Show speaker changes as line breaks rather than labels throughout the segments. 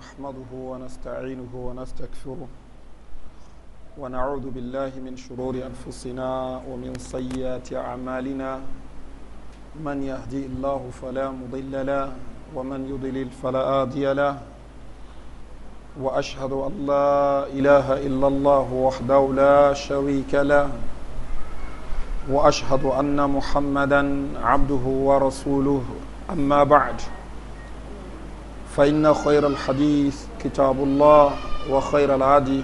نحمده ونستعينه ونستكفره ونعوذ بالله من شرور أنفسنا ومن سيئات أعمالنا من يهدي الله فلا مضل له ومن يضلل فلا هادي له وأشهد أن لا إله إلا الله وحده لا شريك له وأشهد أن محمدا عبده ورسوله أما بعد فإن خير الحديث كتاب الله وخير العدي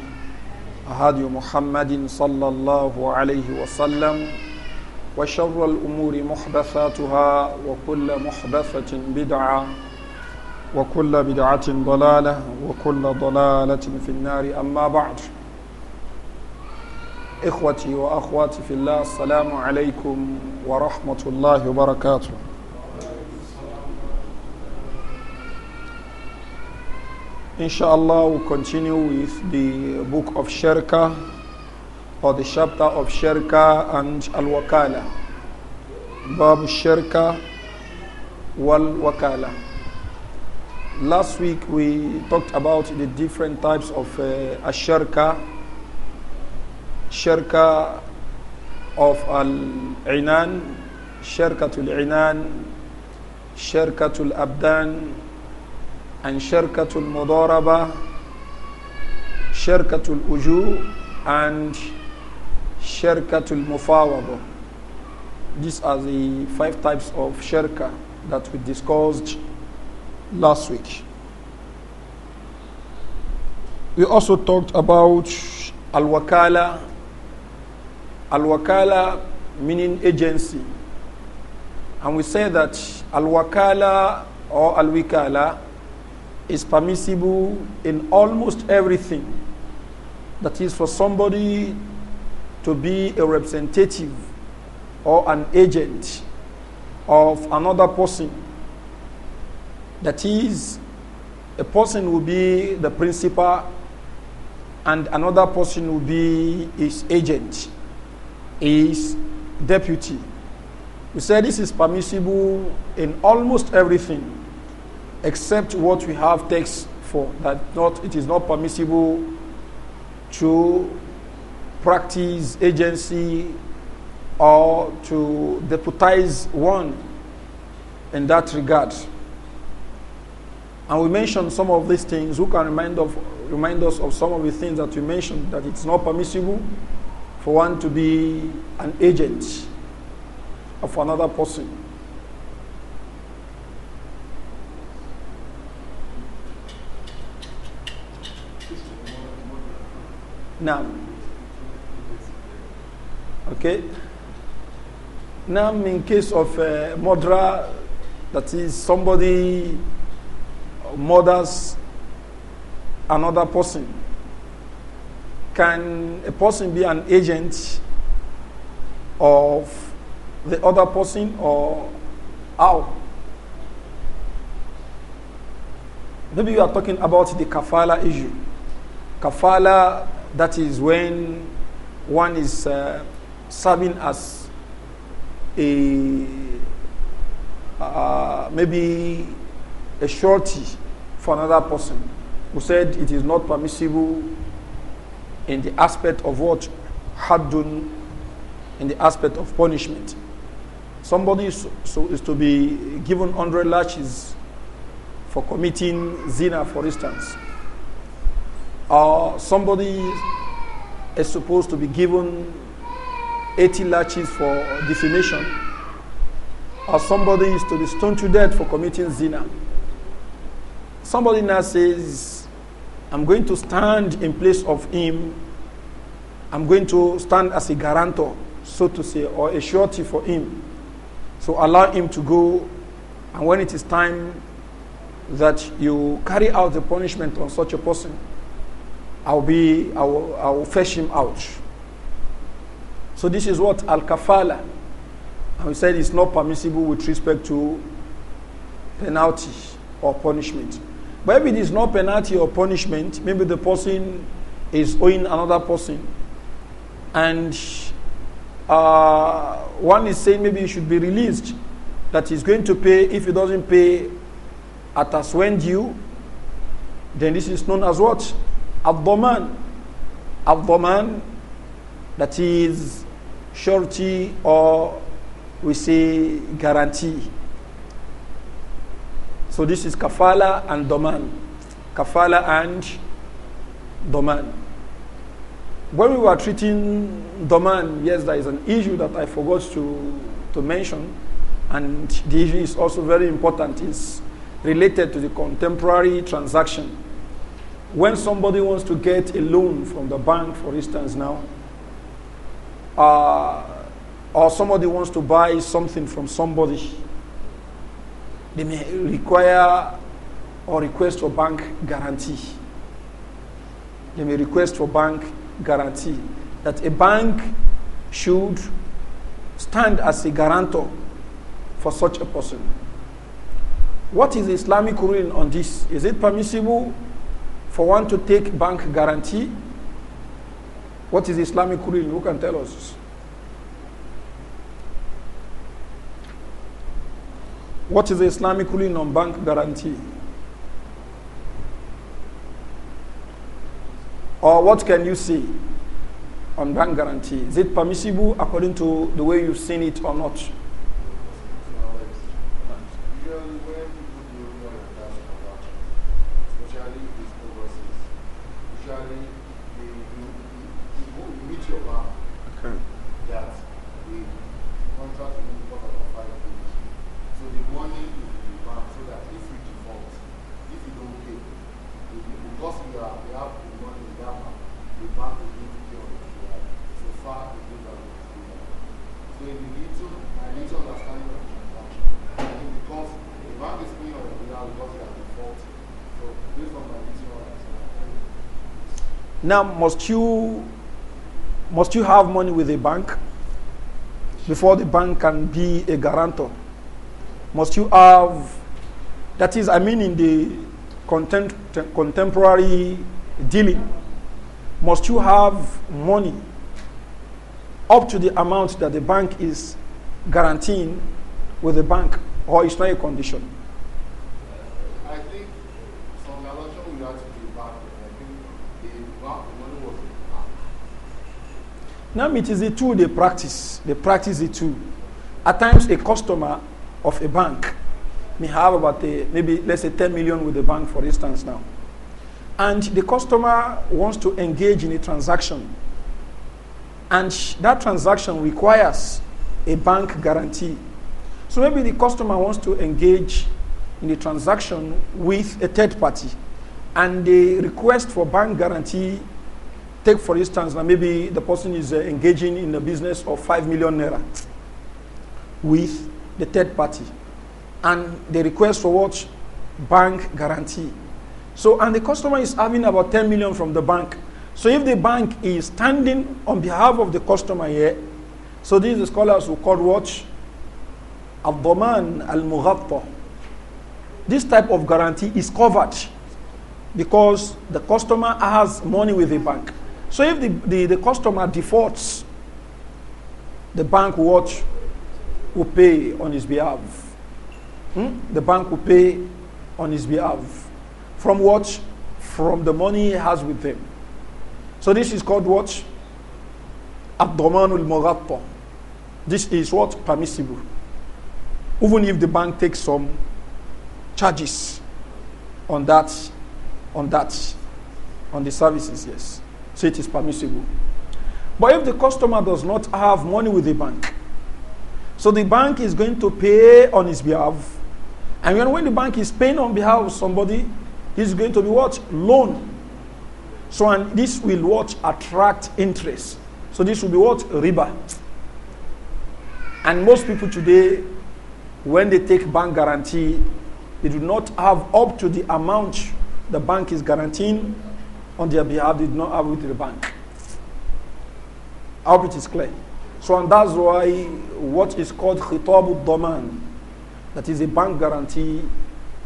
هدي محمد صلى الله عليه وسلم وشر الأمور محدثاتها وكل محدثة بدعة وكل بدعة ضلالة وكل ضلالة في النار أما بعد إخوتي وأخواتي في الله السلام عليكم ورحمة الله وبركاته Inshallah, we'll continue with the book of Sherkah or the chapter of Sherkah and Al Wakala. Bab Sherkah Wal Wakala. Last week we talked about the different types of uh, Asherka. Sherka of Al Inan, Sherkatul Inan, Al Abdan and Sharkatul Mudaraba, Sharkatul Uju, and Sharkatul Mufawadu. These are the five types of Sharka that we discussed last week. We also talked about Al Wakala, Al Wakala meaning agency. And we say that Al Wakala or Al Wikala is permissible in almost everything. That is for somebody to be a representative or an agent of another person. That is, a person will be the principal and another person will be his agent, his deputy. We say this is permissible in almost everything except what we have text for, that not, it is not permissible to practice agency or to deputize one in that regard. And we mentioned some of these things. Who can remind, of, remind us of some of the things that we mentioned that it's not permissible for one to be an agent of another person? naam okay now in case of uh, eh, murder that is somebody murders another person can a person be an agent of the other person or how maybe you are talking about the kafala issue kafala That is when one is uh, serving as a uh, maybe a shorty for another person who said it is not permissible in the aspect of what had done in the aspect of punishment. Somebody is, so is to be given 100 lashes for committing zina, for instance or somebody is supposed to be given 80 lashes for defamation, or somebody is to be stoned to death for committing zina. Somebody now says, I'm going to stand in place of him. I'm going to stand as a guarantor, so to say, or a surety for him. So allow him to go. And when it is time that you carry out the punishment on such a person, I'll be, I'll, I'll fetch him out. So this is what al-kafala. I we said it's not permissible with respect to penalty or punishment. But if it is not penalty or punishment, maybe the person is owing another person. And uh, one is saying maybe he should be released, that he's going to pay. If he doesn't pay at as when due, then this is known as what? Abdoman. Abdoman, that is surety or we say guarantee. So this is kafala and doman. Kafala and doman. When we were treating doman, yes, there is an issue that I forgot to, to mention, and the issue is also very important. It's related to the contemporary transaction when somebody wants to get a loan from the bank, for instance, now, uh, or somebody wants to buy something from somebody, they may require or request for bank guarantee. They may request for bank guarantee that a bank should stand as a guarantor for such a person. What is Islamic ruling on this? Is it permissible for one to take bank guarantee, what is Islamic ruling? Who can tell us? What is the Islamic ruling on bank guarantee? Or what can you see on bank guarantee? Is it permissible according to the way you've seen it or not? Now, must you must you have money with a bank before the bank can be a guarantor? Must you have that is, I mean, in the content contemporary dealing, must you have money up to the amount that the bank is guaranteeing with the bank, or is not a condition? Now it is the tool they practice. They practice the tool. At times, a customer of a bank may have about a, maybe let's say 10 million with the bank, for instance, now. And the customer wants to engage in a transaction. And that transaction requires a bank guarantee. So maybe the customer wants to engage in a transaction with a third party. And the request for bank guarantee Take, for instance, now maybe the person is uh, engaging in a business of 5 million naira with the third party. And they request for what? Bank guarantee. So, and the customer is having about 10 million from the bank. So if the bank is standing on behalf of the customer here, so these scholars will call what? Abdoman al This type of guarantee is covered because the customer has money with the bank. So if the, the, the customer defaults, the bank will watch, will pay on his behalf. Hmm? The bank will pay on his behalf. From what? From the money he has with them. So this is called what? Abdomanul Mogatta. This is what? Permissible. Even if the bank takes some charges on that, on that, on the services, yes. So it is permissible. But if the customer does not have money with the bank, so the bank is going to pay on his behalf. And when, when the bank is paying on behalf of somebody, he's going to be what? Loan. So and this will what? Attract interest. So this will be what? Riba. And most people today, when they take bank guarantee, they do not have up to the amount the bank is guaranteeing on their behalf did not have with the bank. I hope it is clear. So and that's why what is called khitab doman that is a bank guarantee,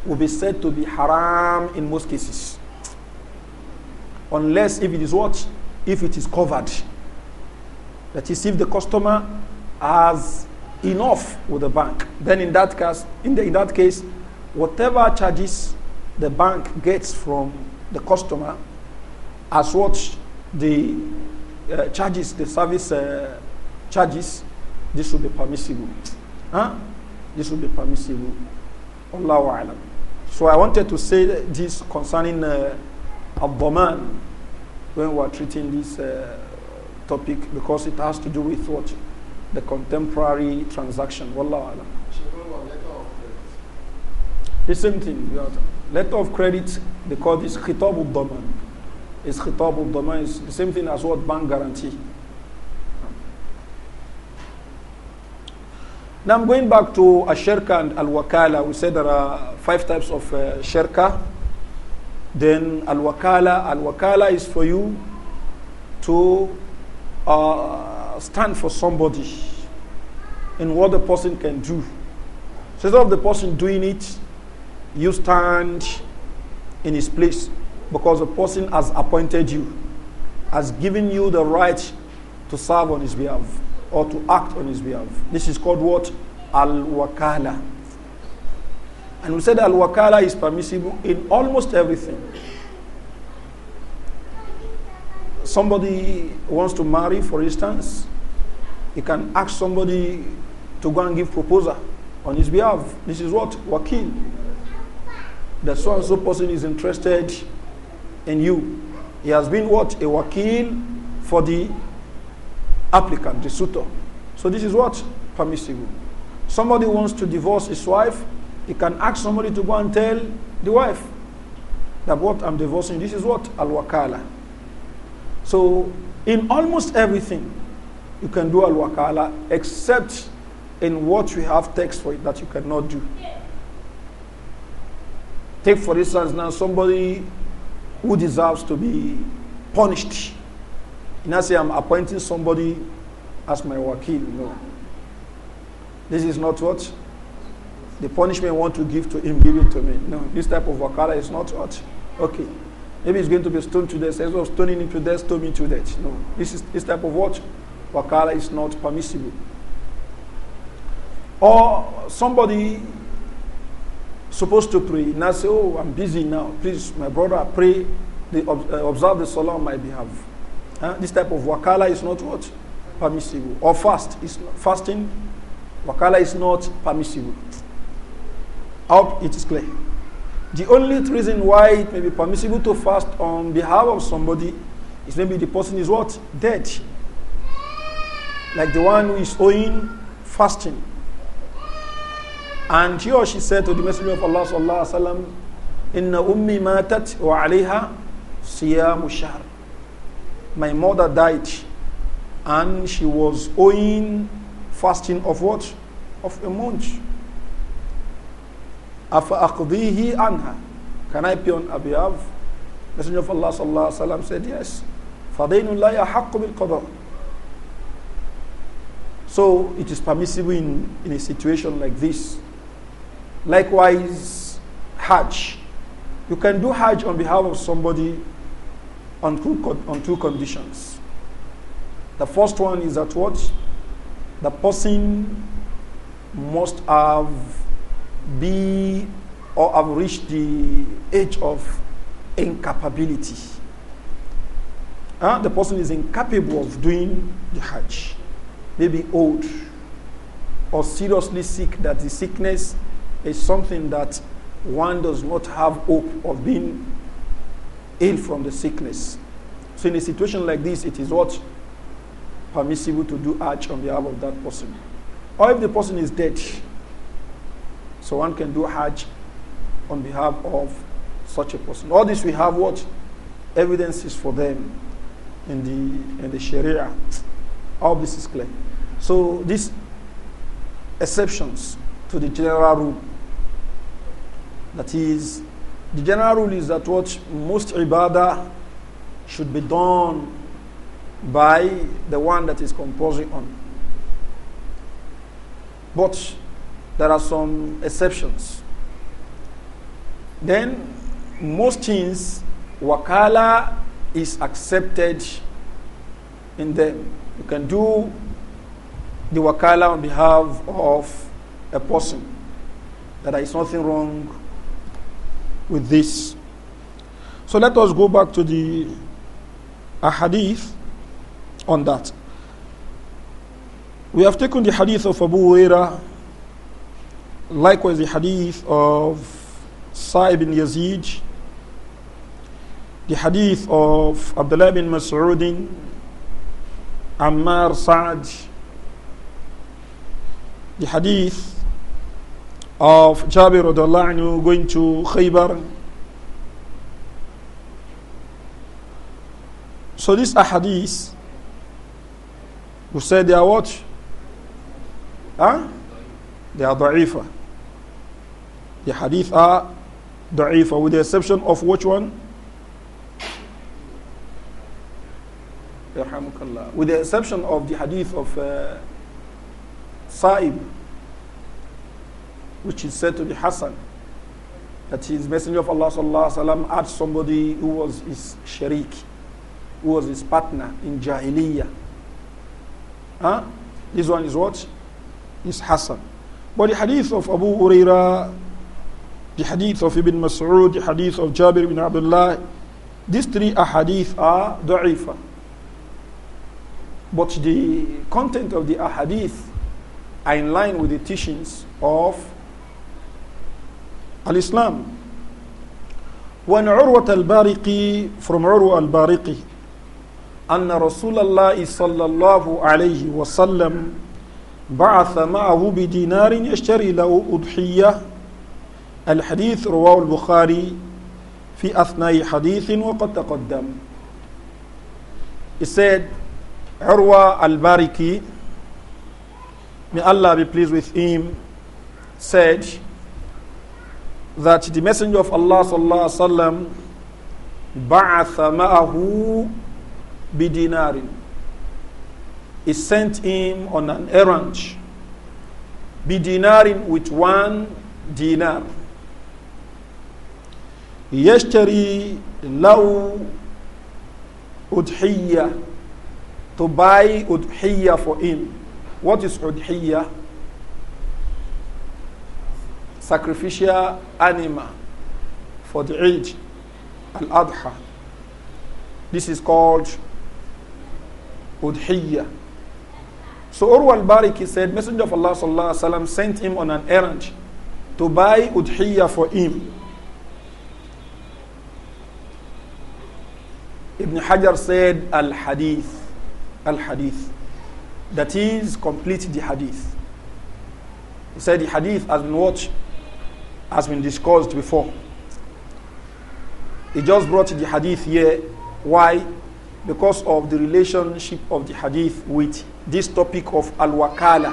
will be said to be haram in most cases. Unless if it is what? If it is covered. That is, if the customer has enough with the bank, then in that case, in, the, in that case, whatever charges the bank gets from the customer as what the uh, charges, the service uh, charges, this will be permissible. Huh? This will be permissible. Allahu alam. So I wanted to say this concerning uh, abdomen when we are treating this uh, topic because it has to do with what the contemporary transaction. Wallahu alam. The same thing. Letter of credit, they call this khitab al-daman is khitab al is the same thing as what bank guarantee. Now I'm going back to Asherka and Al-Wakala. We said there are five types of uh, Sherka. Then Al-Wakala. Al-Wakala is for you to uh, stand for somebody in what the person can do. So instead of the person doing it, you stand in his place because the person has appointed you, has given you the right to serve on his behalf or to act on his behalf. This is called what? Al Wakala. And we said Al Wakala is permissible in almost everything. Somebody wants to marry, for instance, he can ask somebody to go and give proposal on his behalf. This is what? Wakil. That so and so person is interested in you. He has been what? A wakil for the applicant, the suitor. So this is what? Permissible. Somebody wants to divorce his wife, he can ask somebody to go and tell the wife that what I'm divorcing, this is what? Al-wakala. So in almost everything, you can do al-wakala except in what we have text for it that you cannot do. Take for instance now somebody who deserves to be punished. And not say I'm appointing somebody as my wakil. No. This is not what the punishment I want to give to him, give it to me. No, this type of wakala is not what? Okay. Maybe he's going to be stoned to death. Instead of stoning him to death, stone me to death. No. This is this type of what? Wakala is not permissible. Or somebody supposed to pray. Now say, oh, I'm busy now. Please, my brother, pray. Uh, observe the salah on my behalf. Huh? This type of wakala is not what? Permissible. Or fast. It's fasting. Wakala is not permissible. I hope it is clear. The only reason why it may be permissible to fast on behalf of somebody is maybe the person is what? Dead. Like the one who is owing fasting. And here she said to the Messenger of Allah sallallahu alaihi wasallam, "Inna ummi matat wa alaiha siyamu shahr." My mother died, and she was owing fasting of what? Of a month. Afa aqdihi anha. Can I pay on her behalf? Messenger of Allah sallallahu alaihi wasallam said yes. فَدَيْنُ اللَّهِ أَحَقُّ بِالْقَضَاءِ So it is permissible in, in a situation like this Likewise, Hajj. You can do Hajj on behalf of somebody on two, on two conditions. The first one is that what? The person must have be or have reached the age of incapability. Huh? The person is incapable of doing the Hajj. Maybe old or seriously sick that the sickness is something that one does not have hope of being ill from the sickness. So in a situation like this, it is what? Permissible to do Hajj on behalf of that person. Or if the person is dead, so one can do Hajj on behalf of such a person. All this we have what? Evidences for them in the, in the Sharia. All this is clear. So these exceptions to the general rule that is, the general rule is that what most ibadah should be done by the one that is composing on. But there are some exceptions. Then, most things, wakala is accepted in them. You can do the wakala on behalf of a person. That there is nothing wrong with this. So let us go back to the hadith on that. We have taken the hadith of Abu Huraira, likewise the hadith of Sa'ib bin Yazid, the hadith of Abdullah bin Mas'udin, Ammar Sa'd, the hadith of Jabir anhu going to Khaybar. So these ahadith, who said they are what? Huh? They are da'ifa. The hadith are da'ifa with the exception of which one? With the exception of the hadith of uh, Sa'ib which is said to be Hassan, that his messenger of Allah sallallahu alaihi wasallam had somebody who was his sharik, who was his partner in Jahiliyyah. Huh? This one is what? Is Hassan. But the hadith of Abu Uraira, the hadith of Ibn Mas'ud, the hadith of Jabir ibn Abdullah, these three ahadith are da'ifa. But the content of the ahadith are in line with the teachings of الإسلام وأن عروة البارقي from عروة البارقي أن رسول الله صلى الله عليه وسلم بعث معه بدينار يشتري له أضحية الحديث رواه البخاري في أثناء حديث وقد تقدم السيد عروة البارقي may Allah be pleased with him, said, that the messenger of Allah sallallahu alaihi wasallam ba'atha ma'ahu bidinarin. He sent him on an errand bidinarin with one dinar. Yashtari law udhiyya to buy udhiyya for him. What is udhiyya? sacrificial animal for the Eid, Al-Adha. This is called Udhiyya. So Urwa al-Bariki said, Messenger of Allah sallallahu alaihi wasallam sent him on an errand to buy Udhiyya for him. Ibn Hajar said, Al-Hadith, Al-Hadith. That is, complete the Hadith. He said the Hadith has been watched has been discussed before. He just brought the hadith here. Why? Because of the relationship of the hadith with this topic of al wakala,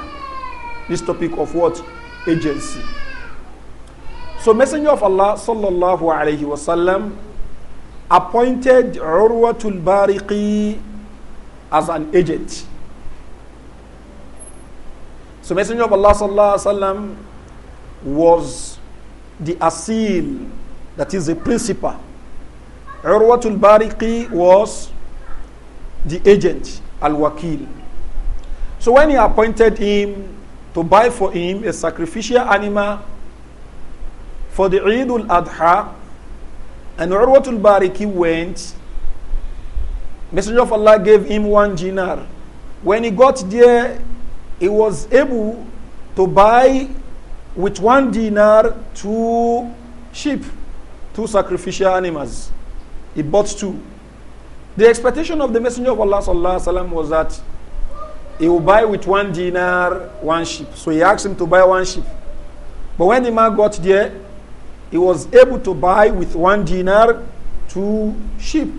this topic of what? Agency. So, Messenger of Allah sallallahu alayhi wasallam appointed Urwatul Bariqi as an agent. So Messenger of Allah sallallahu alaihi wasallam was the asil, that is the principal. Urwatul Bariqi was the agent, Al Wakil. So when he appointed him to buy for him a sacrificial animal for the Eid al Adha, and Urwatul Bariqi went, Messenger of Allah gave him one dinar. When he got there, he was able to buy with one dinar two sheep, two sacrificial animals. He bought two. The expectation of the Messenger of Allah وسلم, was that he will buy with one dinar one sheep. So he asked him to buy one sheep. But when the man got there, he was able to buy with one dinar two sheep.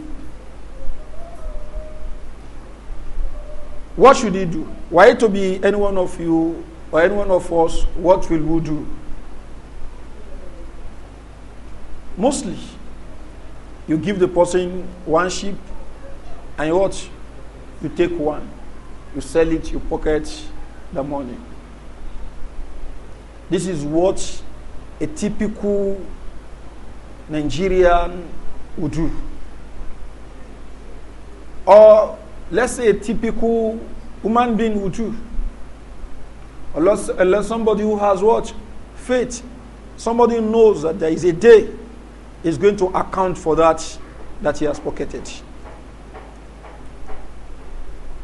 What should he do? Why to be any one of you or any one of us, what will we do? Mostly, you give the person one sheep and what? You take one. You sell it, you pocket the money. This is what a typical Nigerian would do. Or let's say a typical human being would do. Unless, unless somebody who has what? Faith. Somebody knows that there is a day is going to account for that that he has pocketed.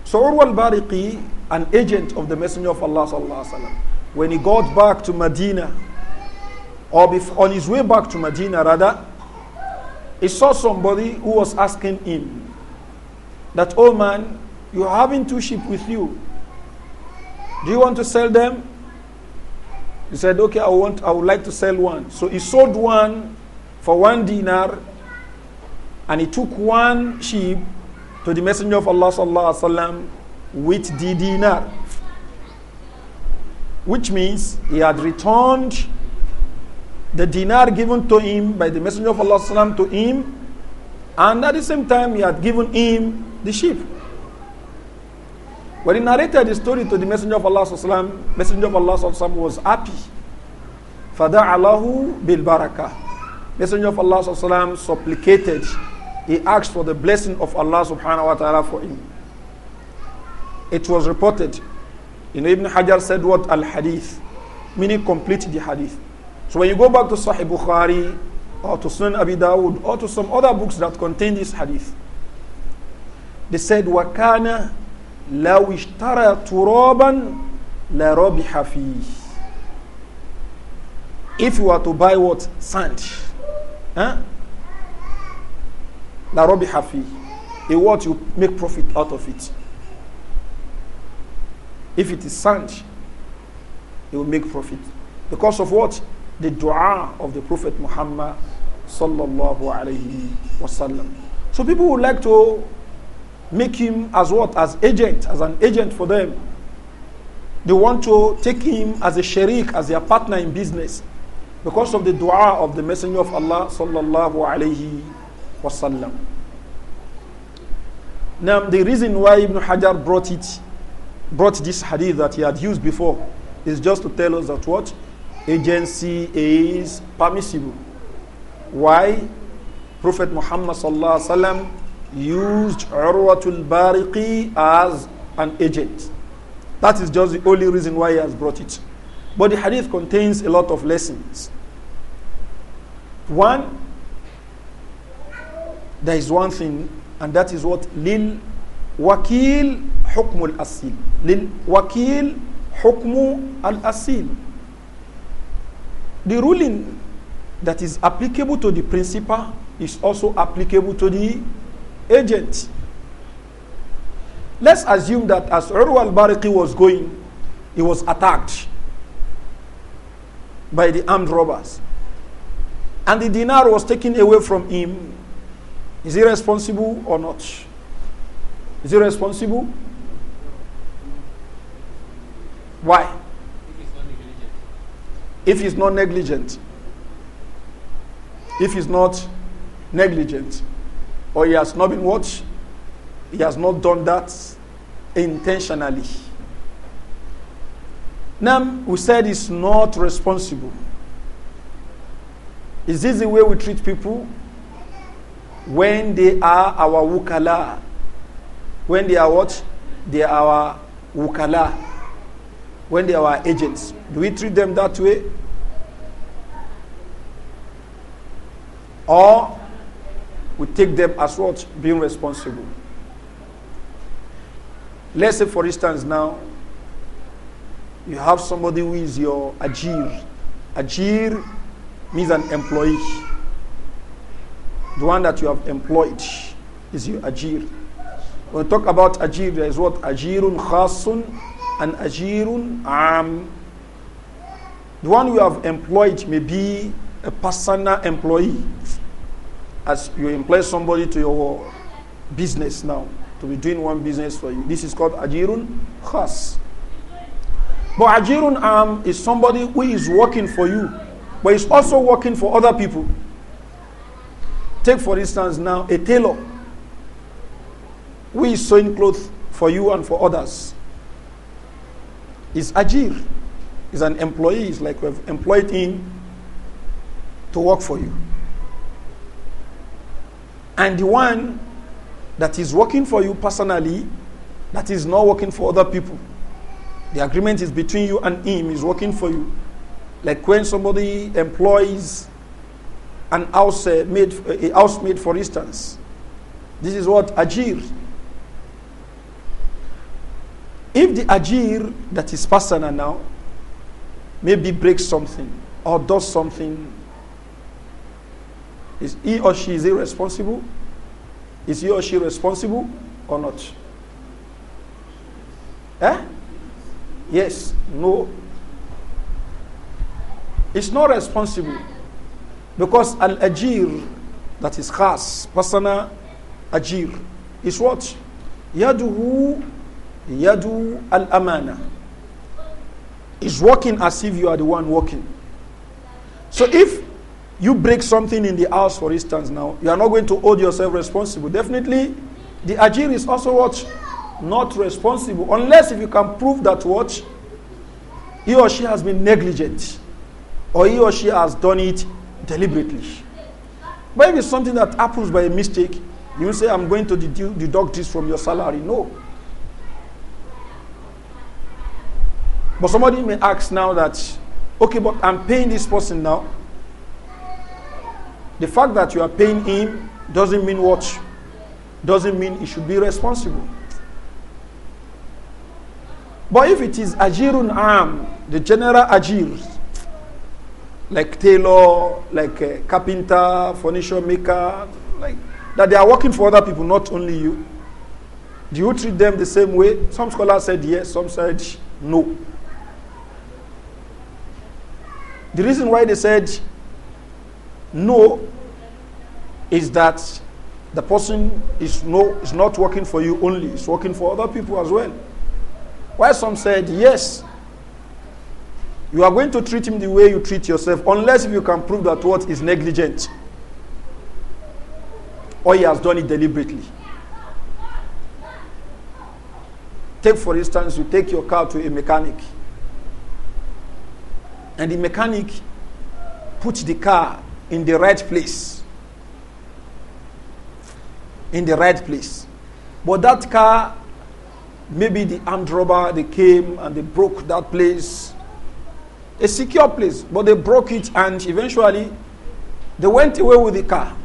So Urwa al-Bariqi, an agent of the Messenger of Allah sallallahu alaihi wasallam, when he got back to Medina, or on his way back to Medina rather, he saw somebody who was asking him that, "Oh man, you're having two sheep with you. Do you want to sell them? He said, Okay, I want I would like to sell one. So he sold one for one dinar and he took one sheep to the Messenger of Allah sallallahu alaihi wasallam with the dinar, which means he had returned the dinar given to him by the Messenger of Allah sallam to him, and at the same time he had given him the sheep. When he narrated the story to the Messenger of Allah, the Messenger of Allah was happy. Father Allahu bil barakah. Messenger of Allah supplicated. He asked for the blessing of Allah subhanahu wa ta'ala for him. It was reported. You know, Ibn Hajar said what al hadith, meaning complete the hadith. So when you go back to Sahih Bukhari or to Sunan Abi Dawud or to some other books that contain this hadith, they said, Wakana láwìtara ترابا lẹ́rọ́bì hafi if you were to buy what sand huh? lẹ́rọ́bì hafi a what you make profit out of it if it is sand you will make profit because of what the dua of the prophet muhammad sallallahu alaihi wasallam so people would like to make him as what? As agent, as an agent for them. They want to take him as a sharik, as their partner in business. Because of the dua of the Messenger of Allah sallallahu alayhi wasallam. Now the reason why Ibn Hajar brought it, brought this hadith that he had used before, is just to tell us that what? Agency is permissible. Why? Prophet Muhammad sallallahu alayhi wasallam. used Urwatul Bariqi as an agent. That is just the only reason why he has brought it. But the hadith contains a lot of lessons. One, there is one thing, and that is what lil wakil hukmul asil. Lil wakil hukmu al asil. The ruling that is applicable to the principal is also applicable to the agent. Let's assume that as Urwa al-Bariki was going, he was attacked by the armed robbers. And the dinar was taken away from him. Is he responsible or not? Is he responsible? Why? If he's not negligent. If he's not negligent or he has not been watched. He has not done that intentionally. Now, we said it's not responsible. Is this the way we treat people? When they are our wukala. When they are what? They are our wukala. When they are our agents. Do we treat them that way? Or we take them as what? Being responsible. Let's say, for instance, now you have somebody who is your ajir. Ajir means an employee. The one that you have employed is your ajir. When we talk about ajir, there is what? Ajirun khasun and ajirun am. The one you have employed may be a personal employee as you employ somebody to your business now, to be doing one business for you. This is called ajirun khas. But ajirun am um, is somebody who is working for you, but is also working for other people. Take for instance now a tailor who is sewing clothes for you and for others. Is ajir, is an employee, is like we have employed him to work for you. And the one that is working for you personally, that is not working for other people. The agreement is between you and him, is working for you. Like when somebody employs an housemaid, uh, a housemaid, for instance. This is what ajir. If the ajir that is personal now maybe breaks something or does something Is he or she is irresponsible? Is he or she responsible or not? Eh? Yes, no. It's not responsible because al ajir, that is khas, personal ajir, is what? Yaduhu, yadu al amana. Is working as if you are the one working. So if you break something in the house, for instance, now, you are not going to hold yourself responsible. Definitely, the agir is also what? Not responsible. Unless if you can prove that what? He or she has been negligent. Or he or she has done it deliberately. But if it's something that happens by a mistake, you say, I'm going to deduct this from your salary. No. But somebody may ask now that, okay, but I'm paying this person now. The fact that you are paying him doesn't mean what? Doesn't mean he should be responsible. But if it is ajirun arm, the general ajirs, like tailor, like uh, carpenter, furniture maker, like that they are working for other people, not only you. Do you treat them the same way? Some scholars said yes, some said no. The reason why they said know is that the person is, no, is not working for you only, it's working for other people as well. While some said, yes, you are going to treat him the way you treat yourself, unless you can prove that what is negligent or he has done it deliberately. Take, for instance, you take your car to a mechanic, and the mechanic puts the car in the right place. In the right place. But that car, maybe the armed robber, they came and they broke that place. A secure place, but they broke it and eventually they went away with the car.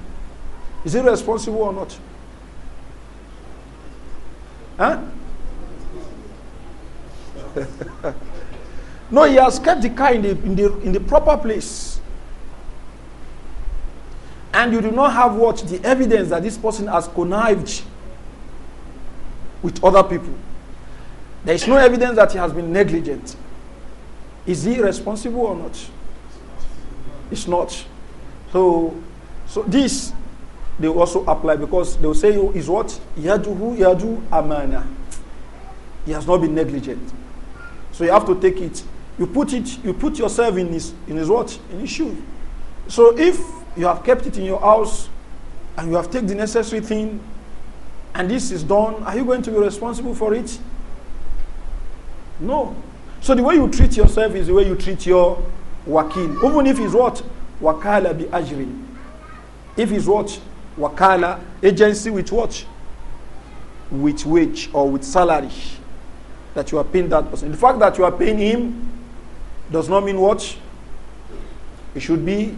Is it responsible or not? Huh? no, he has kept the car in the, in the, in the proper place and you do not have what the evidence that this person has connived with other people. There is no evidence that he has been negligent. Is he responsible or not? It's not. So, so this they also apply because they will say oh, is what yaduhu yadu amana. He has not been negligent. So you have to take it. You put it. You put yourself in his in his what in his shoe. So if you have kept it in your house and you have taken the necessary thing and this is done, are you going to be responsible for it? No. So the way you treat yourself is the way you treat your wakil. Even if he's what? Wakala bi ajrin. If he's what? Wakala, agency with what? With wage or with salary that you are paying that person. The fact that you are paying him does not mean what? It should be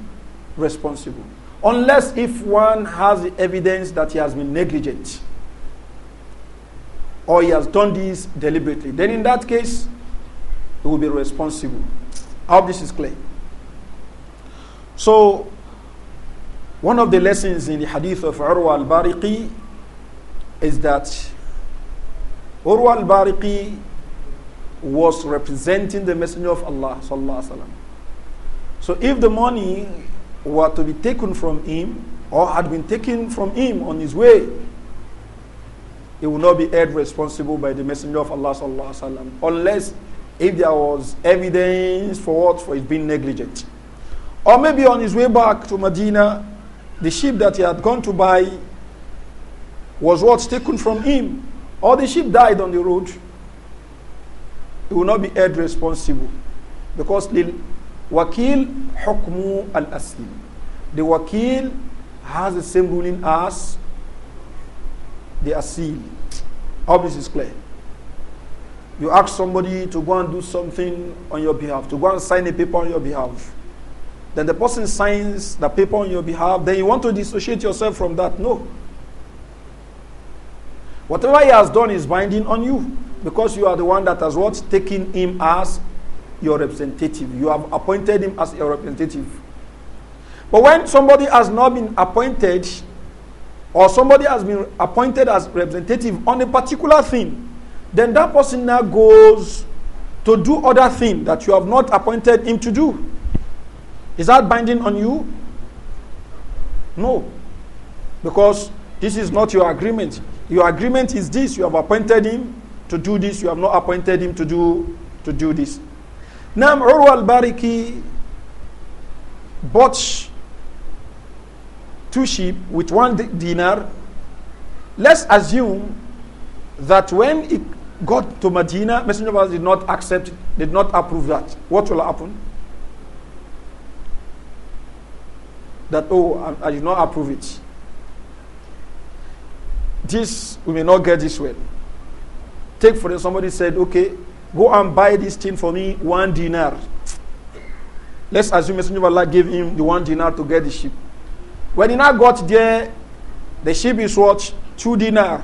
responsible. Unless if one has the evidence that he has been negligent or he has done this deliberately, then in that case, he will be responsible. I hope this is clear. So, one of the lessons in the hadith of Urwa al Bariqi is that Urwa al Bariqi was representing the Messenger of Allah. So, if the money were to be taken from him or had been taken from him on his way, he will not be held responsible by the Messenger of Allah sallallahu alaihi wasallam unless if there was evidence for what for his being negligent, or maybe on his way back to Medina, the sheep that he had gone to buy was what taken from him, or the sheep died on the road. He will not be held responsible because Wakil hukmu al asli. The wakil has the same ruling as the asil. Hope this is clear. You ask somebody to go and do something on your behalf, to go and sign a paper on your behalf. Then the person signs the paper on your behalf, then you want to dissociate yourself from that. No. Whatever he has done is binding on you because you are the one that has what? Taken him as your representative. You have appointed him as your representative. But when somebody has not been appointed, or somebody has been appointed as representative on a particular thing, then that person now goes to do other thing that you have not appointed him to do. Is that binding on you? No. Because this is not your agreement. Your agreement is this. You have appointed him to do this. You have not appointed him to do, to do this. Nam Urwa al-Bariki bought two sheep with one dinar. Let's assume that when it got to Medina, Messenger of Allah did not accept, did not approve that. What will happen? That, oh, I, I did not approve it. This, we may not get this well. Take for instance, somebody said, okay, Go and buy this thing for me, one dinar. Let's assume Messenger of Allah gave him the one dinar to get the sheep. When he now got there, the sheep is worth Two dinar.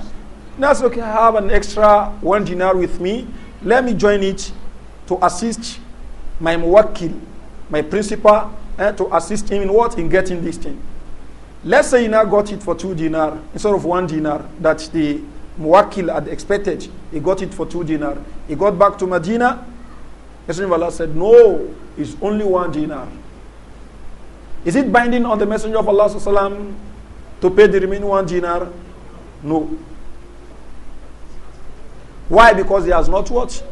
Now it's okay, I have an extra one dinar with me. Let me join it to assist my muwakkil, my principal, eh, to assist him in what? In getting this thing. Let's say he now got it for two dinar instead of one dinar that the Muwakil had expected. He got it for two dinar. He got back to Medina. Messenger of Allah said, No, it's only one dinar. Is it binding on the Messenger of Allah sallam, to pay the remaining one dinar? No. Why? Because he has not what?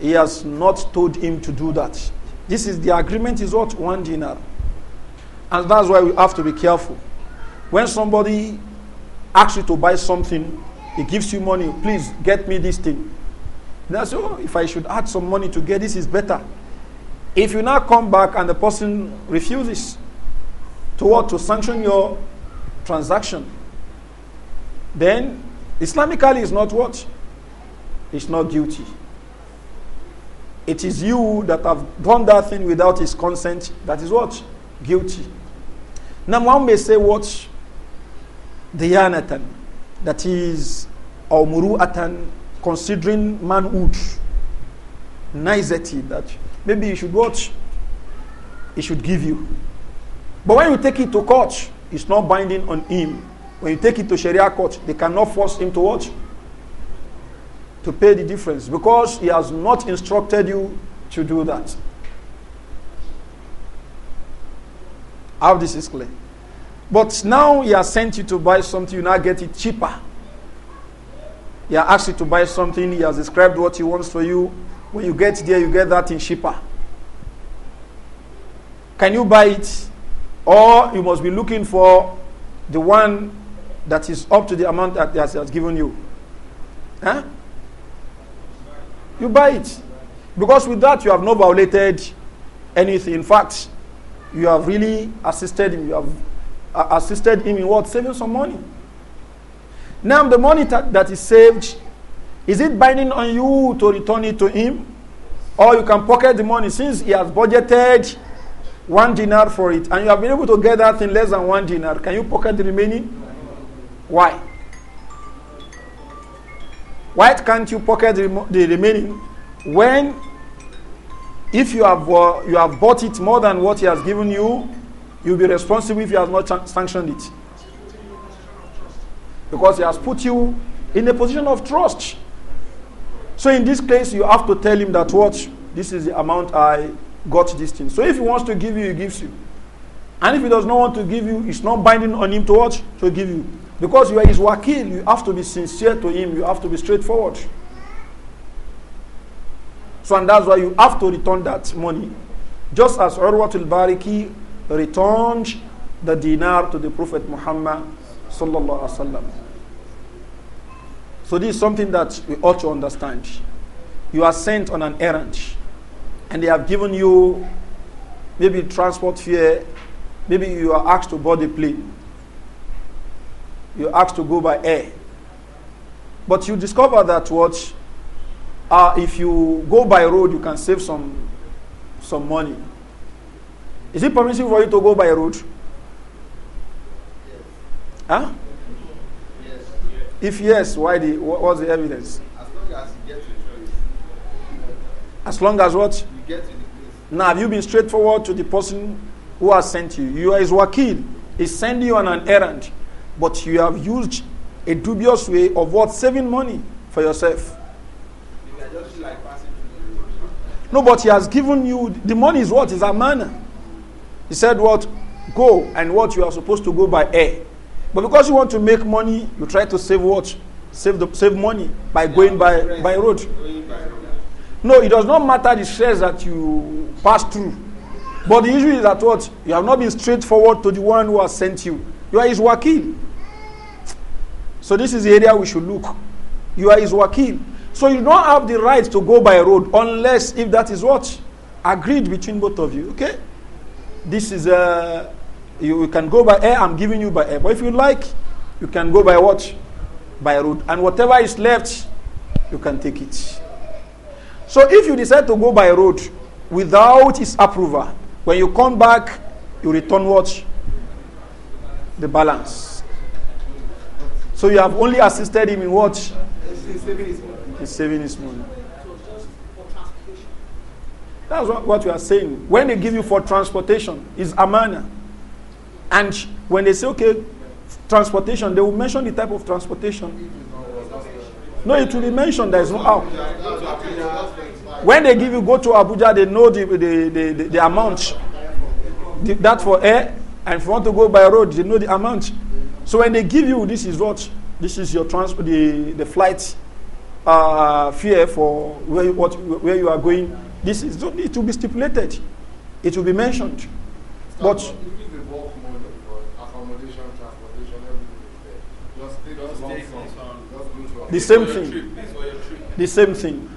He has not told him to do that. This is the agreement is what? One dinar. And that's why we have to be careful. When somebody asks you to buy something, he gives you money, please get me this thing. Now, so if I should add some money to get this, is better. If you now come back and the person refuses to what? To sanction your transaction, then Islamically it's not what? It's not guilty. It is you that have done that thing without his consent. That is what? Guilty. Now one may say what? Diyanatan that is muruatan considering manhood, nicety that maybe you should watch, he should give you. But when you take it to court, it's not binding on him. When you take it to Sharia court, they cannot force him to watch, to pay the difference because he has not instructed you to do that. How this is clear. But now he has sent you to buy something, you now get it cheaper. He has asked you to buy something, he has described what he wants for you. When you get there, you get that in cheaper. Can you buy it? Or you must be looking for the one that is up to the amount that he has, has given you. Huh? You buy it. Because with that, you have not violated anything. In fact, you have really assisted him. You have assisted him in what? Saving some money. Now, the money that is saved, is it binding on you to return it to him? Or you can pocket the money since he has budgeted one dinar for it and you have been able to get that in less than one dinar. Can you pocket the remaining? Why? Why can't you pocket the, the remaining when if you have, uh, you have bought it more than what he has given you, You'll be responsible if you have not sanctioned it. Because he has put you in a position of trust. So in this case, you have to tell him that what this is the amount I got this thing. So if he wants to give you, he gives you. And if he does not want to give you, it's not binding on him to what? To give you. Because you are his wakil, you have to be sincere to him, you have to be straightforward. So and that's why you have to return that money. Just as Urwatul Bariki returned the dinar to the Prophet Muhammad sallallahu alaihi wasallam. So this is something that we ought to understand. You are sent on an errand, and they have given you maybe transport fare, maybe you are asked to board a plane, you are asked to go by air. But you discover that what uh, if you go by road, you can save some some money. Is it permissible for you to go by road? Huh? Yes. If yes, why the what's the evidence?
As long as you get to the place.
As long as what? You get to the place. Now have you been straightforward to the person who has sent you? You are his wakil. He sent you on an errand. But you have used a dubious way of what? Saving money for yourself. no, but he has given you the money is what? Is a manner. He said, What? Go and what you are supposed to go by air. But because you want to make money, you try to save what? Save, the, save money by going by, by road. by road. No, it does not matter the stress that you pass through. But the issue is that what? You have not been straightforward to the one who has sent you. You are his wakil. So this is the area we should look. You are his wakil. So you don't have the right to go by road unless if that is what? Agreed between both of you. Okay? this is a, you, you can go by air, I'm giving you by air. But if you like, you can go by what? By road. And whatever is left, you can take it. So if you decide to go by road without his approval, when you come back, you return what? The balance. So you have only assisted him in what? He's saving his money. That's what, what we are saying. When they give you for transportation, is amana. And when they say, okay, transportation, they will mention the type of transportation. No, it will be mentioned. There is no how. When they give you go to Abuja, they know the, the, the, the, the amount. The, that for air, and if you want to go by road, they know the amount. So when they give you, this is what? This is your transport, the, the flight uh, fare for where, what, where you are going This is it will be stipulated. It will be mentioned. But
the same thing. The same
thing.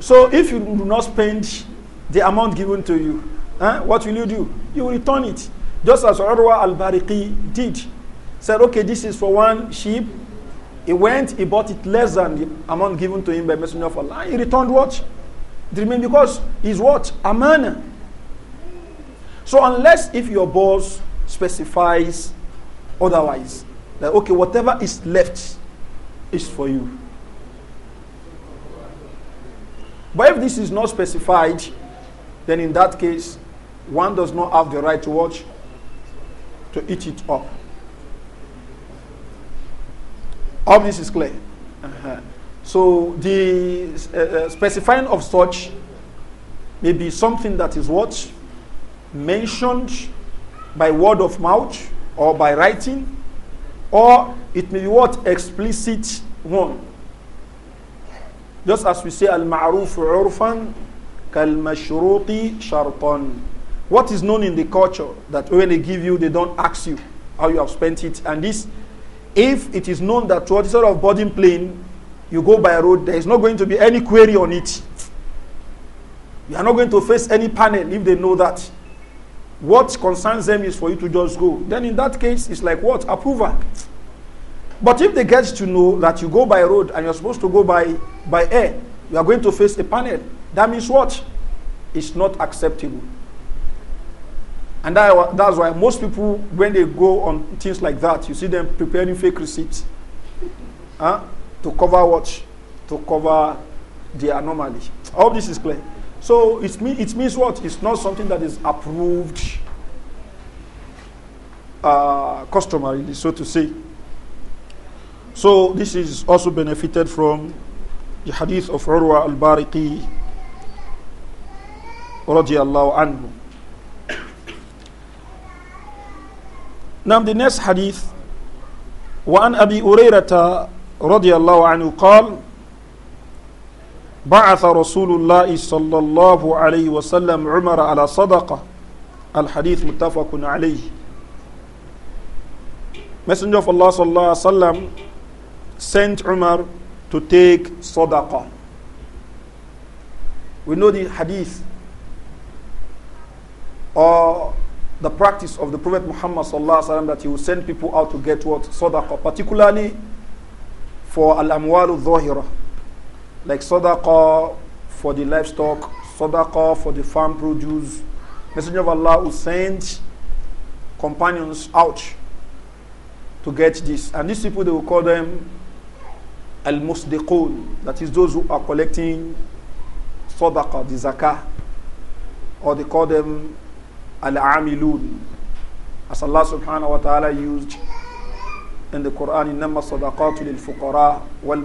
So if you do not spend the amount given to you, eh, what will you do? You will return it. Just as Urwa al-Bariqi did. Said, okay, this is for one sheep. He went, he bought it less than the amount given to him by Messenger of Allah. He returned what? They remain because he's what? a man. So unless if your boss specifies otherwise, that okay, whatever is left is for you. But if this is not specified, then in that case, one does not have the right to watch to eat it up. All this is clear. Uh -huh. So the uh, uh, specifying of such may be something that is what? Mentioned by word of mouth or by writing, or it may be what? Explicit one. Just as we say, al-ma'ruf urfan kal-mashruti sharpan. What is known in the culture that when they give you, they don't ask you how you have spent it. And this, if it is known that what is sort of burden plane you go by road, there is not going to be any query on it. You are not going to face any panel if they know that. What concerns them is for you to just go. Then in that case, it's like what? Approval. But if they get to know that you go by road and you're supposed to go by, by air, you are going to face a panel. That means what? It's not acceptable. And that, that's why most people, when they go on things like that, you see them preparing fake receipts. Huh? to cover what? To cover the anomaly. All this is clear. So it, mean, it means what? It's not something that is approved uh, customarily, so to say. So this is also benefited from the hadith of Urwa al-Bariqi radiallahu anhu. Now the next hadith وعن أبي أُرِيرَةَ رضي الله عنه قال بعث رسول الله صلى الله عليه وسلم عمر على صدقة الحديث متفق عليه Messenger of Allah صلى الله عليه وسلم sent Umar to take صدقة We know the hadith or the practice of the Prophet Muhammad صلى الله عليه وسلم that he will send people out to get what? صدقة particularly for al amwalu dhahira like sadaqah for the livestock sadaqah for the farm produce messenger of allah will send companions out to get this and these people they will call them al musdiqun that is those who are collecting sadaqah the zakah or they call them al amilun as allah subhanahu wa ta'ala used in the Quran, إنما الصدقات للفقراء wal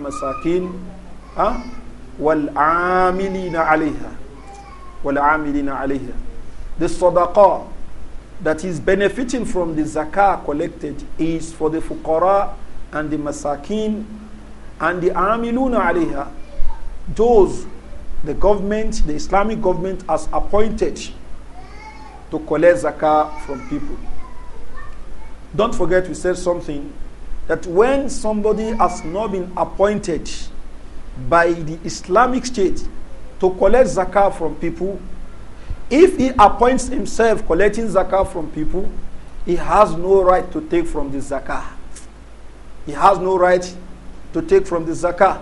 amilina والعاملين wal alayhā." The sadaqa that is benefiting from the zakah collected is for the fuqara and the masakin and the amiluna alayha those the government the islamic government has appointed to collect zakah from people don't forget we said something that when somebody has not been appointed by the Islamic State to collect zakah from people, if he appoints himself collecting zakah from people, he has no right to take from the zakah. He has no right to take from the zakah.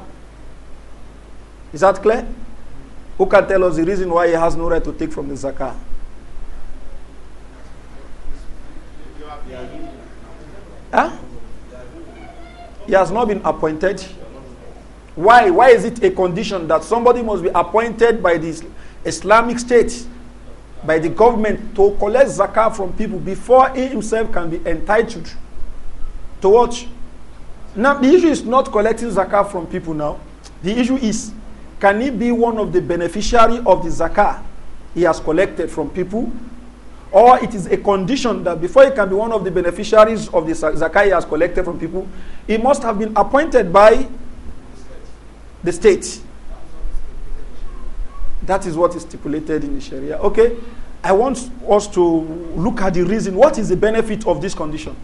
Is that clear? Who can tell us the reason why he has no right to take from the zakah? He has not been appointed. Why? Why is it a condition that somebody must be appointed by the Islamic State, by the government, to collect zakah from people before he himself can be entitled to what? Now, the issue is not collecting zakah from people now. The issue is, can he be one of the beneficiary of the zakah he has collected from people or it is a condition that before he can be one of the beneficiaries of the zakat he has collected from people, he must have been appointed by the state. That is what is stipulated in the Sharia. Okay, I want us to look at the reason. What is the benefit of this condition?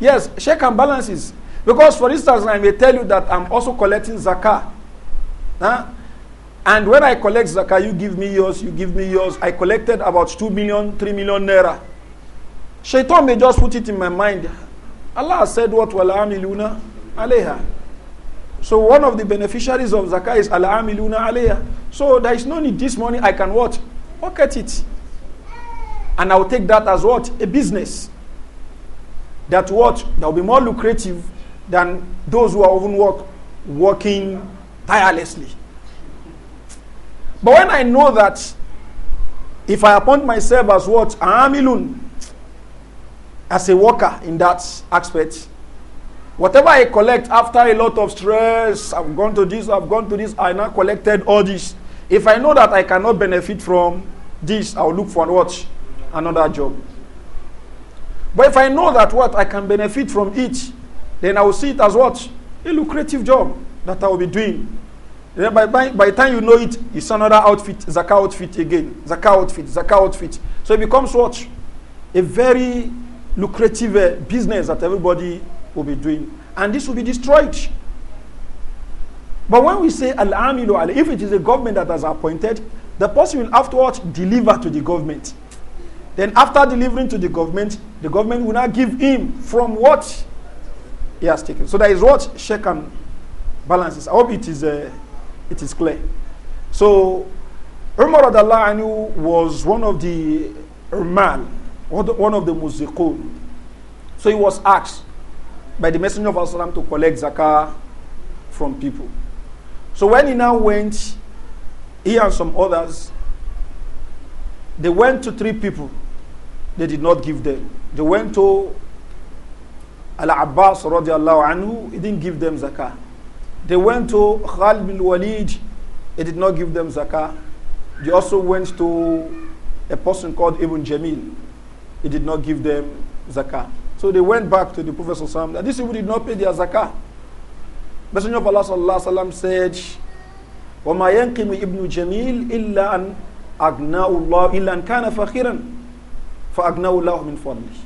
Yes, check and balances. Because, for instance, I may tell you that I'm also collecting zakah. Huh? And when I collect zakah, you give me yours, you give me yours. I collected about 2 million, 3 million naira. Shaitan may just put it in my mind. Allah said what? Wala'amiluna aleha." So one of the beneficiaries of zakah is Ala'amiluna aleha. So there is no need this money. I can what? Pocket it. And I'll take that as what? A business. That what? That will be more lucrative than those who are even work, working tirelessly. But when I know that if I appoint myself as what? an Amilun, as a worker in that aspect, whatever I collect after a lot of stress, I've gone to this, I've gone to this, I now collected all this. If I know that I cannot benefit from this, I'll look for what? Another job. But if I know that what I can benefit from it, then I will see it as what? A lucrative job that I will be doing. by, by, by the time you know it, it's another outfit, Zaka outfit again, Zaka outfit, Zaka outfit. So it becomes what? A very lucrative uh, business that everybody will be doing. And this will be destroyed. But when we say Al-Amilu if it is a government that has appointed, the person will afterwards deliver to the government. Then after delivering to the government, the government will now give him from what he has taken. So that is what shaken balances. I hope it is uh, it is clear. So Umar anhu was one of the man, one of the Muziqun. So he was asked by the Messenger of Allah to collect zakah from people. So when he now went, he and some others, they went to three people. They did not give them. They went to Al Abbas radiallahu anhu, he didn't give them zakah. They went to Khalid bin Walid. He did not give them zakah. They also went to a person called Ibn Jamil. He did not give them zakah. So they went back to the Prophet Sallallahu that these people did not pay their zakah. Messenger of Allah Sallallahu Alaihi Wasallam said, وَمَا يَنْقِمُ إِبْنُ جَمِيلٍ إِلَّا أَنْ أَغْنَاءُ اللَّهُ إِلَّا أَنْ كَانَ فَخِيرًا فَأَغْنَاءُ اللَّهُ مِنْ فَضْلِهِ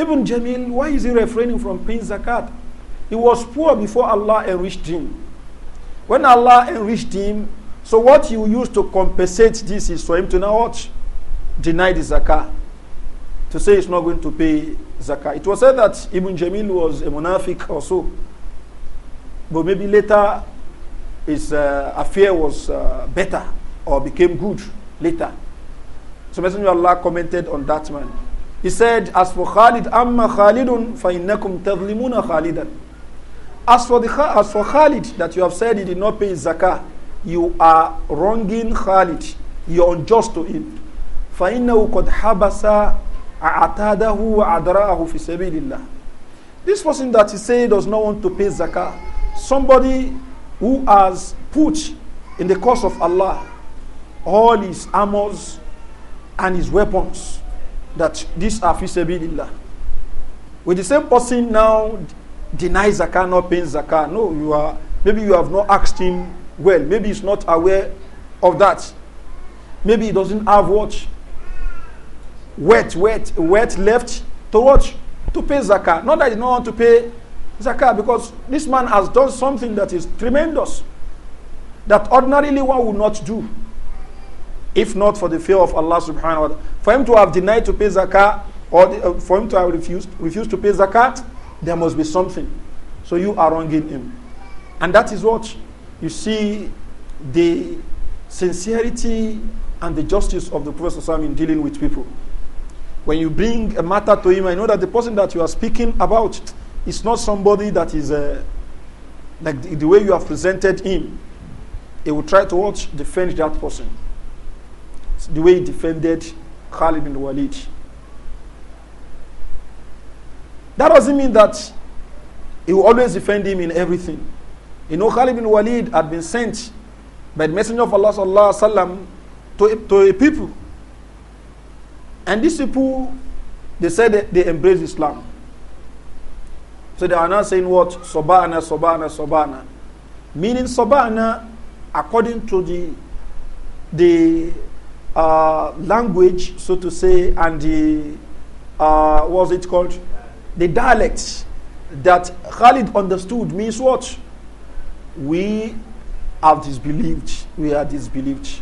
Ibn Jamil, why is he refraining from paying zakat? He was poor before Allah enriched him. When Allah enriched him, so what he used to compensate this is for him to now what? Deny the zakah. To say he's not going to pay zakah. It was said that Ibn Jamil was a monarchic also. But maybe later his uh, affair was uh, better or became good later. So Messenger of Allah commented on that man. He said, As for Khalid, Amma Khalidun, fa innakum tadlimuna Khalidan. As for, the, as for Khalid, that you have said he did not pay his zakah, you are wronging Khalid. You are unjust to him. فَإِنَّهُ قَدْ حَبَسَ أَعْتَادَهُ وَأَدْرَاهُ فِي سَبِيلِ اللَّهِ This person that he say does not want to pay zakah, somebody who has put in the cause of Allah all his armors and his weapons, that these are fi sabilillah. With the same person now denies zakah, not paying zakah. No, you are maybe you have not asked him well. Maybe he's not aware of that. Maybe he doesn't have what wet, wet, wet left to watch to pay zakah. Not that he don't want to pay zakah because this man has done something that is tremendous that ordinarily one would not do if not for the fear of Allah subhanahu wa ta'ala. For him to have denied to pay zakah or the, uh, for him to have refused, refused to pay zakat, there must be something. So you are wronging him. And that is what you see the sincerity and the justice of the Prophet in dealing with people. When you bring a matter to him, I know that the person that you are speaking about is not somebody that is uh, like the, the, way you have presented him. He will try to watch defend that person. It's the way he defended Khalid bin Walid. That doesn't mean that he will always defend him in everything. You know, Khalid bin Walid had been sent by the Messenger of Allah sallallahu alaihi wasallam to, to a people. And these people, they said they embrace Islam. So they are now saying what? Sobana, Sobana, Sobana. Meaning Sobana, according to the, the uh, language, so to say, and the, uh, what's it called? the dialect that Khalid understood means what? We have disbelieved. We are disbelieved.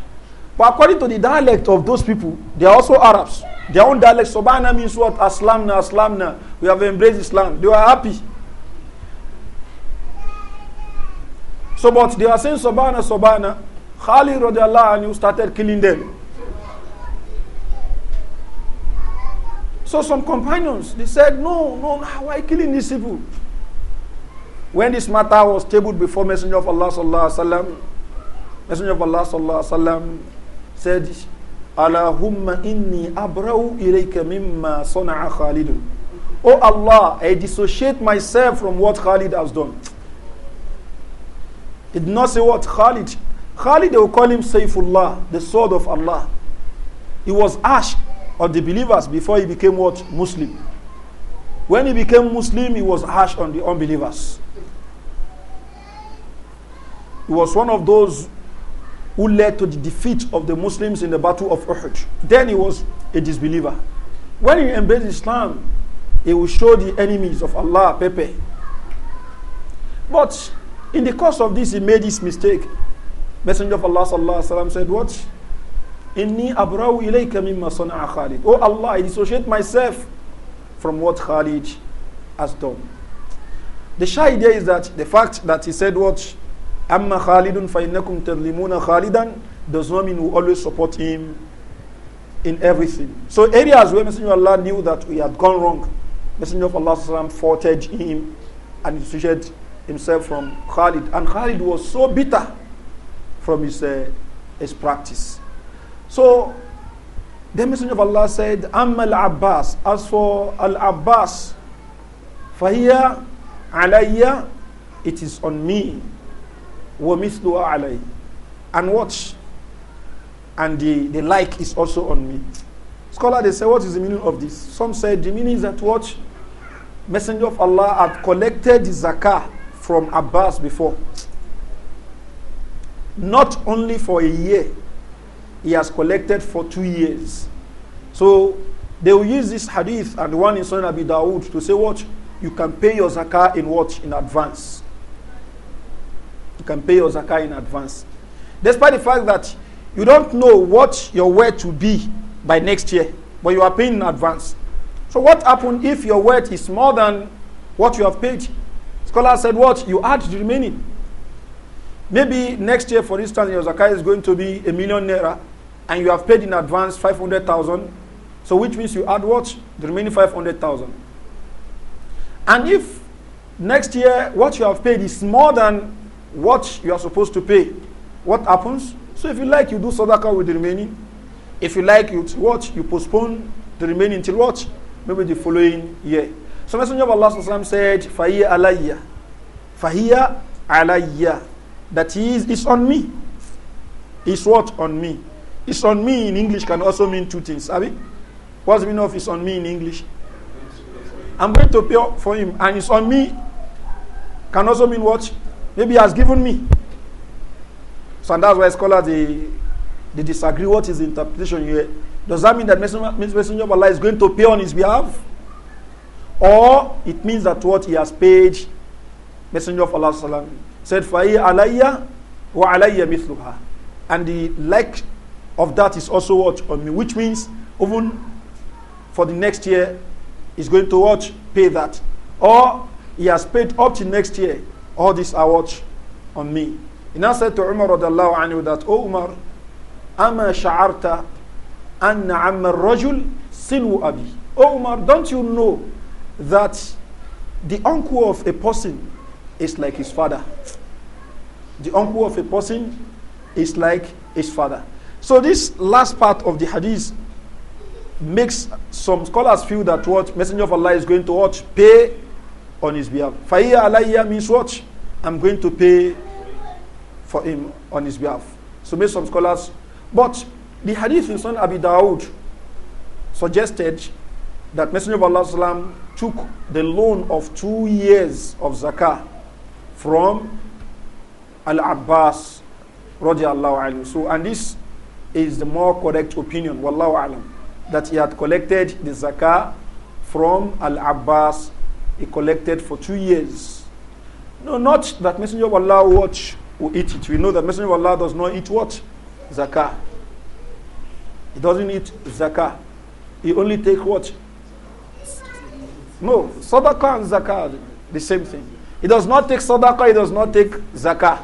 But according to the dialect of those people, they are also Arabs. Their own dialect, Sobana means what? Aslamna, Aslamna. We have embraced Islam. They were happy. So, but they are saying Sobana, Sobana. Khalid radiallahu anhu started killing them. So some companions, they said, no, no, no, why killing these people? When this matter was tabled before Messenger of Allah sallallahu alaihi wasallam, Messenger of Allah sallallahu alaihi wasallam said, Allahumma inni abra'u ilayka mimma sana'a Khalidun. Oh Allah, I dissociate myself from what Khalid has done. It did not say what Khalid. Khalid, they will call him Saifullah, the sword of Allah. He was ash on the believers before he became what? Muslim. When he became Muslim, he was harsh on the unbelievers. He was one of those who led to the defeat of the Muslims in the Battle of Uhud. Then he was a disbeliever. When he embraced Islam, he will show the enemies of Allah Pepe. But in the course of this, he made this mistake. Messenger of Allah sallallahu said, What? Inni abrau ilayka mimma sana'a Khalid. Oh Allah, I dissociate myself from what Khalid has done. The shy idea is that the fact that he said what Amma Khalidun fa'innakum tadlimuna Khalidan does not mean we always support him in everything. So areas where Messenger of Allah knew that we had gone wrong, Messenger of Allah faulted him and dissociated himself from Khalid. And Khalid was so bitter from his, uh, his practice. So the Messenger of Allah said, Amma al Abbas, as for Al Abbas, Fahiya alayya, it is on me, wa mithluha alay. And watch, and the, the like is also on me. Scholar, they say, what is the meaning of this? Some said the meaning is that watch, Messenger of Allah had collected the zakah from Abbas before. Not only for a year, he has collected for two years. So they will use this hadith and the one in Sunan Abi Dawood to say what? You can pay your zakah in what? In advance. You can pay your zakah in advance. Despite the fact that you don't know what your wealth will be by next year, but you are paying in advance. So what happens if your wealth is more than what you have paid? Scholar said what? You add the remaining. Maybe next year, for instance, your zakah is going to be a million naira and you have paid in advance 500,000, so which means you add what? The remaining 500,000. And if next year what you have paid is more than what you are supposed to pay, what happens? So if you like, you do sadaqah with the remaining. If you like, you watch You postpone the remaining till what? Maybe the following year. So Messenger of Allah said, "Fahia alayya. Fahiyya alayya. That is, it's on me. It's what? On me. It's on me in English can also mean two things. Abi? What's the meaning of it's on me in English? I'm going to pay for him. And it's on me can also mean what? Maybe he has given me. So and that's why scholars they, they disagree what is the interpretation here. Does that mean that Messenger Messenger of Allah is going to pay on his behalf? Or it means that what he has paid, Messenger of Allah said, Fa'i alayya wa alayya mithluha. And the like of that is also what on me, which means even for the next year, he's going to watch pay that, or he has paid up to next year. All this are watch on me. And I said to Umar radiallahu anhu that, O Umar, أما and أن عم rajul silu abi. O Umar, don't you know that the uncle of a person is like his father? The uncle of a person is like his father. So this last part of the hadith makes some scholars feel that what Messenger of Allah is going to watch Pay on his behalf. Fa'iyya alayya means what? I'm going to pay for him on his behalf. So made some scholars. But the hadith in Son Abi Dawud suggested that Messenger of Allah took the loan of two years of zakah from Al Abbas. So, and this is the more correct opinion, wallahu alam, that he had collected the zakah from Al Abbas. He collected for two years. No, not that Messenger of Allah watch will eat it. We know that Messenger of Allah does not eat what? Zakah. He doesn't eat zakah. He only take what? No, sadaqah and zakah, the same thing. He does not take sadaqah, he does not take zakah.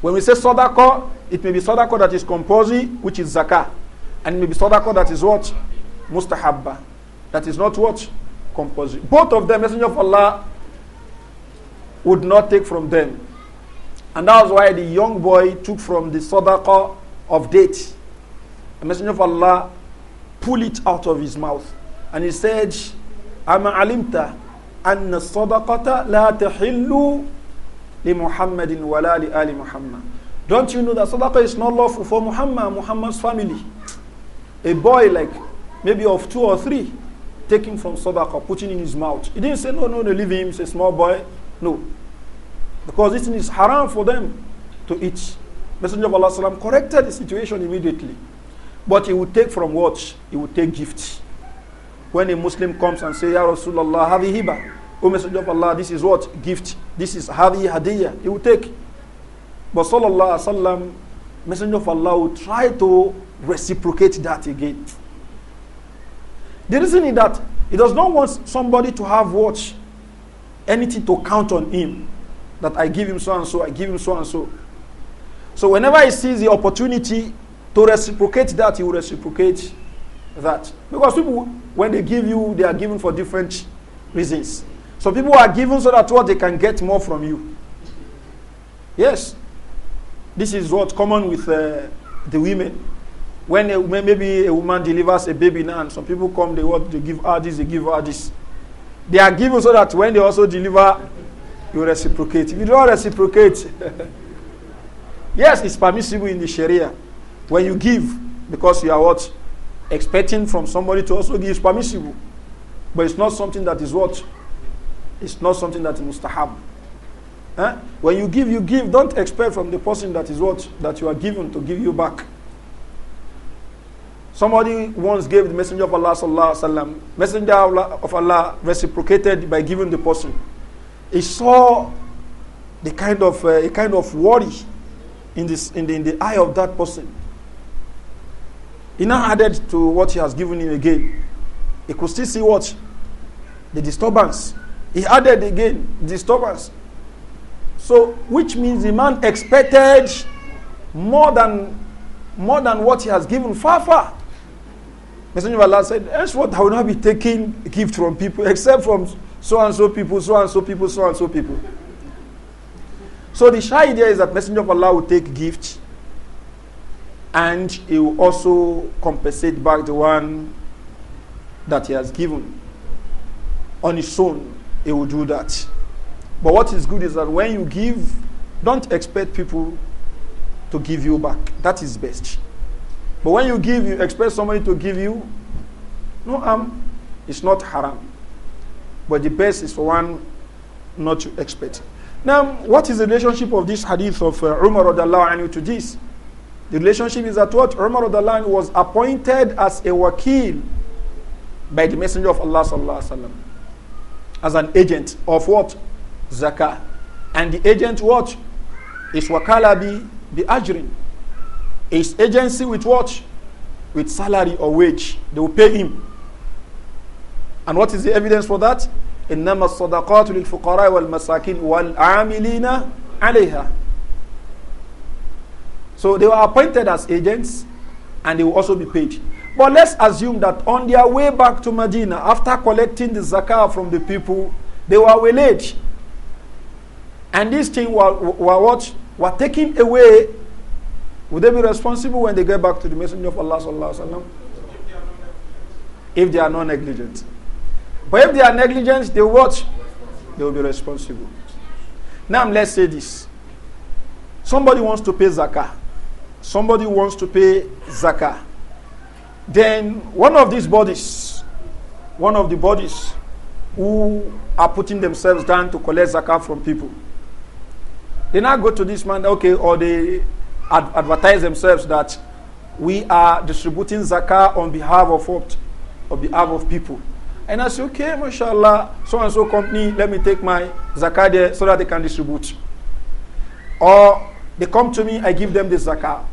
When we say sadaqah, it may be sadaqah that is compulsory, which is zakah. And it may be sadaqah that is what? Mustahabba. That is not what? Compulsory. Both of them, Messenger of Allah would not take from them. And that was why the young boy took from the sadaqah of date. The Messenger of Allah pulled it out of his mouth. And he said, أَمَا عَلِمْتَ أَنَّ الصَّدَقَةَ لَا تَحِلُّ li Muhammadin wa li ali Muhammad. Don't you know that sadaqah is not lawful for Muhammad, Muhammad's family? A boy like maybe of two or three taking from sadaqah, putting in his mouth. He didn't say, no, no, no, leave him, he's a small boy. No. Because it is haram for them to eat. Messenger of Allah salam, corrected the situation immediately. But he would take from what? He would take gifts. When a Muslim comes and say, Ya Rasulullah, have a hiba. O Messenger of Allah, this is what? Gift. This is hadi hadiya. He will take. But Sallallahu Alaihi Wasallam, Messenger of Allah will try to reciprocate that again. The reason is that he does not want somebody to have what? Anything to count on him. That I give him so and so, I give him so and so. So whenever he sees the opportunity to reciprocate that, he will reciprocate that. Because people, when they give you, they are given for different reasons. So people are given so that what they can get more from you. Yes. This is what's common with uh, the women. When a, maybe a woman delivers a baby now, and some people come, they want to give her this, they give her this. They are given so that when they also deliver, you reciprocate. If you don't reciprocate, yes, it's permissible in the Sharia. When you give, because you are what? Expecting from somebody to also give It's permissible. But it's not something that is what? It's not something that is mustahab. have. Eh? When you give, you give. Don't expect from the person that is what that you are given to give you back. Somebody once gave the Messenger of Allah sallallahu alaihi wasallam. Messenger of Allah reciprocated by giving the person. He saw the kind of uh, a kind of worry in this in the, in the eye of that person. He now added to what he has given him again. He could still see what the disturbance he added again disturbance. So, which means the man expected more than more than what he has given, far, far. Messenger of Allah said, That's what I will not be taking gift from people, except from so and so people, so and so people, so and so people. So the shy idea is that Messenger of Allah will take gift and he will also compensate back the one that he has given on his own he will do that. But what is good is that when you give, don't expect people to give you back. That is best. But when you give, you expect somebody to give you. No harm. it's not haram. But the best is for one not to expect. Now, what is the relationship of this hadith of uh, Umar anhu to this? The relationship is that what Umar was appointed as a wakil by the Messenger of Allah sallallahu alaihi wasallam. as an agent of what? Zakah. And the agent what? Is wakala bi, bi ajrin. Is agency with what? With salary or wage. They will pay him. And what is the evidence for that? إنما الصدقات للفقراء والمساكين والعاملين عليها. So they were appointed as agents and they will also be paid. But let's assume that on their way back to Medina, after collecting the zakah from the people, they were waylaid. And these things were, were what? Were taken away. Would they be responsible when they get back to the Messenger of Allah sallallahu alaihi wasallam? If they are not negligent. But if they are negligent, they what? They will be responsible. Now let's say this. Somebody wants to pay zakah. Somebody wants to pay zakah. Then one of these bodies, one of the bodies who are putting themselves down to collect zakat from people, they now go to this man, okay, or they ad advertise themselves that we are distributing zakah on behalf of what? On behalf of people. And I say, okay, mashallah, so and so company, let me take my zakah there so that they can distribute. Or they come to me, I give them the zakah.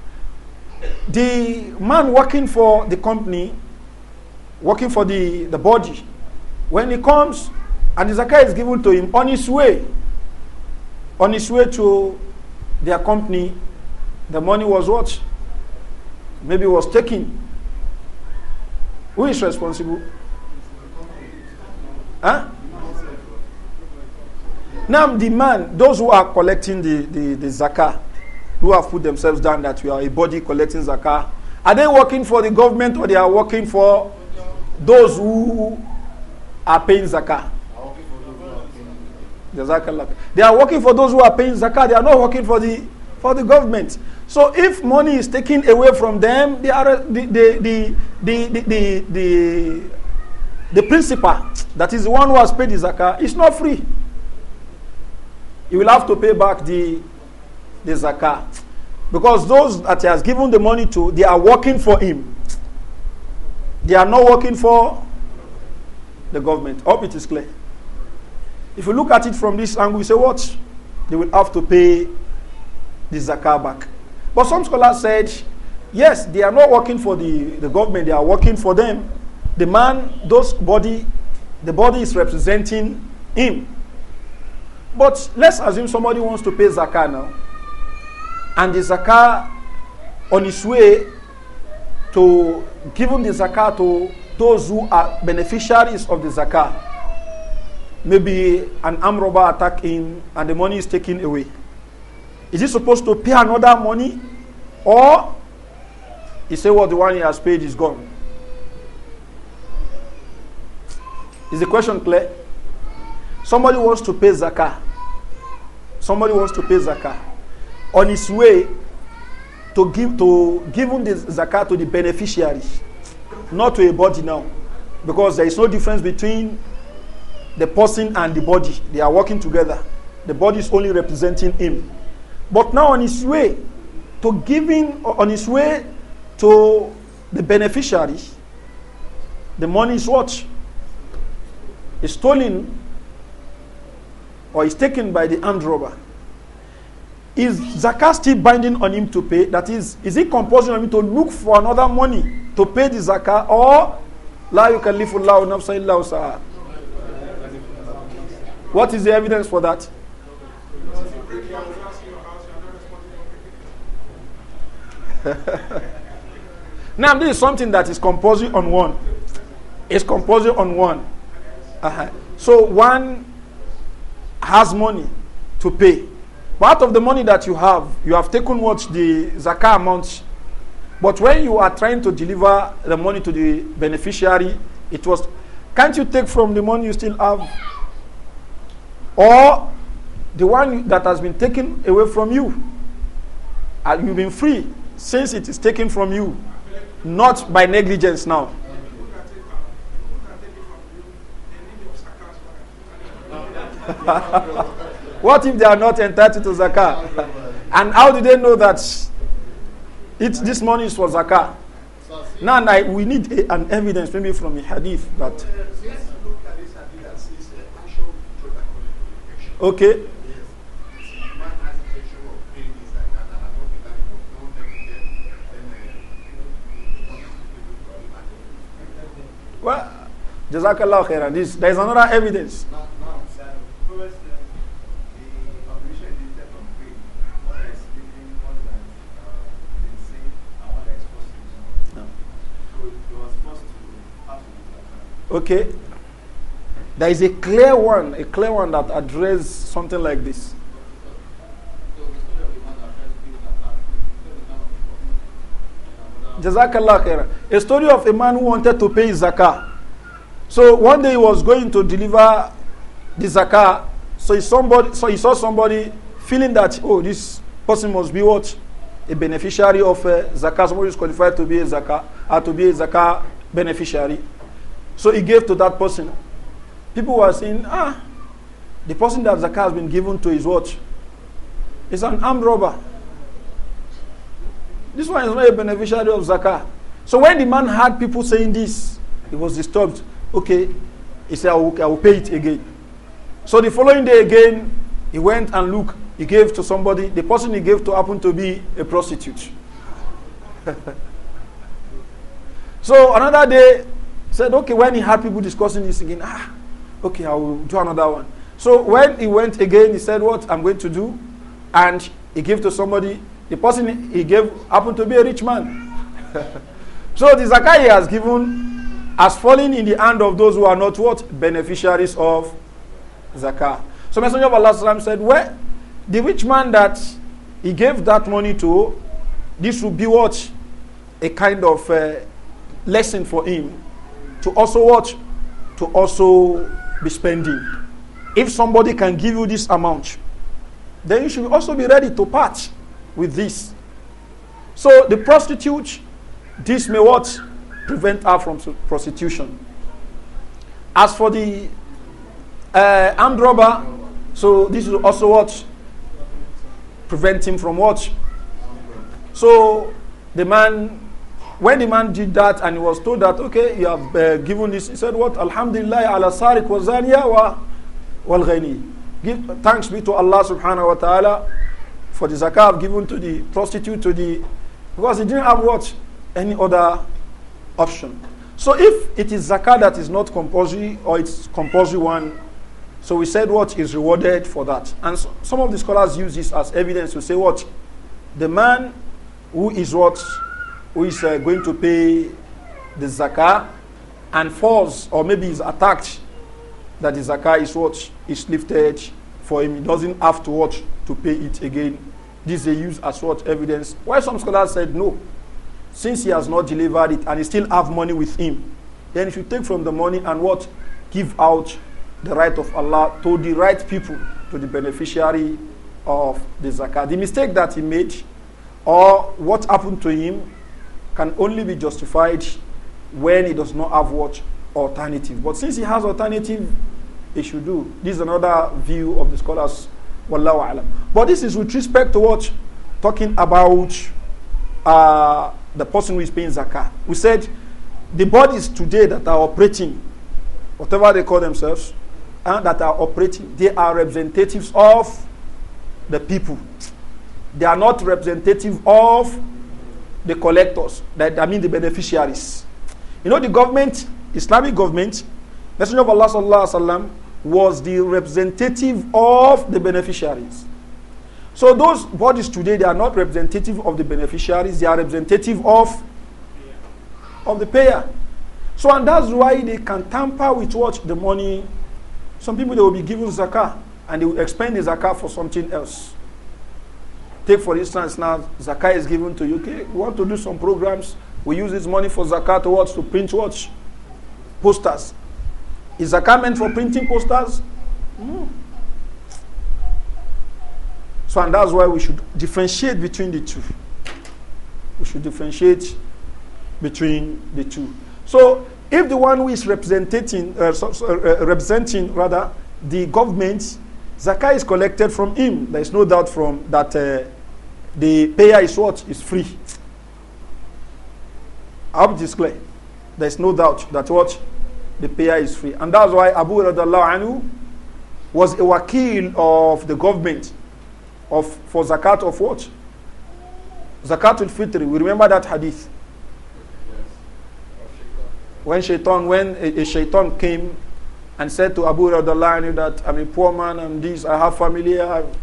the man working for the company, working for the, the body, when he comes and the zakah is given to him on his way, on his way to their company, the money was what? Maybe was taken. Who is responsible? Huh? Now the man, those who are collecting the, the, the zakah, who have put themselves down that we are a body collecting zakah. Are they working for the government or they are working for those who are paying zakah? They are working for those who are paying zakah. They are not working for the for the government. So if money is taken away from them, they are the the the the the, the, the principal, that is the one who has paid the zakah, is not free. He will have to pay back the the zakat. Because those that he has given the money to, they are working for him. They are not working for the government. Hope it is clear. If you look at it from this angle, you say, what? They will have to pay the zakat back. But some scholars said, yes, they are not working for the, the government, they are working for them. The man, those body, the body is representing him. But let's assume somebody wants to pay zakat now. and the zakah on its way to giving the zakah to those who are beneficiaries of the zakah. Maybe an armed robber attack him and the money is taken away. Is he supposed to pay another money? Or he say what well, the one he has paid is gone? Is the question clear? Somebody wants to pay zakah. Somebody wants to pay zakah. on his way to give to giving the zakat to the beneficiary, not to a body now, because there is no difference between the person and the body. They are working together. The body is only representing him. But now on his way to giving, on his way to the beneficiary, the money is what? Is stolen or is taken by the armed robber. Is zakat still binding on him to pay? That is, is it compulsory on him to look for another money to pay the zakat or la you yukallifullahu say illa sa. What is the evidence for that? now, this is something that is compulsory on one. It's compulsory on one. Uh -huh. So one has money to pay. Part of the money that you have, you have taken what the zakah amount. But when you are trying to deliver the money to the beneficiary, it was, can't you take from the money you still have? Or the one that has been taken away from you? Have you been free since it is taken from you, not by negligence now. What if they are not entitled to zakah? and how do they know that it, this money is for zakah? Now, now we need a, an evidence, maybe from a hadith, that. Okay. Well, Jazakallah khairan. This, there is another evidence. Okay? There is a clear one, a clear one that addresses something like this. Jazakallah khairan. A story of a man who wanted to pay zakah. So one day he was going to deliver the zakah. So he, somebody, so he saw somebody feeling that, oh, this person must be what? A beneficiary of uh, zakah. Somebody is qualified to be a zakah, uh, to be a zakah beneficiary. So he gave to that person. People were saying, ah, the person that Zakah has been given to is what? Is an armed robber. This one is not a beneficiary of Zakah. So when the man heard people saying this, he was disturbed. Okay, he said, I will, I will pay it again. So the following day again, he went and looked. He gave to somebody. The person he gave to happened to be a prostitute. so another day, Said, okay, when he had people discussing this again, ah, okay, I will do another one. So when he went again, he said, what I'm going to do, and he gave to somebody. The person he gave happened to be a rich man. so the zakat he has given has fallen in the hand of those who are not what beneficiaries of zakah. So Messenger of Allah said, well, the rich man that he gave that money to, this will be what a kind of uh, lesson for him to also what? To also be spending. If somebody can give you this amount, then you should also be ready to part with this. So the prostitute, this may what? Prevent her from prostitution. As for the uh, armed robber, so this is also what? Prevent him from what? So the man when the man did that and he was told that, okay, you have uh, given this, he said, what? Alhamdulillah ala sariq wa zaniya wa wal ghani. Give thanks be to Allah subhanahu wa ta'ala for the zakah I've given to the prostitute, to the, because he didn't have what? Any other option. So if it is zakah that is not compulsory or it's compulsory one, so we said what is rewarded for that. And so, some of the scholars use this as evidence to say what? The man who is what? who is uh, going to pay the zakah and falls or maybe is attacked that the zakah is what is lifted for him. He doesn't have to watch to pay it again. This they use as what evidence. Why some scholars said no. Since he has not delivered it and he still have money with him, then he should take from the money and what? Give out the right of Allah to the right people, to the beneficiary of the zakah. The mistake that he made or what happened to him can only be justified when he does not have what alternative. But since he has alternative, he should do. This is another view of the scholars. Wallahu alam. But this is with respect to what talking about uh, the person who is paying zakah. We said the bodies today that are operating, whatever they call themselves, and uh, that are operating, they are representatives of the people. They are not representative of the collectors, that I mean the beneficiaries. You know, the government, Islamic government, Messenger of Allah sallallahu alaihi wasallam was the representative of the beneficiaries. So those bodies today, they are not representative of the beneficiaries; they are representative of of the payer. So and that's why they can tamper with what the money. Some people they will be given zakah and they will expend the zakah for something else. Take, for instance, now Zakat is given to UK. We want to do some programs. We use this money for Zakat to To print watch Posters. Is Zakat meant for printing posters? Mm. So, and that's why we should differentiate between the two. We should differentiate between the two. So, if the one who is representing, uh, uh, representing rather, the government, Zakat is collected from him. There is no doubt from that uh, the payer is what? Is free. I hope this clear. There's no doubt that what? The payer is free. And that's why Abu radiallahu anhu was a wakil of the government of, for zakat of what? Zakat al-fitr. We remember that hadith. When shaitan, when a, a shaitan came and said to Abu radiallahu anhu that I'm a poor man, I'm this, I have family, I have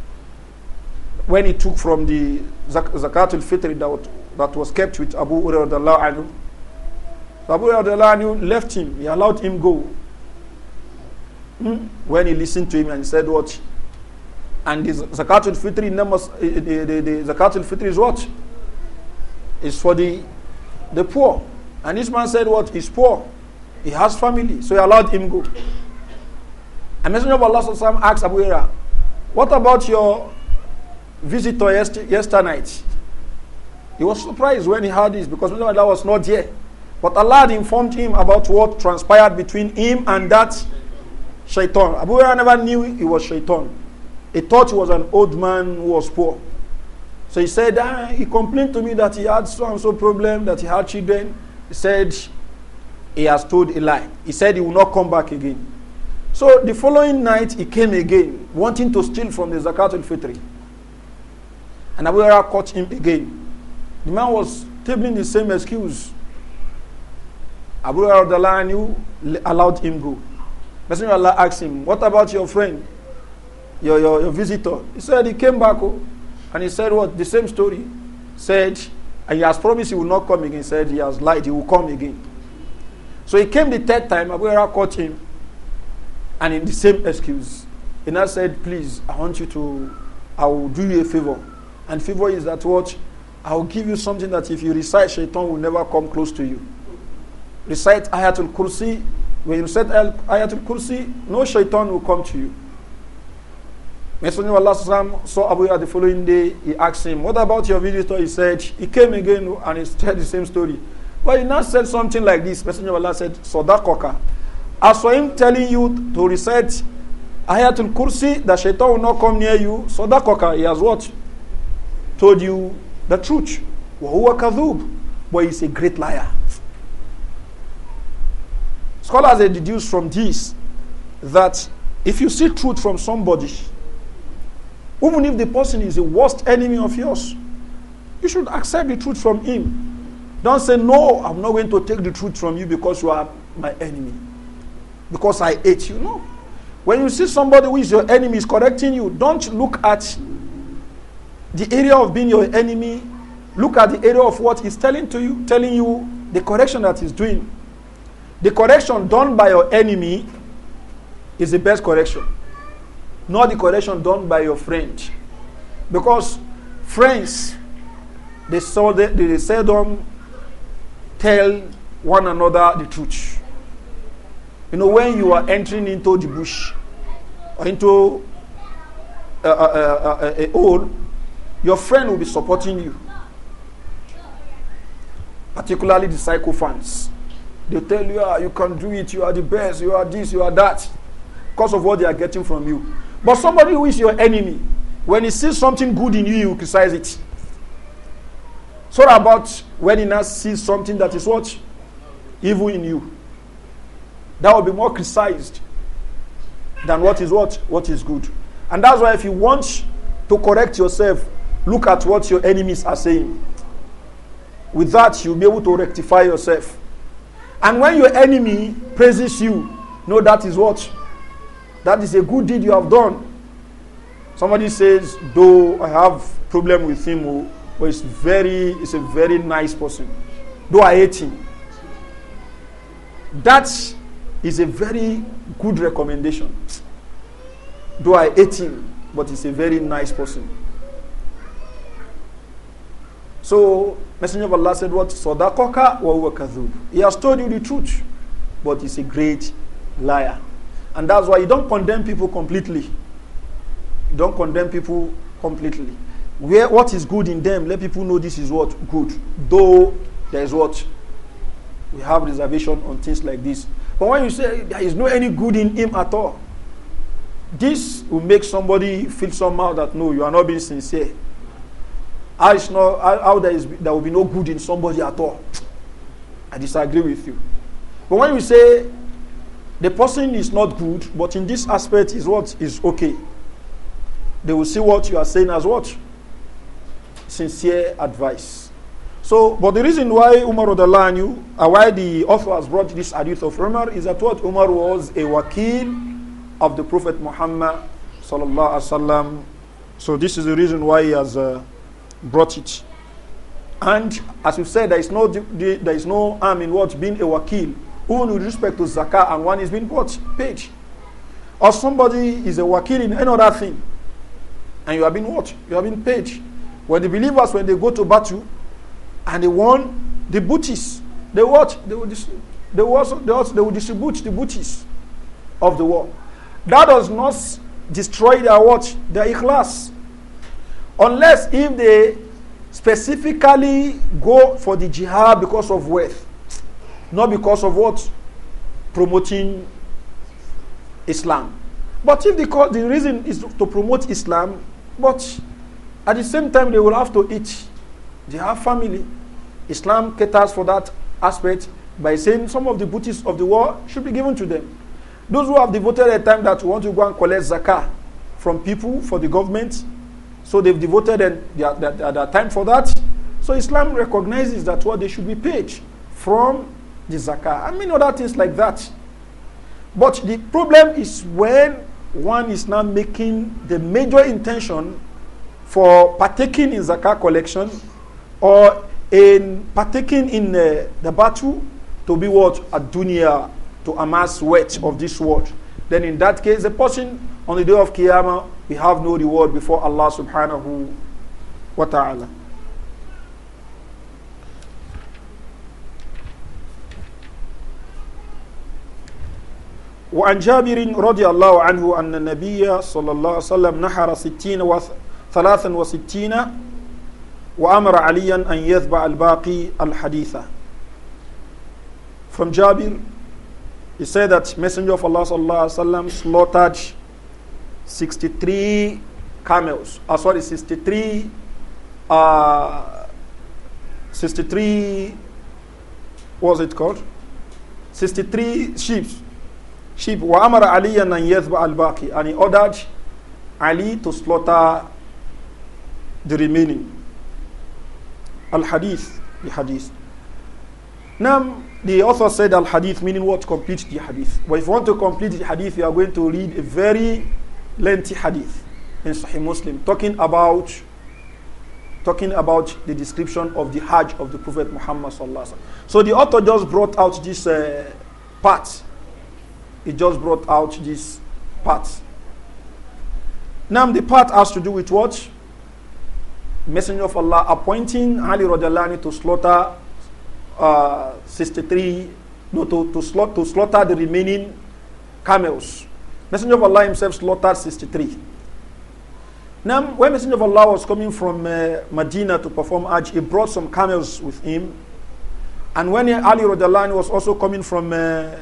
when he took from the zakatul fitri fitr that, that was kept with Abu Hurairah anhu, Abu Hurairah left him. He allowed him go. Hmm? When he listened to him and he said what? And the zakatul fitri fitr eh, eh, the, the, the, zakatul fitr is what? It's for the, the poor. And this man said what? He's poor. He has family. So he allowed him go. And Messenger of Allah asked Abu Hurairah, what about your visitor yesterday, night. He was surprised when he heard this because Muhammad was not there. But Allah had informed him about what transpired between him and that shaitan. Abu Hurairah never knew he was shaitan. He thought he was an old man who was poor. So he said, ah, he complained to me that he had so and so problem, that he had children. He said, he has told a lie. He said he will not come back again. So the following night, he came again, wanting to steal from the Zakat al-Fitri. And Abu Huraira caught him again. The man was tabling the same excuse. Abu Huraira allowed him go. Messenger of Allah asked him, What about your friend, your, your, your visitor? He said, He came back oh. and he said, What? The same story. Said, And he has promised he will not come again. Said, He has lied, he will come again. So he came the third time. Abu Huraira caught him and in the same excuse. And I said, Please, I want you to, I will do you a favor. And favor is that what? I will give you something that if you recite, shaitan will never come close to you. Recite Ayatul Kursi. When you recite Ayatul Kursi, no shaitan will come to you. Messenger of Allah saw Abu Yah the following day. He asked him, What about your visitor? He said, He came again and he said the same story. But he now said something like this. Messenger of Allah said, Sadaqaka. As for him telling you to recite Ayatul Kursi, that shaitan will not come near you, Sadaqaka, he has what? told you the truth. وَهُوَ كَذُوب But he's a great liar. Scholars have deduced from this that if you see truth from somebody, even if the person is the worst enemy of yours, you should accept the truth from him. Don't say, No, I'm not going to take the truth from you because you are my enemy. Because I hate you. No. When you see somebody who is your enemy is correcting you, don't look at the area of being your enemy, look at the area of what he's telling to you, telling you the correction that he's doing. The correction done by your enemy is the best correction, not the correction done by your friend. Because friends, they saw that they seldom tell one another the truth. You know, when you are entering into the bush or into a, a, a, a hole, your friend will be supporting you. Particularly the psycho fans. They tell you, ah, you can do it, you are the best, you are this, you are that, because of what they are getting from you. But somebody who is your enemy, when he sees something good in you, he will criticize it. So about when he now sees something that is what? Evil in you. That will be more criticized than what is what? What is good. And that's why if you want to correct yourself, Look at what your enemies are saying. With that, you'll be able to rectify yourself. And when your enemy praises you, know that is what? That is a good deed you have done. Somebody says, though I have problem with him, oh, but it's very, it's a very nice person. Though I hate him. That is a very good recommendation. Though I hate him, but he's a very nice person. So Messenger of Allah said, What? Sadaqaka wa huwa kadhub. He has told you the truth, but he's a great liar. And that's why you don't condemn people completely. You don't condemn people completely. Where what is good in them, let people know this is what good. Though there is what we have reservation on things like this. But when you say there is no any good in him at all, this will make somebody feel somehow that no, you are not being sincere. How, it's not, how, how there, is, there will be no good in somebody at all. I disagree with you. But when we say the person is not good, but in this aspect is what is okay, they will see what you are saying as what? Sincere advice. So, but the reason why Umar Odalanyu, uh, why the author has brought this hadith of Umar is that what Umar was a wakil of the Prophet Muhammad sallallahu alaihi wasallam. So this is the reason why he has uh, brought it. And as you said, there is no there is no harm in what being a wakil, even with respect to zakah, and one is being what paid, or somebody is a wakil in any other thing, and you have been what you have been paid. When the believers when they go to battle, and they won the booties, they what they will they will also, they, also, they will distribute the booties of the war. That does not destroy their watch, their ikhlas. Unless if they specifically go for the jihad because of wealth, not because of what? Promoting Islam. But if the, the reason is to promote Islam, but at the same time they will have to eat, they have family. Islam caters for that aspect by saying some of the booty of the war should be given to them. Those who have devoted a time that want to go and collect zakah from people for the government, so they've devoted their, their, their, their time for that. So Islam recognizes that what they should be paid from the zakah and many other things like that. But the problem is when one is now making the major intention for partaking in zakah collection or in partaking in uh, the battle to be what a dunya to amass wealth of this world then in that case the person on the day of qiyamah we have no reward before Allah subhanahu wa ta'ala. وعن جابر رضي الله عنه أن النبي صلى الله عليه وسلم نحر ستين وثلاثا وستين وأمر عليا أن يذبع الباقي الحديث From Jabir, he said that Messenger of Allah صلى الله عليه وسلم slaughtered 63 camels, uh, sorry, 63, uh, 63, Was it called? 63 sheep. Sheep. وَأَمَرَ عَلِيًّا أَنْ al Baki. And he ordered Ali to slaughter the remaining. Al-Hadith, the Hadith. Now, the author said Al-Hadith, meaning what? Complete the Hadith. But if you want to complete the Hadith, you are going to read a very lengthy hadith in Sahih Muslim talking about talking about the description of the Hajj of the Prophet Muhammad sallallahu alaihi wasallam. So the author just brought out this uh, part. He just brought out this part. Now the part has to do with what? Messenger of Allah appointing Ali Radhalani to slaughter uh, 63, no, to, to, slaughter, to slaughter the remaining camels. Messenger of Allah himself slaughtered 63. Now, when Messenger of Allah was coming from uh, Medina to perform Hajj, he brought some camels with him. And when Ali Rodalani was also coming from uh,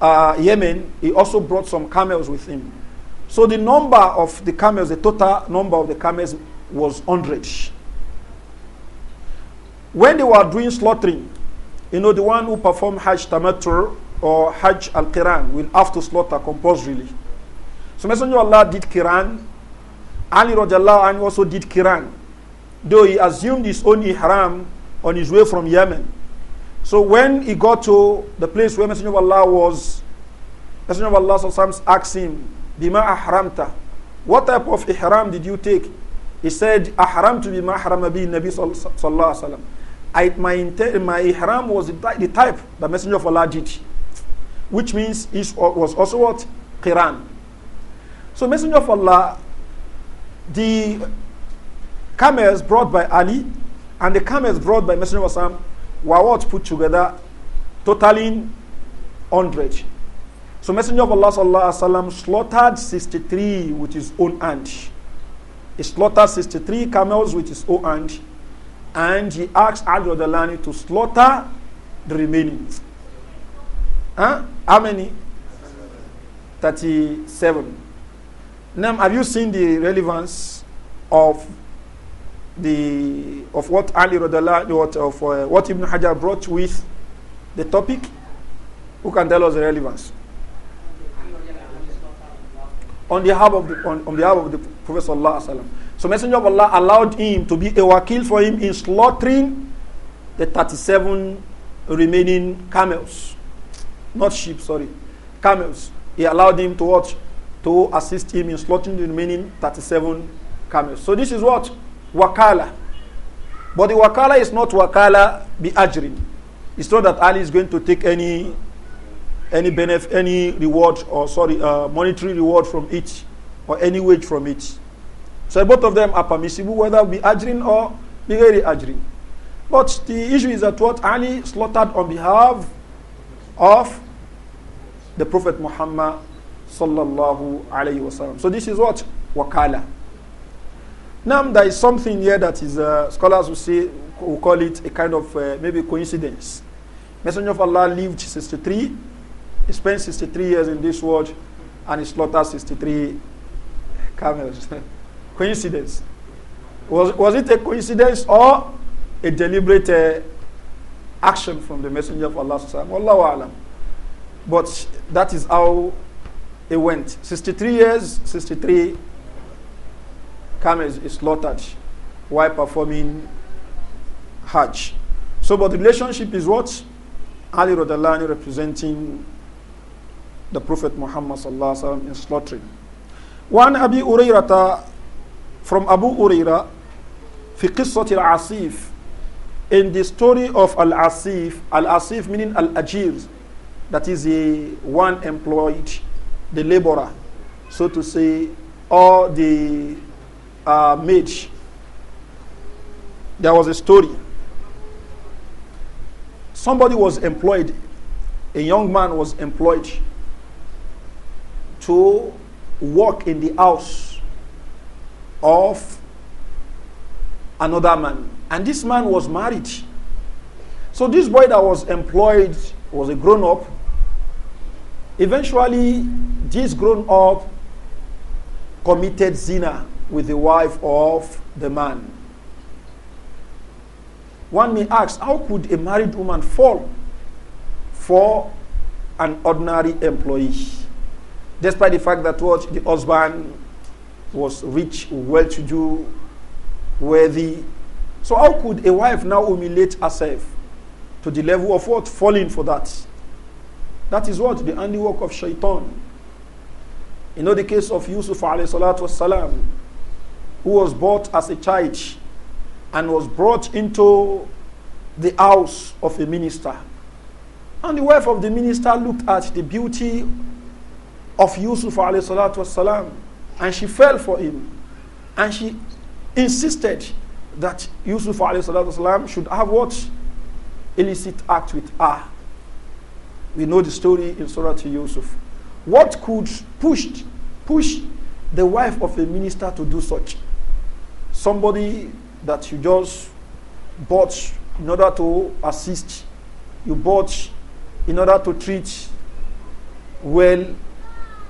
uh, Yemen, he also brought some camels with him. So the number of the camels, the total number of the camels was 100. When they were doing slaughtering, you know, the one who performed Hajj Tamatur, or Hajj al Qiran will have to slaughter compulsorily. So Messenger of Allah did Qiran. Ali radiallahu anhu also did Qiran. Though he assumed his own ihram on his way from Yemen. So when he got to the place where Messenger of Allah was, Messenger of Allah sometimes asked him, Bima ahramta? What type of ihram did you take? He said, Ahram to bima ahrama bi Nabi sallallahu alayhi wa sallam. I, my, ihram was the, the type the Messenger of Allah did. which means it uh, was also what? Quran. So Messenger of Allah, the camels brought by Ali and the camels brought by Messenger of Allah were what put together, totaling 100. So Messenger of Allah sallam, slaughtered 63 with his own hand. He slaughtered 63 camels with his own hand. And he asked Al-Radalani to slaughter the remaining. Huh? How many? 37. Now, have you seen the relevance of the of what Ali Radallah, what of uh, what Ibn Hajar brought with the topic? Who can tell us the relevance? On the half of the on, on the half of the Prophet Sallallahu Alaihi Wasallam. So Messenger of Allah allowed him to be a wakil for him in slaughtering the 37 remaining camels. not sheep, sorry, camels. He allowed him to watch, to assist him in slaughtering the remaining 37 camels. So this is what? Wakala. But the wakala is not wakala bi ajrin. It's not that Ali is going to take any any benefit, any reward, or sorry, uh, monetary reward from it, or any wage from it. So both of them are permissible, whether be ajrin or bigari ajrin. But the issue is that what Ali slaughtered on behalf of the Prophet Muhammad sallallahu alayhi wasallam. So this is what wakala. Now there is something here that is uh, scholars will say will call it a kind of uh, maybe coincidence. Messenger of Allah lived 63, he spent 63 years in this world, and he slaughtered 63 camels. coincidence. Was was it a coincidence or a deliberate uh, action from the Messenger of Allah. Wallahu alam. But that is how it went. 63 years, 63 camels is slaughtered while performing Hajj. So, but the relationship is what? Ali Radalani representing the Prophet Muhammad sallallahu in slaughtering. One Abi Urayrata from Abu Urayra في al Asif in the story of Al Asif, Al Asif meaning Al Ajir, that is the one employed, the laborer, so to say, or the uh, There was a story. Somebody was employed, a young man was employed to work in the house of another man and this man was married. So this boy that was employed was a grown up. Eventually, this grown up committed zina with the wife of the man. One may ask, how could a married woman fall for an ordinary employee? Despite the fact that what the husband was rich, well to do, worthy, so how could a wife now humiliate herself to the level of what? Falling for that. That is what? The handiwork of shaitan. You know the case of Yusuf alayhi wasalam, who was bought as a child and was brought into the house of a minister. And the wife of the minister looked at the beauty of Yusuf alayhi wasalam, and she fell for him. And she insisted that Yusuf والسلام, should have what? Illicit act with her. We know the story in Surah to Yusuf. What could push, push the wife of a minister to do such? Somebody that you just bought in order to assist, you bought in order to treat well.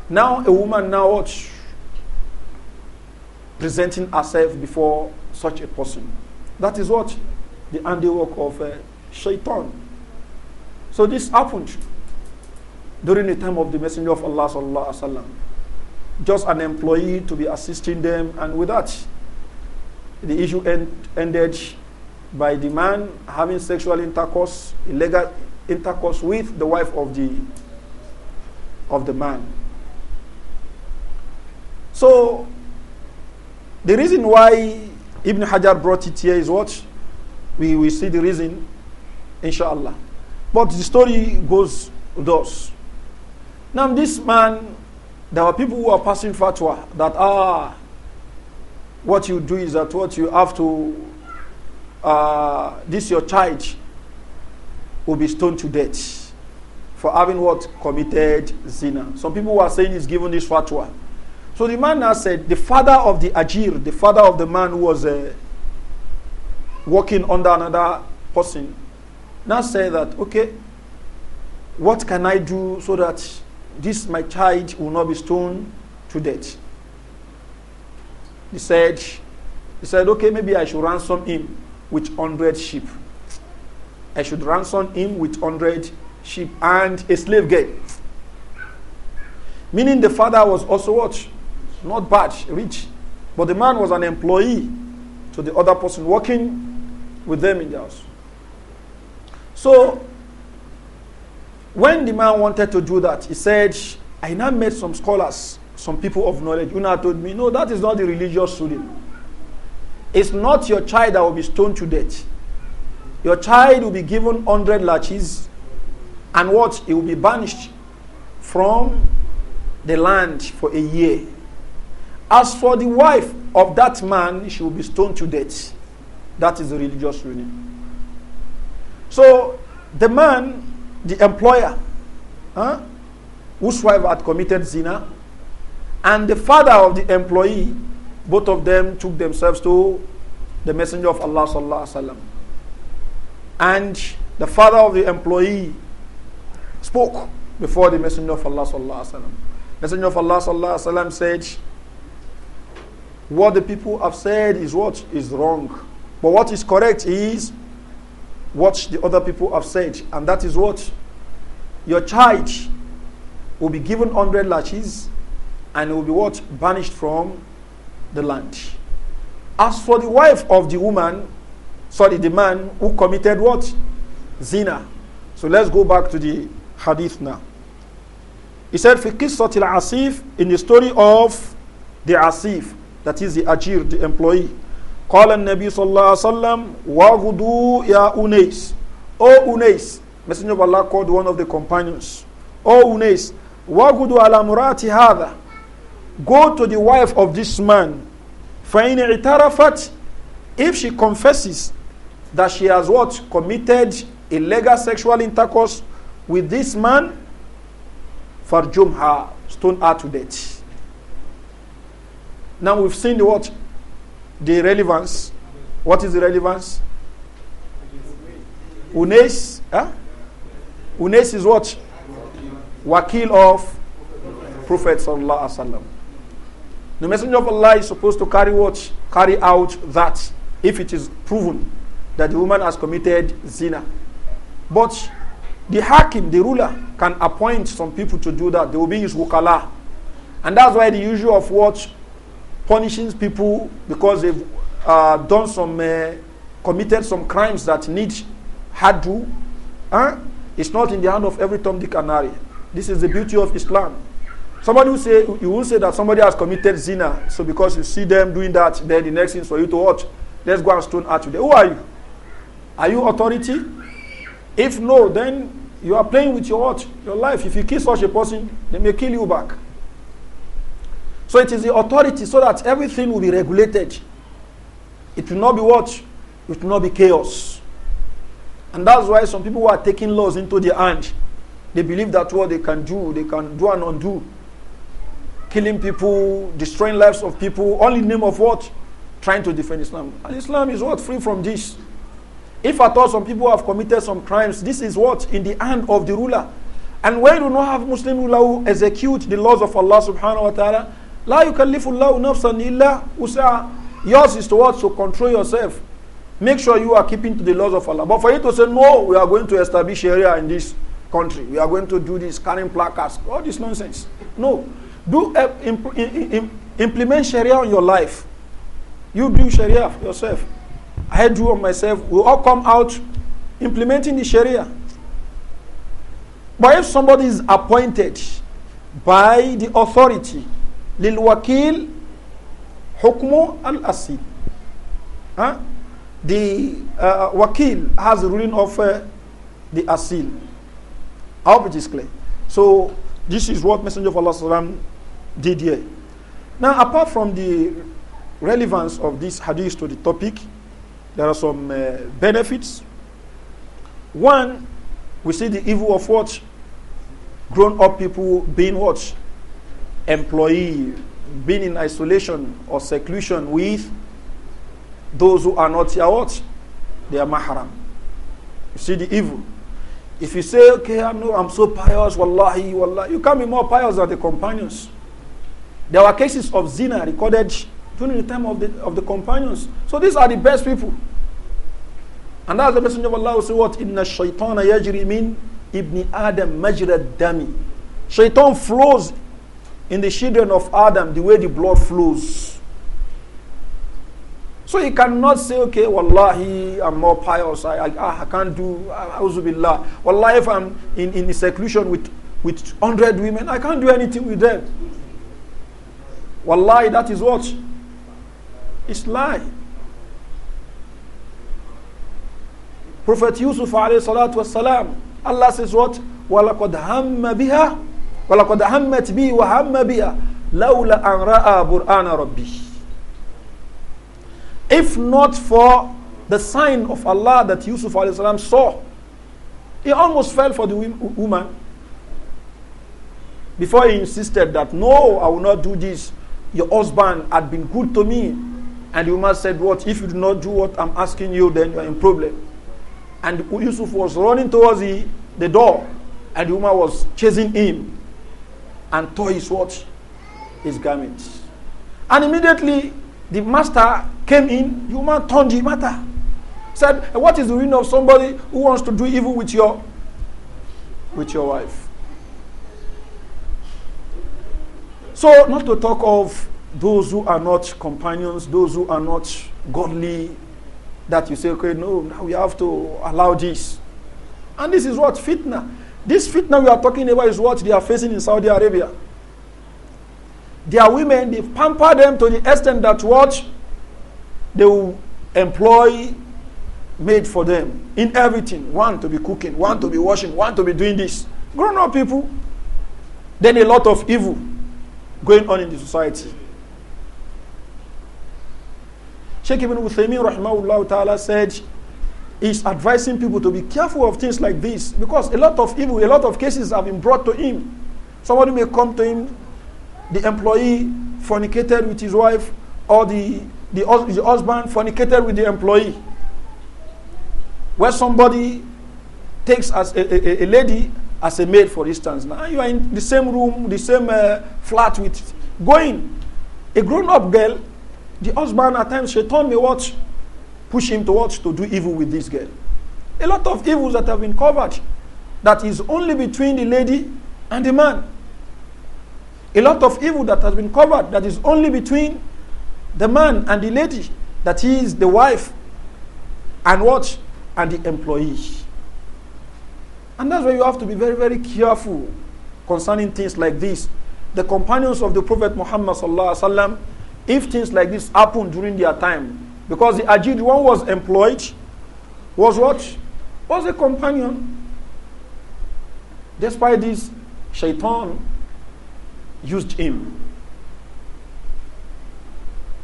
Now a woman now what? Presenting herself before such a person. That is what the handiwork of uh, shaitan. So this happened during the time of the Messenger of Allah sallallahu alaihi wasallam. Just an employee to be assisting them, and with that, the issue end, ended by the man having sexual intercourse, illegal intercourse with the wife of the of the man. So the reason why Ibn Hajar brought it here is what we will see the reason, inshallah. But the story goes thus. Now, this man, there were people who were passing fatwa that, ah, what you do is that what you have to, uh, this your child will be stoned to death for having what? Committed zina. Some people were saying he's given this fatwa. So the man now said, the father of the ajir, the father of the man who was uh, working under another person, now said that, okay, what can I do so that this my child will not be stoned to death? He said, he said, okay, maybe I should ransom him with 100 sheep. I should ransom him with 100 sheep and a slave girl. Meaning the father was also what? not bad, rich. But the man was an employee to the other person working with them in the house. So, when the man wanted to do that, he said, I now met some scholars, some people of knowledge, who now told me, no, that is not the religious ruling. It's not your child that will be stoned to death. Your child will be given 100 lashes, and what? He will be banished from the land for a year. As for the wife of that man, she will be stoned to death. That is the religious ruling. So the man, the employer, huh, whose wife had committed zina, and the father of the employee, both of them took themselves to the Messenger of Allah sallallahu alaihi wasallam. And the father of the employee spoke before the Messenger of Allah sallallahu alaihi wasallam. Messenger of Allah sallallahu alaihi wasallam said what the people have said is what is wrong. But what is correct is what the other people have said. And that is what your child will be given 100 lashes and will be what? Banished from the land. As for the wife of the woman, sorry, the man who committed what? Zina. So let's go back to the hadith now. He said, في قصة Asif in the story of the Asif, that is the ajir, the employee. قال النبي صلى الله عليه wa وغدو ya أنيس O Unais, Messenger of Allah called one of the companions. O Unais, wagudu ala murati hadha. Go to the wife of this man. فَإِنْ اِعْتَرَفَتْ If she confesses that she has what? Committed illegal sexual intercourse with this man, فَرْجُمْهَا Stone her to death. Now we've seen the what? The relevance. What is the relevance? Unes, huh? Unes is what? Wakil of Prophet Sallallahu Alaihi Wasallam. The messenger of Allah is supposed to carry what? Carry out that if it is proven that the woman has committed zina. But the hakim, the ruler, can appoint some people to do that. They will be his wukala. And that's why the usual of what punishing people because they've uh, done some, uh, committed some crimes that need had to. Huh? It's not in the hand of every Tom, Dick, and Harry. This is the beauty of Islam. Somebody will say, you will say that somebody has committed zina. So because you see them doing that, then the next thing is for you to watch. Let's go and stone at you. Who are you? Are you authority? If no, then you are playing with your watch, your life. If you kill such a person, they may kill you back. So it is the authority so that everything will be regulated. It will not be what? It will not be chaos. And that's why some people who are taking laws into their hands, they believe that what they can do, they can do and undo. Killing people, destroying lives of people, only name of what? Trying to defend Islam. And Islam is what? Free from this. If at all some people have committed some crimes, this is what? In the hand of the ruler. And why do not have Muslim ruler who execute the laws of Allah subhanahu wa ta'ala? La yukallifullahu nafsan illa usa. Yours is to what to control yourself. Make sure you are keeping to the laws of Allah. But for you to say, no, we are going to establish Sharia in this country. We are going to do this, carrying placards. All this nonsense. No. Do uh, imp imp implement Sharia in your life. You do Sharia yourself. I do on myself. We all come out implementing the Sharia. But if somebody is appointed by the authority للوكيل حكم الأصيل huh? the uh, wakil has ruling of uh, the asil I hope it is clear so this is what messenger of Allah did here now apart from the relevance of this hadith to the topic there are some uh, benefits one we see the evil of what grown up people being watched employee being in isolation or seclusion with those who are not your what? They are mahram. You see the evil. If you say, okay, I know I'm so pious, wallahi, wallahi, you can be more pious than the companions. There were cases of zina recorded during the time of the, of the companions. So these are the best people. And that's the Messenger of Allah who said, what? Inna shaitana yajri min ibn Adam majra dami. Shaitan flows in the children of Adam the way the blood flows. So he cannot say, okay, wallahi, I'm more pious. I, I, ah, I can't do, ah, auzubillah. Wallahi, if I'm in, in seclusion with, with 100 women, I can't do anything with them. Wallahi, that is what? It's lie. Prophet Yusuf alayhi salatu wasalam, Allah says what? وَلَقَدْ هَمَّ بِهَا وَلَقَدْ هَمَّتْ بِي وَهَمَّ لَوْلَا أَنْ رَأَى بُرْآنَ رَبِّي If not for the sign of Allah that Yusuf salam saw, he almost fell for the woman. Before he insisted that, no, I will not do this. Your husband had been good to me. And the woman said, what? If you do not do what I'm asking you, then you are in problem. And Yusuf was running towards the, the door. And the woman was chasing him. and tore his what? His garments. And immediately the master came in, You man, turned the matter. Said, What is the ruin of somebody who wants to do evil with your with your wife? So not to talk of those who are not companions, those who are not godly, that you say, okay, no, now we have to allow this. And this is what fitna. This fitna we are talking about is what they are facing in Saudi Arabia. Their women, they pamper them to the extent that what they will employ made for them in everything. One to be cooking, one to be washing, one to be doing this. Grown up people. Then a lot of evil going on in the society. Sheikh Ibn Uthaymeen, rahimahullah ta'ala, said, is advising people to be careful of things like this because a lot of evil, a lot of cases have been brought to him. Somebody may come to him, the employee fornicated with his wife, or the, the, the husband fornicated with the employee. Where somebody takes as a, a, a lady as a maid, for instance. Now you are in the same room, the same uh, flat with going. A grown up girl, the husband at times, she told me what? push him towards to do evil with this girl. A lot of evils that have been covered that is only between the lady and the man. A lot of evil that has been covered that is only between the man and the lady, that is the wife and what? And the employee. And that's why you have to be very, very careful concerning things like this. The companions of the Prophet Muhammad, if things like this happen during their time, because the Ajid one was employed, was what? Was a companion. Despite this, Shaitan used him.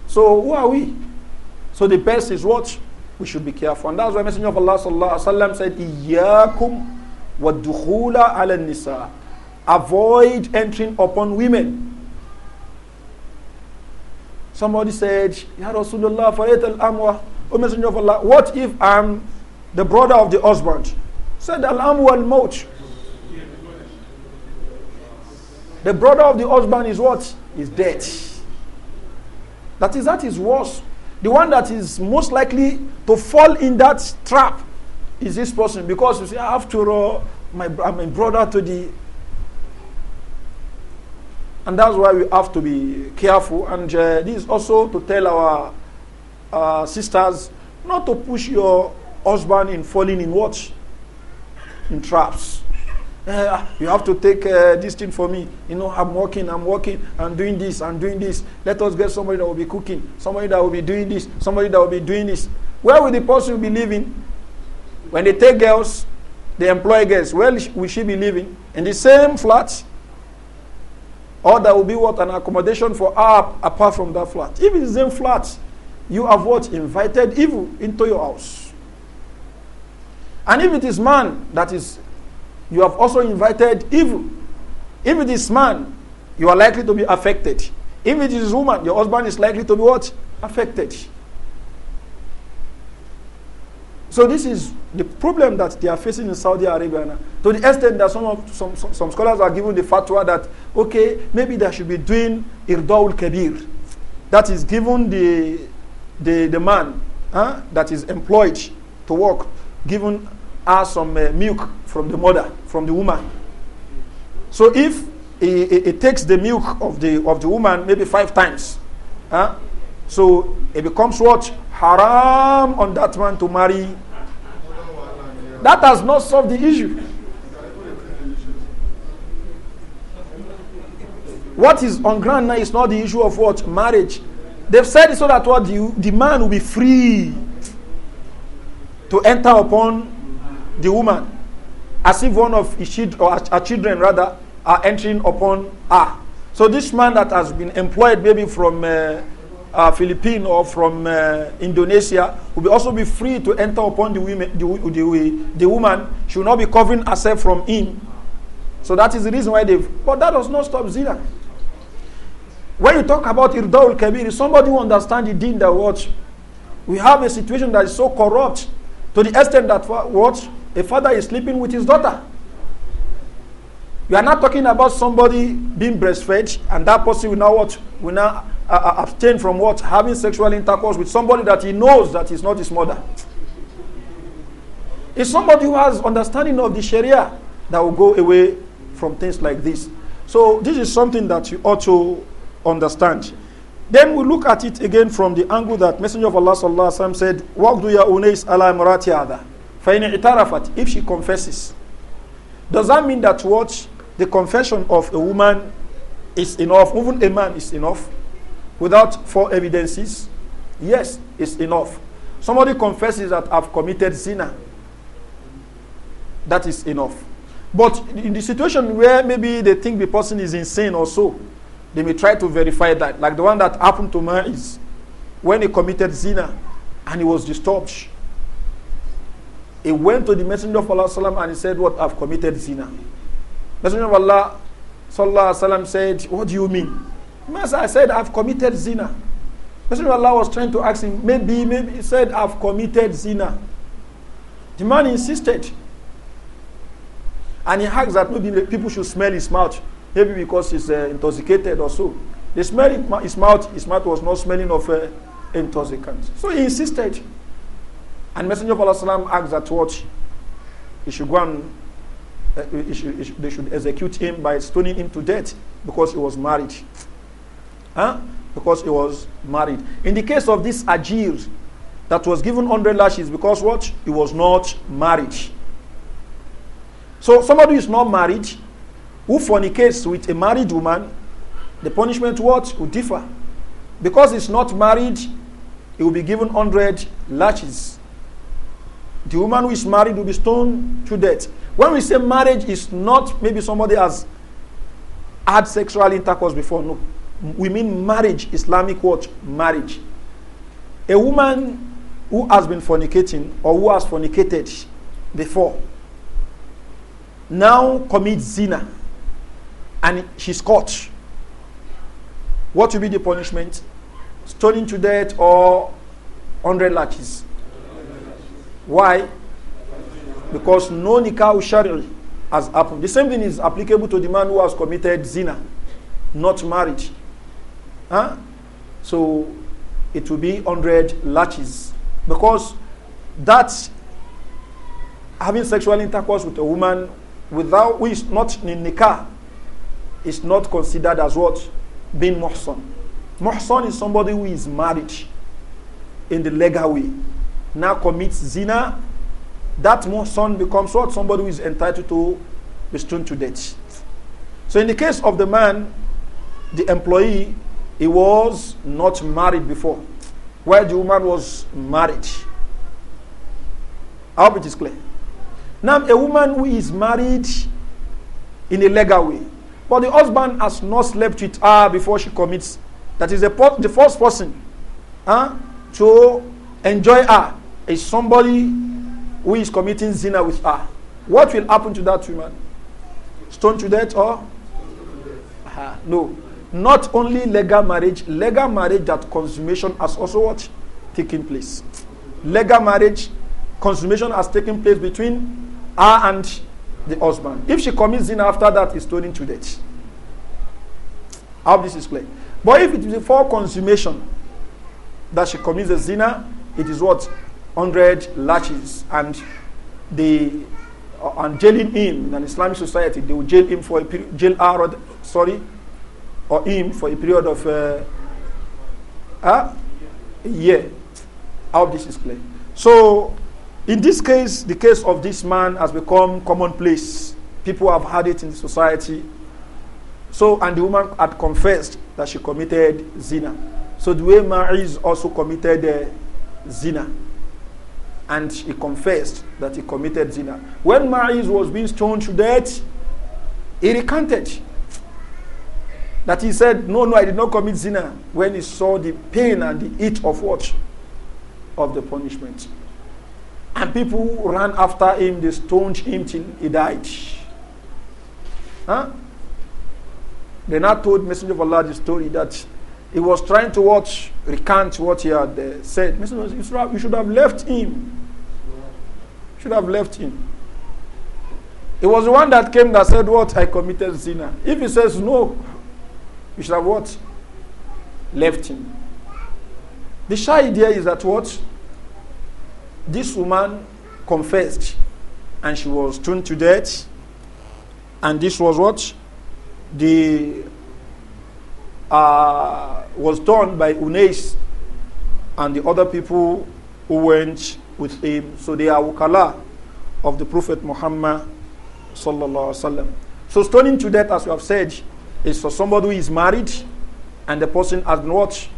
So who are we? So the best is what? We should be careful. And that's why Messenger of Allah sallallahu alaihi wasallam said, "Iyakum wa dukhula ala nisa." Avoid entering upon women. Somebody said, Ya Rasulullah, Faret al Amwa, O Messenger of Allah, what if I'm the brother of the husband? Said Al Amwa al Maut. The brother of the husband is what? Is dead. That is, that is worse. The one that is most likely to fall in that trap is this person because you see, after all, my, my brother to the and that's why we have to be careful. And uh, this is also to tell our uh, sisters not to push your husband in falling in what? In traps. Uh, you have to take uh, this thing for me. You know, I'm working, I'm working, I'm doing this, I'm doing this. Let us get somebody that will be cooking, somebody that will be doing this, somebody that will be doing this. Where will the person be living? When they take girls, they employ girls. Where will she be living? In the same flat? Or there will be what? An accommodation for up apart from that flat. If it's in flat, you have what? Invited evil into your house. And if it is man, that is, you have also invited evil. If it is man, you are likely to be affected. If it is woman, your husband is likely to be what? Affected. So this is the problem that they are facing in Saudi Arabia now. To the extent that some, of, some, some, some scholars are given the fatwa that, okay, maybe they should be doing irdaul Kabir. That is given the, the, the man huh, that is employed to work, given her some uh, milk from the mother, from the woman. So if it, it takes the milk of the, of the woman maybe five times, huh, so It becomes what? Haram on that man to marry. That has not solved the issue. What is on ground now is not the issue of what? Marriage. They've said so that what the, the man will be free to enter upon the woman as if one of his children, or her children rather, are entering upon her. So this man that has been employed maybe from uh, uh, Philippines or from uh, Indonesia will be also be free to enter upon the, women, the, the, the woman. should not be covering herself from him. So that is the reason why they. But that does not stop zina. When you talk about Irdaul Kabir, somebody who understands the deen that watch. We have a situation that is so corrupt to the extent that what a father is sleeping with his daughter. We are not talking about somebody being breastfed and that person will now watch. will now Uh, uh, abstain from what? Having sexual intercourse with somebody that he knows that is not his mother. It's somebody who has understanding of the Sharia that will go away from things like this. So this is something that you ought to understand. Then we look at it again from the angle that Messenger of Allah sallallahu alaihi wasallam said, "Waqdu ya unais ala imrati adha." itarafat, if she confesses. Does that mean that what the confession of a woman is enough, even a man is enough? without four evidences? Yes, it's enough. Somebody confesses that I've committed zina. That is enough. But in the situation where maybe they think the person is insane or so, they may try to verify that. Like the one that happened to is, when he committed zina and he was disturbed. He went to the Messenger of Allah and he said, What I've committed zina. Messenger of Allah said, What do you mean? Mas I said, I've committed zina. Messenger of Allah was trying to ask him, maybe, maybe. He said, I've committed zina. The man insisted. And he asked that maybe people should smell his mouth. Maybe because he's uh, intoxicated or so. They smell his mouth. His mouth was not smelling of uh, intoxicants. So he insisted. And Messenger of Allah asked that what? He should go and uh, he should, he should, they should execute him by stoning him to death because he was married. Huh? Because he was married. In the case of this Ajir that was given 100 lashes because what? He was not married. So somebody who is not married, who fornicates with a married woman, the punishment what? Will differ. Because he's not married, he will be given 100 lashes. The woman who is married will be stoned to death. When we say marriage is not maybe somebody has had sexual intercourse before, no we mean marriage, Islamic word Marriage. A woman who has been fornicating or who has fornicated before now commits zina and she's caught. What will be the punishment? Stoning to death or 100 lashes. Why? Because no nikah shari has happened. The same thing is applicable to the man who has committed zina, not marriage. Huh? So it will be 100 lashes. Because that having sexual intercourse with a woman without who is not in nikah is not considered as what? Being muhsan. Muhsan is somebody who is married in the legal way. Now commits zina. That muhsan becomes what? Somebody who is entitled to be stoned to death. So in the case of the man, the employee He was not married before. Where the woman was married. I hope it is clear. Now, a woman who is married in a legal way, but the husband has not slept with her before she commits, that is the, the first person huh, to enjoy her is somebody who is committing zina with her. What will happen to that woman? Stoned to death or? Uh, no. Not only legal marriage, legal marriage that consummation has also what? Taken place. Legal marriage, consummation has taken place between her and the husband. If she commits sin after that, is stoning to death. How this is clear. But if it is before consummation that she commits a zina, it is what? 100 lashes and the uh, and jailing him in an Islamic society, they will jail him for a period, jail her, sorry, or him for a period of uh, ah, a year. I hope this is clear. So, in this case, the case of this man has become commonplace. People have had it in society. So, and the woman had confessed that she committed zina. So, the way Ma'iz also committed uh, zina. And he confessed that he committed zina. When Ma'iz was being stoned to death, he recanted. That he said, No, no, I did not commit zina when he saw the pain and the heat of what? Of the punishment. And people ran after him, they stoned him till he died. Huh? They now told Messenger of Allah the story that he was trying to watch, recant what he had uh, said. Messenger of Allah, you should have left him. should have left him. It was the one that came that said, What? I committed zina. If he says no, you should have what? Left him. The shy idea is that what? This woman confessed and she was stoned to death. And this was what? The uh, was done by Unes and the other people who went with him. So they are wukala of the Prophet Muhammad sallallahu alaihi wasallam. So stoning to death, as we have said, is for somebody who is married and the person has been what?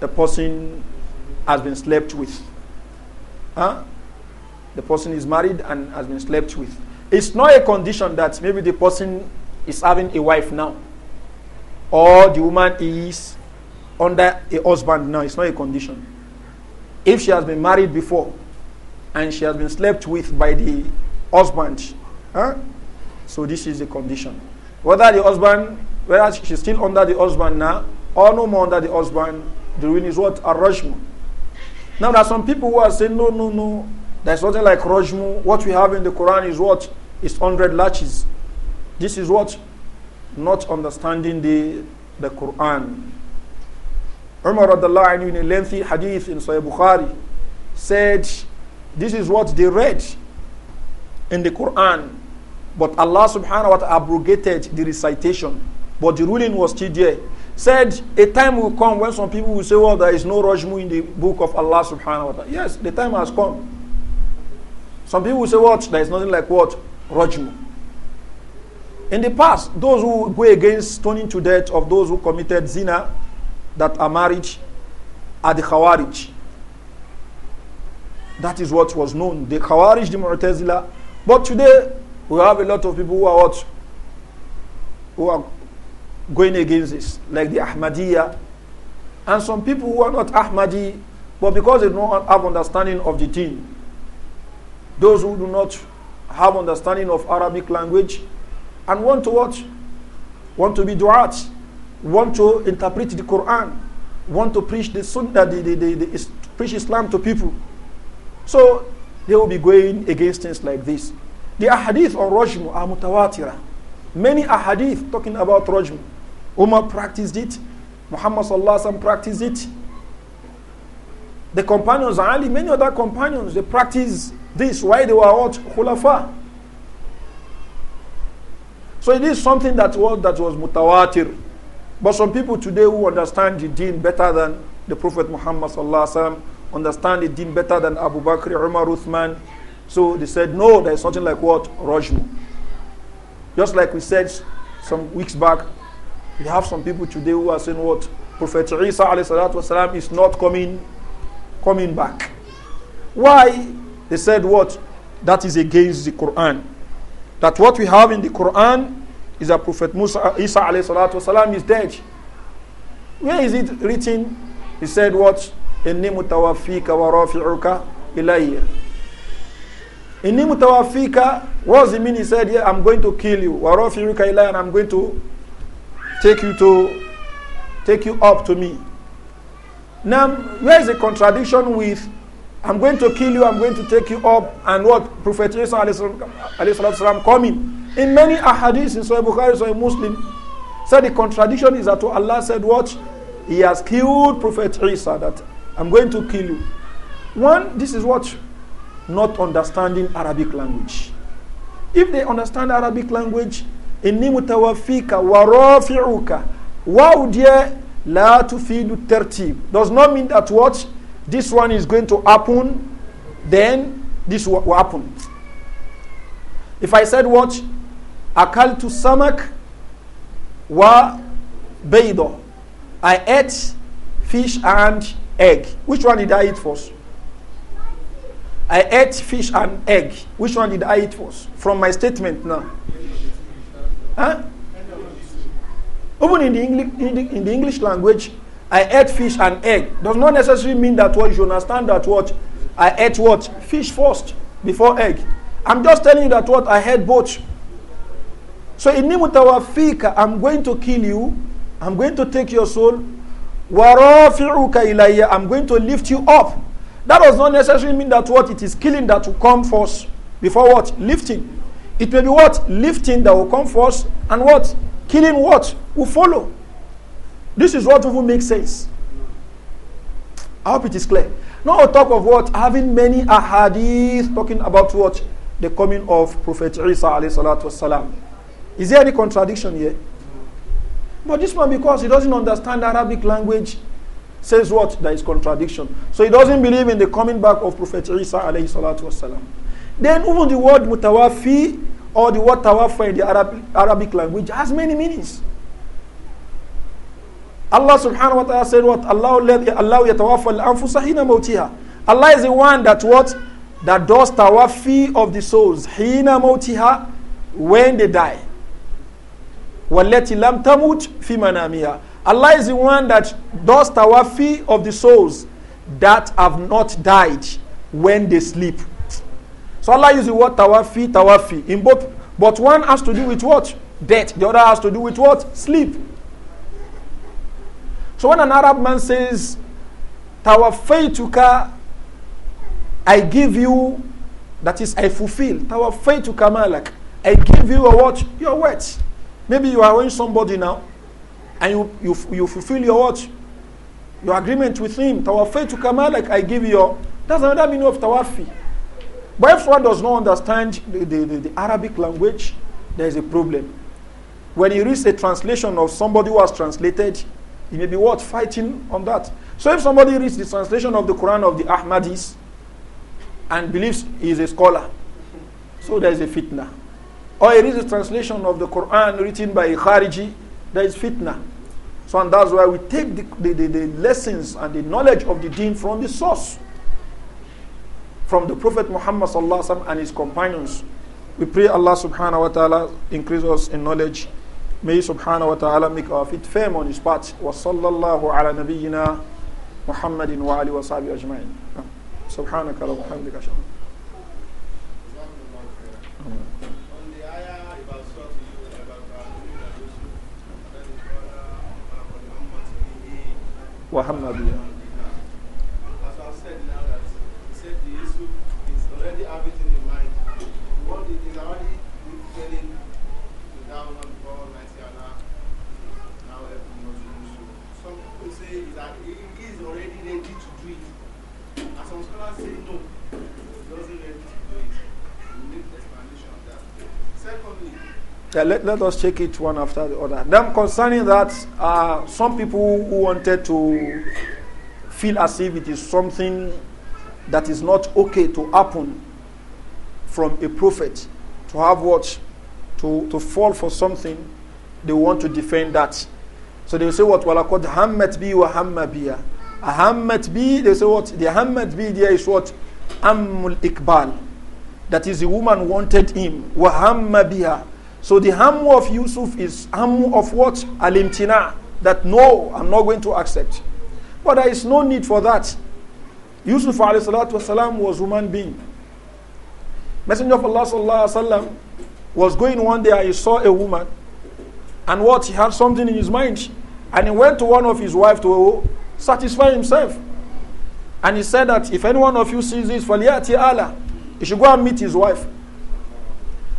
The person has been slept with. Huh? The person is married and has been slept with. It's not a condition that maybe the person is having a wife now or the woman is under a husband now. It's not a condition. If she has been married before and she has been slept with by the husband, huh? so this is the condition. Whether the husband, whether she's still under the husband now, or no more under the husband, the ruin is what? A Now there are some people who are saying, no, no, no, there's nothing like rajmu. What we have in the Quran is what? It's 100 lashes. This is what? Not understanding the, the Quran. Umar in a lengthy hadith in Sahih Bukhari said, this is what they read in the Quran. But Allah subhanahu wa ta'ala abrogated the recitation. But the ruling was still there. Said a time will come when some people will say, well, there is no Rajmu in the book of Allah subhanahu wa ta'ala. Yes, the time has come. Some people will say, what? There is nothing like what? Rajmu. In the past, those who go against stoning to death of those who committed zina that are married are the Khawarij. That is what was known. The Khawarij, the Mu'tazila. But today, we have a lot of people who are what? Who are going against this, like the Ahmadiyya. And some people who are not Ahmadi, but because they don't have understanding of the deen, those who do not have understanding of Arabic language and want to watch, want to be du'at, want to interpret the Quran, want to preach the Sunnah, the, the, the, the, preach Islam to people. So they will be going against things like this. The ahadith on Rajmu are mutawatira. Many ahadith talking about Rajmu. Umar practiced it. Muhammad sallallahu practiced it. The companions, Ali, many other companions, they practiced this Why they were out Khulafa. So it is something that was, that was mutawatir. But some people today who understand the deen better than the Prophet Muhammad sallallahu understand the deen better than Abu Bakr, Umar, Uthman, So they said, no, there's something like what? Rajmu. Just like we said some weeks back, we have some people today who are saying what? Prophet Isa والسلام, is not coming, coming back. Why? They said what? That is against the Quran. That what we have in the Quran is that Prophet Musa, Isa والسلام, is dead. Where is it written? He said what? إني متوفيك ورافعك إليّ inni mutawafika what's the meaning he said yeah i'm going to kill you warafirika ilayya and i'm going to take you to take you up to me now where is the contradiction with i'm going to kill you i'm going to take you up and what prophet isa alayhi coming in many ahadith in sahih bukhari sahih muslim said the contradiction is that allah said what he has killed prophet isa that i'm going to kill you one this is what not understanding Arabic language. If they understand Arabic language, inni fika wa rafi'uka. Wow dear la tufidu terti Does not mean that what this one is going to happen, then this will happen. If I said what? Akal to samak wa baydo. I ate fish and egg. Which one did I eat first? I ate fish and egg. Which one did I eat first? From my statement now. Huh? Even in the, English, in the, in the English language, I ate fish and egg. Does not necessarily mean that what you understand that what I ate what? Fish first before egg. I'm just telling you that what I ate both. So in fika, I'm going to kill you. I'm going to take your soul. Warafi'uka ilayya. I'm going to lift you up. That does not necessarily mean that what it is killing that will come first before what? Lifting. It may be what? Lifting that will come first and what? Killing what? Will follow. This is what will make sense. I hope it is clear. Now talk of what? Having many ahadith talking about what? The coming of Prophet Isa alayhi salatu wasalam. Is there any contradiction here? But this one, because he doesn't understand Arabic language, says what? There is contradiction. So he doesn't believe in the coming back of Prophet Isa alayhi salatu wasalam. Then even the word mutawafi or the word ta'waf in the Arabic language has many meanings. Allah subhanahu wa ta'ala said what? Allah yatawafa al-anfusa hina mawtiha. Allah is the one that what? That does tawafi of the souls. Hina mawtiha when they die. Wallati lam tamut fi manamiha Allah is the one that does tawafi of the souls that have not died when they sleep. So Allah uses the word tawafi, tawafi in both, but one has to do with what? Death. The other has to do with what? Sleep. So when an Arab man says, Tawafaituka, I give you, that is, I fulfill. Tawafaitu kamalak, I give you a what? Your words. Maybe you are owing somebody now. and you, you, you fulfill your what? Your agreement with him. Tawafay to out like I give you your. That's another meaning of Tawafi. But if one does not understand the, the, the, the Arabic language, there is a problem. When he reads a translation of somebody who has translated, he may be worth fighting on that. So if somebody reads the translation of the Quran of the Ahmadis and believes he is a scholar, so there is a fitna. Or he reads a translation of the Quran written by a Khariji there is fitna. So, and that's why we take the, the, the, the lessons and the knowledge of the deen from the source, from the Prophet Muhammad and his companions. We pray Allah subhanahu wa ta'ala increase us in knowledge. May subhanahu wa ta'ala make our feet firm on his path. Wa sallallahu ala nabiyyina Muhammadin wa ali wa sahbihi ajma'in. Subhanaka wa bihamdika.
Amen. wa As I said now, that said the issue is already having
Yeah, let, let us check it one after the other. Then concerning that, uh, some people who wanted to feel as if it is something that is not okay to happen from a prophet, to have what? To, to fall for something, they want to defend that. So they say what? Walakod hammat bi wa hamma Ah A hammat bi, they say what? The hammat bi there is what? Ammul Iqbal That is the woman wanted him. Wa hamma so the hamu of Yusuf is hamu of what? Alimtina. That no, I'm not going to accept. But there is no need for that. Yusuf والسلام, was human being. Messenger of Allah وسلم, was going one day and he saw a woman. And what? He had something in his mind. And he went to one of his wife to satisfy himself. And he said that if any one of you sees this, فَلْيَأْتِ Allah, he should go and meet his wife.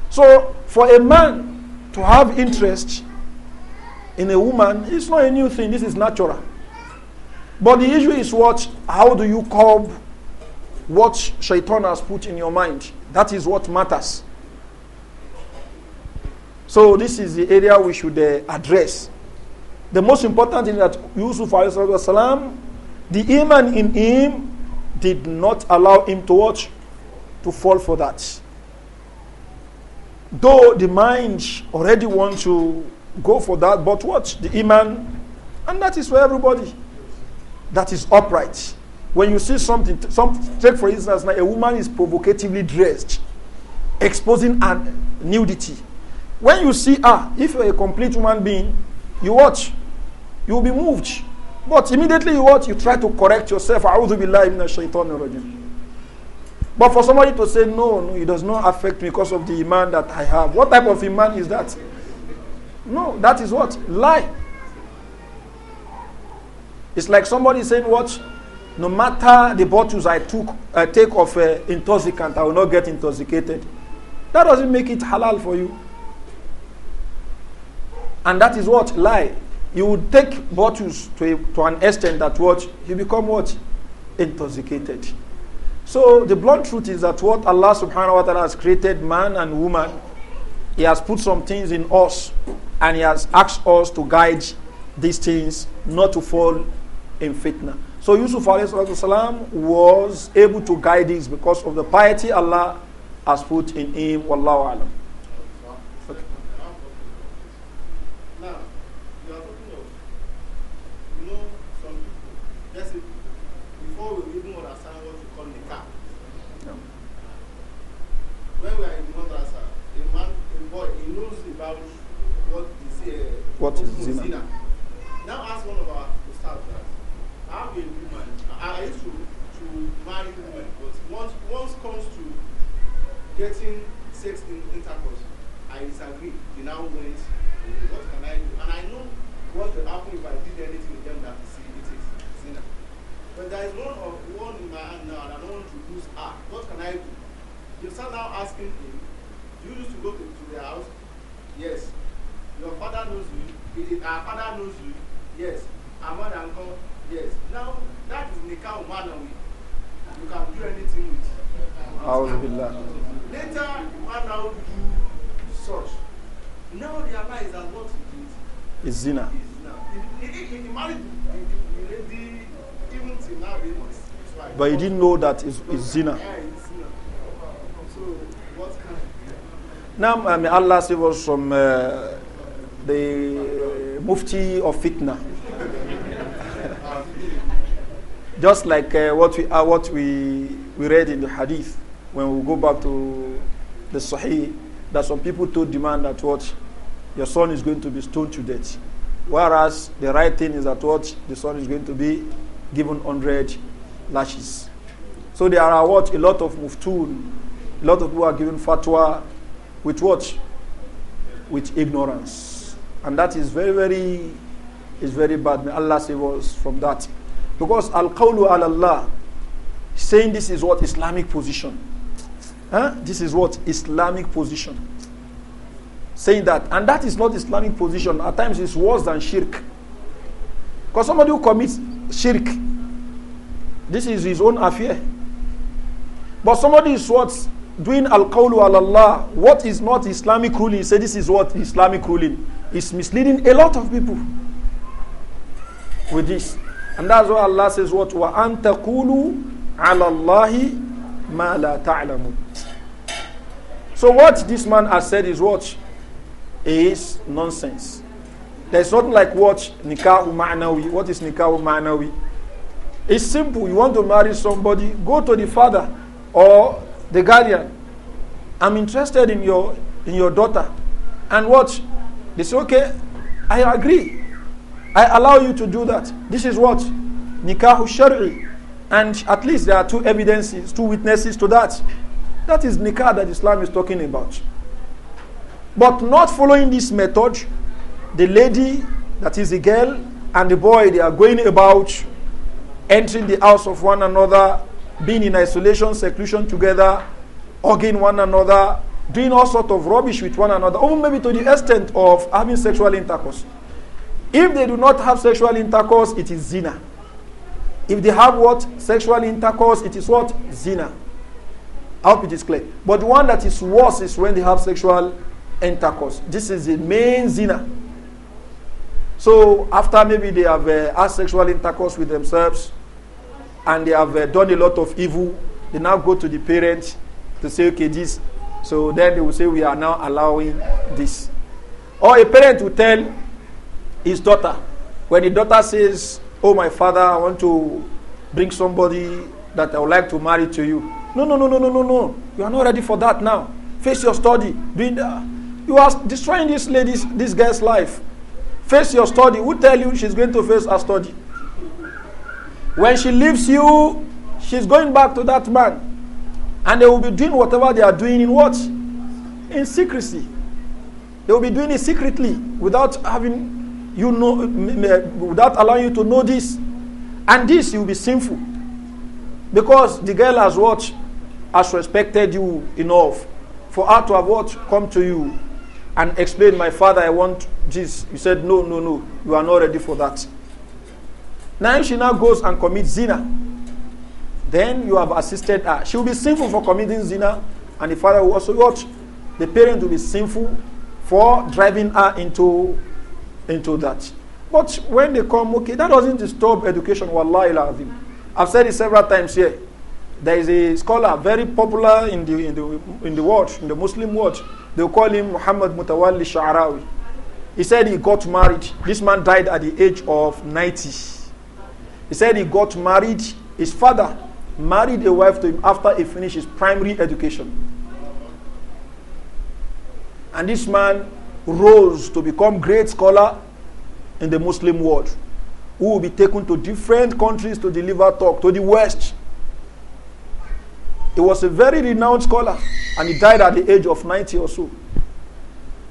So for a man to have interest in a woman, it's not a new thing. This is natural. But the issue is what? How do you curb what shaitan has put in your mind? That is what matters. So this is the area we should uh, address. The most important thing that Yusuf والسلام, the iman in him did not allow him to watch to fall for that. Though the mind already wants to go for that, but what? The iman, and that is for everybody. That is upright. When you see something, some, take for instance, like a woman is provocatively dressed, exposing a nudity. When you see her, if you're a complete human being, you watch, you'll be moved. But immediately you watch, you try to correct yourself. A'udhu billahi minash shaitanir rajim. But for somebody to say, no, no, it does not affect me because of the iman that I have. What type of iman is that? No, that is what? Lie. It's like somebody saying, what? No matter the bottles I took, I take of uh, intoxicant, I will not get intoxicated. That doesn't make it halal for you. And that is what? Lie. You would take bottles to, a, to an extent that what? You become what? Intoxicated. So the blunt truth is that what Allah subhanahu wa ta'ala has created man and woman, He has put some things in us and He has asked us to guide these things not to fall in fitna. So Yusuf والسلام, was able to guide this because of the piety Allah has put in him. Wallahu alam. না but he didn't know that it's, it's zina. Now, I mean, Allah save us from uh, the uh, mufti of fitna. Just like uh, what we uh, what we we read in the hadith when we go back to the Sahih, that some people told the man that what your son is going to be stoned to death, whereas the right thing is that what the son is going to be given hundred lashes. So there are what? A lot of muftun. A lot of people are giving fatwa with what? With ignorance. And that is very, very, is very bad. May Allah save us from that. Because al-qawlu Allah, saying this is what Islamic position. Huh? This is what Islamic position. Saying that, and that is not Islamic position. At times, it's worse than shirk. Because somebody who commits shirk This is his own affair. But somebody is what? Doing al-qawlu Allah. What is not Islamic ruling? Say this is what Islamic ruling. is misleading a lot of people with this. And that's why Allah says what? wa وَأَن تَقُولُوا عَلَى اللَّهِ مَا لَا تَعْلَمُونَ So what this man has said is what? Is nonsense. There's nothing like what? Nikahu ma'nawi. What is nikahu ma'nawi? It's simple. You want to marry somebody, go to the father or the guardian. I'm interested in your in your daughter. And what? They say, okay, I agree. I allow you to do that. This is what? Nikahu Shari. And at least there are two evidences, two witnesses to that. That is nikah that Islam is talking about. But not following this method, the lady, that is the girl, and the boy, they are going about entering the house of one another, being in isolation, seclusion together, hugging one another, doing all sort of rubbish with one another, or maybe to the extent of having sexual intercourse. If they do not have sexual intercourse, it is zina. If they have what? Sexual intercourse, it is what? Zina. I hope it is clear. But the one that is worse is when they have sexual intercourse. This is the main zina. So after maybe they have uh, had sexual intercourse with themselves, and they have uh, done a lot of evil, they now go to the parents to say, okay, this. So then they will say, we are now allowing this. Or a parent will tell his daughter, when the daughter says, oh, my father, I want to bring somebody that I would like to marry to you. No, no, no, no, no, no, no. You are not ready for that now. Face your study. You are destroying this lady's, this girl's life. Face your study. Who tell you she's going to face her study? When she leaves you, she's going back to that man. And they will be doing whatever they are doing in what? In secrecy. They will be doing it secretly without having you know, eh, without allowing you to know this. And this you will be sinful. Because the girl has what? Has respected you enough for her to have what? Come to you and explain, my father, I want this. You said, no, no, no, you are not ready for that. Now she now goes and commits zina. Then you have assisted her. She will be sinful for committing zina, and the father will also watch. The parent will be sinful for driving her into, into that. But when they come, okay, that doesn't disturb education. Wallahi lazim. I've said it several times here. There is a scholar very popular in the, in the, in the world, in the Muslim world. They call him Muhammad Mutawalli Sha'rawi. He said he got married. This man died at the age of 90. He said he got married, his father married a wife to him after he finished his primary education. And this man rose to become great scholar in the Muslim world, who will be taken to different countries to deliver talk, to the West. He was a very renowned scholar, and he died at the age of 90 or so.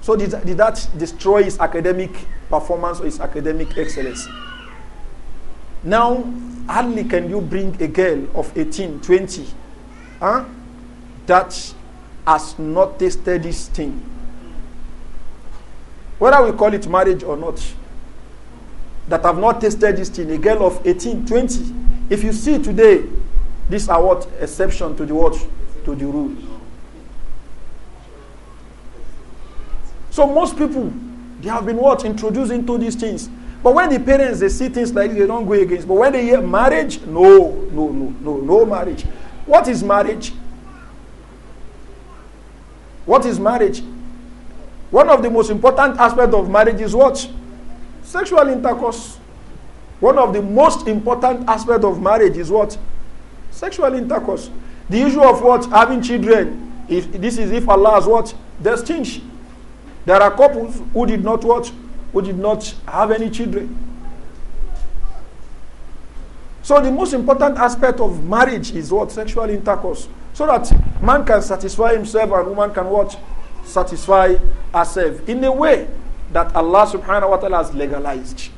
So did, did that destroy his academic performance or his academic excellence? Now, hardly can you bring a girl of 18, 20 huh, that has not tasted this thing. Whether we call it marriage or not, that have not tasted this thing, a girl of 18, 20. If you see today, these are what exception to the what to the rule. So most people they have been what introduced into these things. But when the parents they see things like this, they don't go against. But when they hear marriage, no, no, no, no, no marriage. What is marriage? What is marriage? One of the most important aspects of marriage is what? Sexual intercourse. One of the most important aspects of marriage is what? Sexual intercourse. The issue of what? Having children. If this is if Allah has what? Destined. There are couples who did not what? who did not have any children. So the most important aspect of marriage is what? Sexual intercourse. So that man can satisfy himself and woman can what? Satisfy herself in a way that Allah subhanahu wa ta'ala has legalized.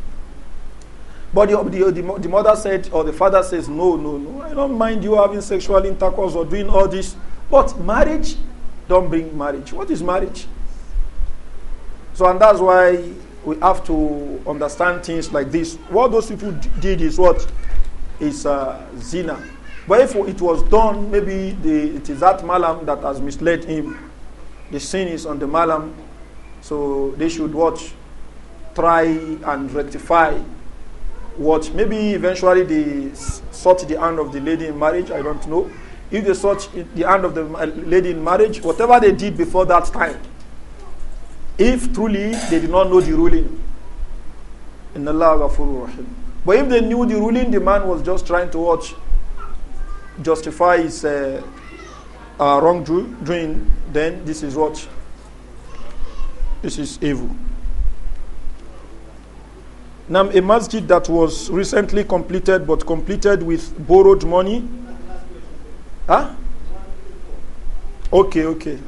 But the, the, the, mother said, or the father says, no, no, no, I don't mind you having sexual intercourse or doing all this. But marriage, don't bring marriage. What is marriage? So, and that's why we have to understand things like this. What those people did is what is uh, zina. But if it was done, maybe the, it is that malam that has misled him. The sin is on the malam, so they should watch, try and rectify. What maybe eventually they sought the hand of the lady in marriage. I don't know. If they sought the hand of the uh, lady in marriage, whatever they did before that time, if truly they did not know the ruling. In Allah But if they knew the ruling, the man was just trying to watch, justify his uh, uh, wrongdoing, then this is what? This is evil. Now, a masjid that was recently completed but completed with borrowed money. Huh? Okay, okay.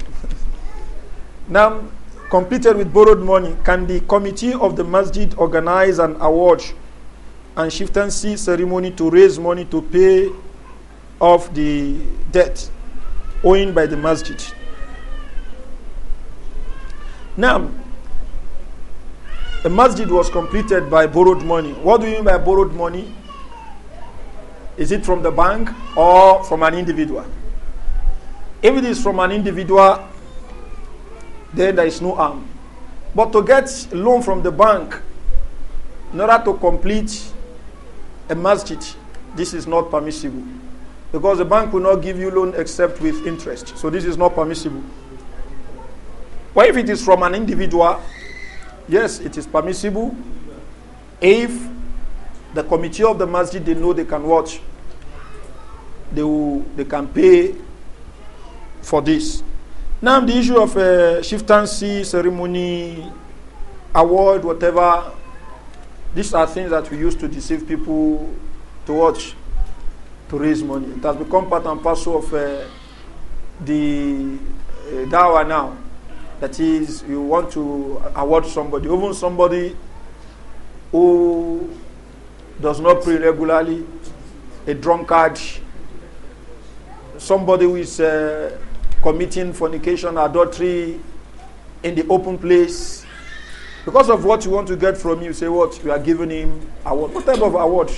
now, completed with borrowed money, can the committee of the masjid organize an award and shiftancy ceremony to raise money to pay off the debt owing by the masjid? Now, the masjid was completed by borrowed money. What do you mean by borrowed money? Is it from the bank or from an individual? If it is from an individual, then there is no harm. But to get loan from the bank in order to complete a masjid, this is not permissible. Because the bank will not give you loan except with interest. So this is not permissible. But if it is from an individual, yes, it is permissible if the committee of the masjid they know they can watch. They, will, they can pay for this. Now the issue of uh, shiftancy ceremony, award, whatever. These are things that we use to deceive people to watch, to raise money. It has become part and parcel of uh, the uh, dawa now. That is, you want to award somebody, even somebody who does not pray regularly, a drunkard, somebody who is. Uh, committing fornication, adultery in the open place. Because of what you want to get from you, say what? You are giving him award. What type of award?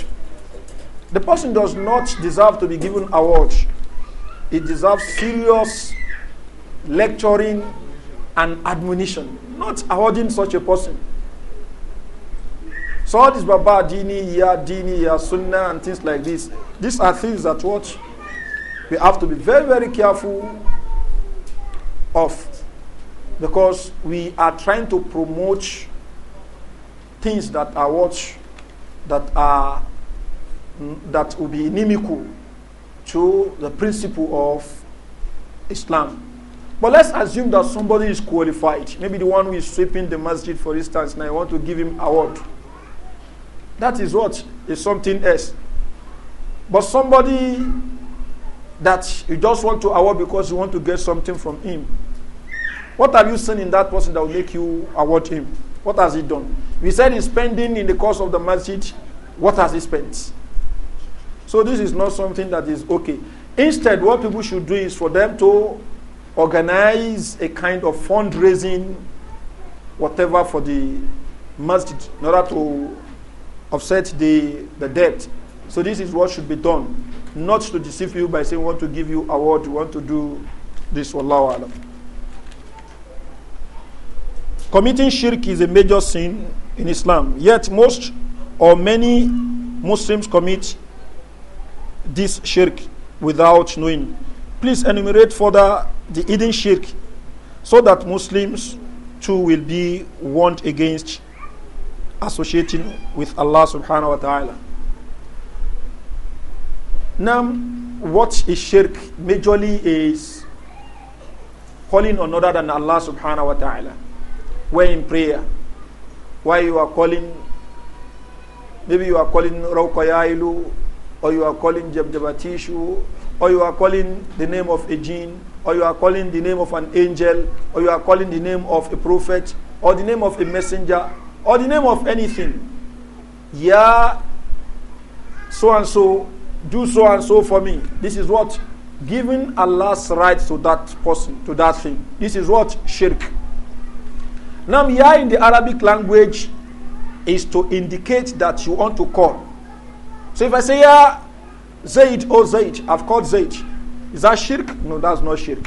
The person does not deserve to be given award. He deserves serious lecturing and admonition, not awarding such a person. So all this Baba Dini, Ya Dini, Ya Sunnah, and things like this, these are things that what we have to be very, very careful off because we are trying to promote things that are what that are that will be inimical to the principle of Islam. But let's assume that somebody is qualified. Maybe the one who is sweeping the masjid, for instance, Now I want to give him award. That is what is something else. But somebody that you just want to award because you want to get something from him, what have you seen in that person that will make you award him? What has he done? We said he's spending in the course of the masjid. What has he spent? So this is not something that is okay. Instead, what people should do is for them to organize a kind of fundraising, whatever, for the masjid in order to offset the, the debt. So this is what should be done. Not to deceive you by saying, we want to give you award, we want to do this, Wallahu Alam. Committing shirk is a major sin in Islam, yet most or many Muslims commit this shirk without knowing. Please enumerate further the hidden shirk so that Muslims too will be warned against associating with Allah subhanahu wa ta'ala. Now, what is shirk? Majorly is calling on other than Allah subhanahu wa ta'ala. were in prayer while you are calling maybe you are calling Raukayailu or you are calling Jabjabatishu or you are calling the name of a jinn or you are calling the name of an angel or you are calling the name of a prophet or the name of a messenger or the name of anything yeah so and so do so and so for me this is what giving allah's right to that person to that thing this is what shirk Now, ya in the Arabic language is to indicate that you want to call. So if I say, Ya Zaid, oh Zaid, I've called Zaid. Is that shirk? No, that's not shirk.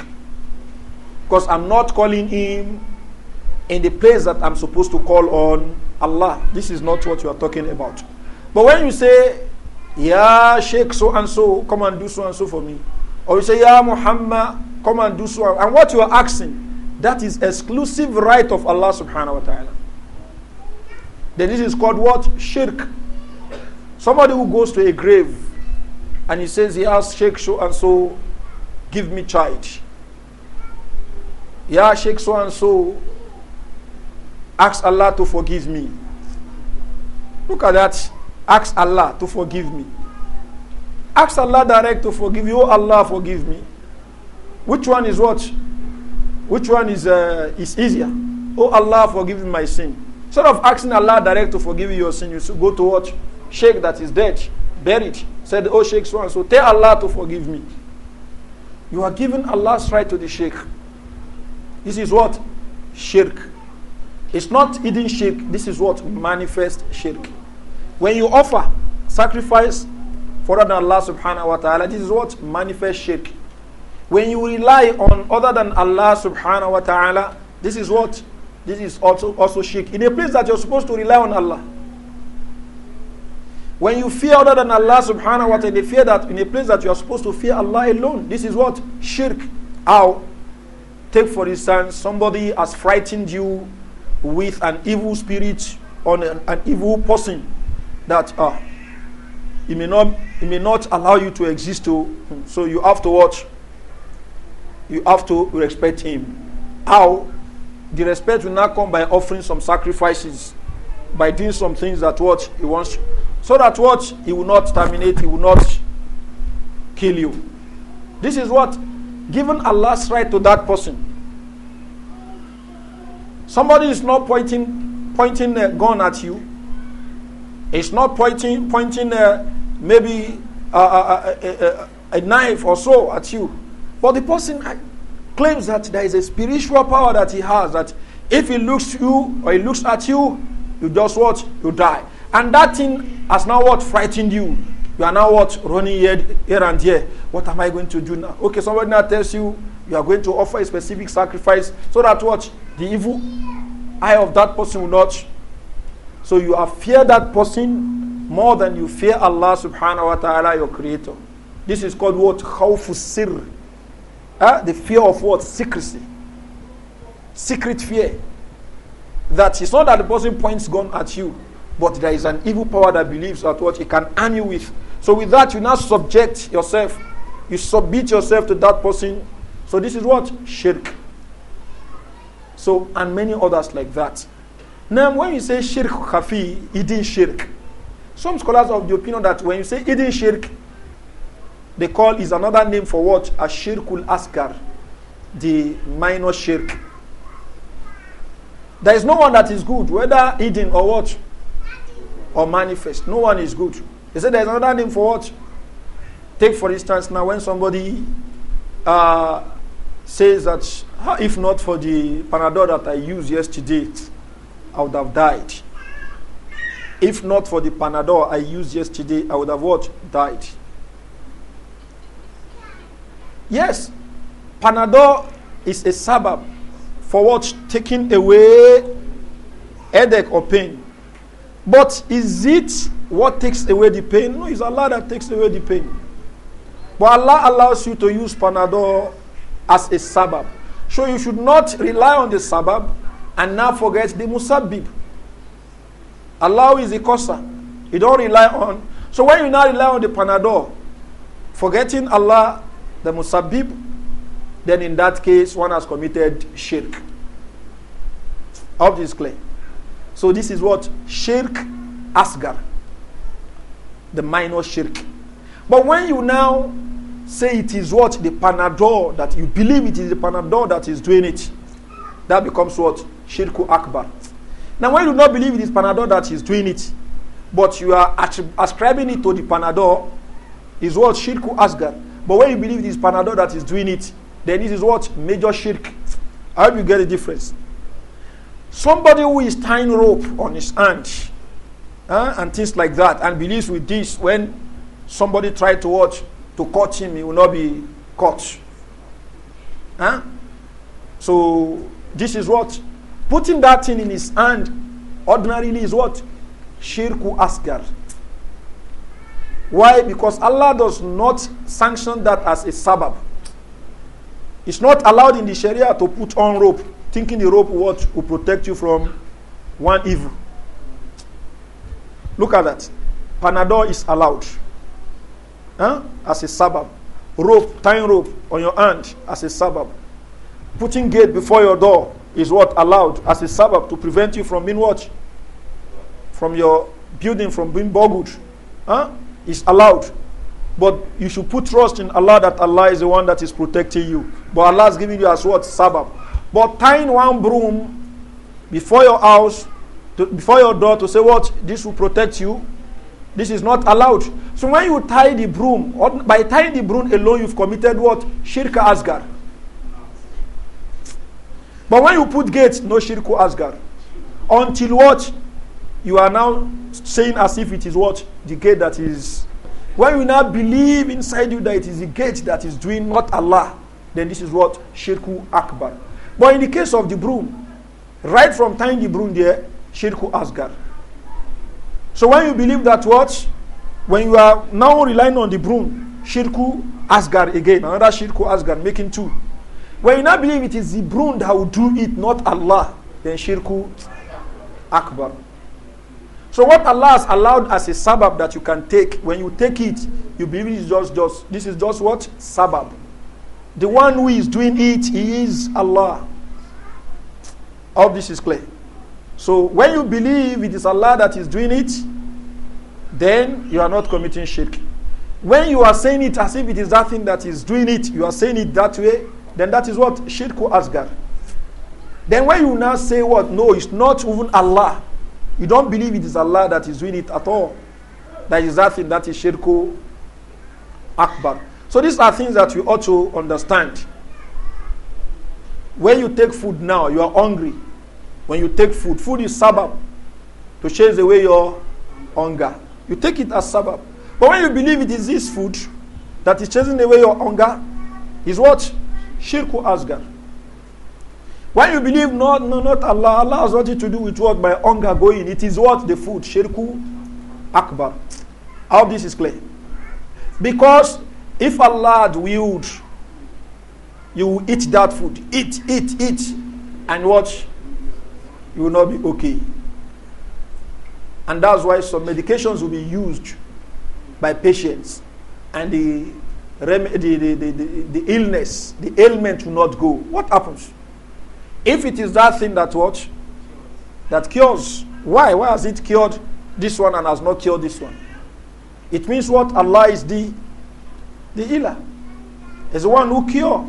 Because I'm not calling him in the place that I'm supposed to call on Allah. This is not what you are talking about. But when you say, Ya Sheikh so and so, come and do so and so for me. Or you say, Ya Muhammad, come and do so. And what you are asking that is exclusive right of Allah subhanahu wa ta'ala. Then this is called what? Shirk. Somebody who goes to a grave and he says he asks Sheikh so and so, give me child. Yeah, Sheikh so and so, ask Allah to forgive me. Look at that. Ask Allah to forgive me. Ask Allah direct to forgive you. Oh Allah, forgive me. Which one is what? Which one is, uh, is easier? Oh Allah, forgive me my sin. Instead of asking Allah direct to forgive you your sin, you should go to watch Sheikh that is dead, buried. Said, oh Sheikh so and so, tell Allah to forgive me. You are giving Allah's right to the Sheikh. This is what? Shirk. It's not hidden sheikh. This is what? Manifest shirk. When you offer sacrifice for Allah subhanahu wa ta'ala, this is what? Manifest shirk. When you rely on other than Allah subhanahu wa ta'ala, this is what? This is also, also shirk. In a place that you're supposed to rely on Allah. When you fear other than Allah subhanahu wa ta'ala, they fear that in a place that you are supposed to fear Allah alone. This is what? Shirk. How? Take for instance, somebody has frightened you with an evil spirit on an, an evil person that uh, ah, it may not it may not allow you to exist to oh. so you have to watch you have to respect him. How? The respect will not come by offering some sacrifices, by doing some things that what he wants, so that what he will not terminate, he will not kill you. This is what given Allah's right to that person. Somebody is not pointing pointing a gun at you. It's not pointing pointing a, maybe a, a, a, a knife or so at you. But the person uh, claims that there is a spiritual power that he has that if he looks you or he looks at you, you just what? You die. And that thing has now what frightened you. You are now what running here, here and here. What am I going to do now? Okay, somebody now tells you you are going to offer a specific sacrifice so that what the evil eye of that person will not. So you are fear that person more than you fear Allah subhanahu wa ta'ala, your creator. This is called what? Khawfu sir. Huh? The fear of what? Secrecy. Secret fear. That it's not that the person points gun at you, but there is an evil power that believes that what he can arm you with. So with that, you now subject yourself. You submit yourself to that person. So this is what? Shirk. So, and many others like that. Now, when you say shirk kafi hidden shirk, some scholars of the opinion that when you say hidden shirk, They call is another name for what? Ashirkul Askar, the minor shirk. There is no one that is good, whether hidden or what? Or manifest. No one is good. They say there is another name for what? Take for instance now when somebody uh, says that if not for the Panadol that I used yesterday, I would have died. If not for the Panadol I used yesterday, I would have what? Died. Yes, Panadol is a suburb for what? Taking away headache or pain. But is it what takes away the pain? No, it's Allah that takes away the pain. But Allah allows you to use Panadol as a sabab. So you should not rely on the sabab and now forget the musabib. Allah is the causer. You don't rely on. So when you now rely on the Panadol, forgetting Allah the musabib, then in that case, one has committed shirk. obviously. this clear. So this is what shirk asgar, the minor shirk. But when you now say it is what the panadol that you believe it is the panadol that is doing it, that becomes what shirku akbar. Now, when you do not believe it is panadol that is doing it, but you are ascribing it to the panadol, is what shirku asgar. But when you believe it is Panadol that is doing it, then it is what? Major shirk. I hope you get the difference. Somebody who is tying rope on his hand uh, and things like that and believes with this when somebody tried to watch to cut him, he will not be caught. Huh? So this is what putting that thing in his hand ordinarily is what shirku asgar Why? Because Allah does not sanction that as a sabab. It's not allowed in the Sharia to put on rope, thinking the rope what will protect you from one evil. Look at that. Panadol is allowed huh? as a sabab. Rope, tying rope on your hand as a sabab. Putting gate before your door is what allowed as a sabab to prevent you from being what? From your building, from being boggled. Huh? is allowed. But you should put trust in Allah that Allah is the one that is protecting you. But Allah is giving you as what? Sabab. But tying one broom before your house, to, before your door to say what? This will protect you. This is not allowed. So when you tie the broom, or by tying the broom alone, you've committed what? Shirka Asgar. But when you put gates, no Shirku Asgar. Until what? you are now saying as if it is what? The gate that is. When you now believe inside you that it is the gate that is doing, not Allah, then this is what? Shirku Akbar. But in the case of the broom, right from tying the broom there, Shirku Asgar. So when you believe that what? When you are now relying on the broom, Shirku Asgar again, another Shirku Asgar, making two. When you now believe it is the broom that will do it, not Allah, then Shirku Akbar. So what Allah has allowed as a sabab that you can take, when you take it, you believe it is just, just this is just what? Sabab. The one who is doing it, he is Allah. All this is clear. So when you believe it is Allah that is doing it, then you are not committing shirk. When you are saying it as if it is that thing that is doing it, you are saying it that way, then that is what shirku asgar. Then when you now say what? No, it's not even Allah. You don't believe it is Allah that is doing it at all. That is that thing that is shirku Akbar. So these are things that you ought to understand. When you take food now, you are hungry. When you take food, food is sabab to chase away your hunger. You take it as sabab. But when you believe it is this food that is chasing away your hunger, is what? Shirku Asgar. When you believe not, no, not Allah, Allah has nothing to do with what by hunger going. It is what the food, shirku akbar. All this is clear. Because if Allah had willed, you will eat that food. Eat, eat, eat. And watch, you will not be okay. And that's why some medications will be used by patients. And the, the, the, the, the illness, the ailment will not go. What happens? If it is that thing that what? That cures. Why? Why has it cured this one and has not cured this one? It means what? Allah is the, the healer. Is the one who cure.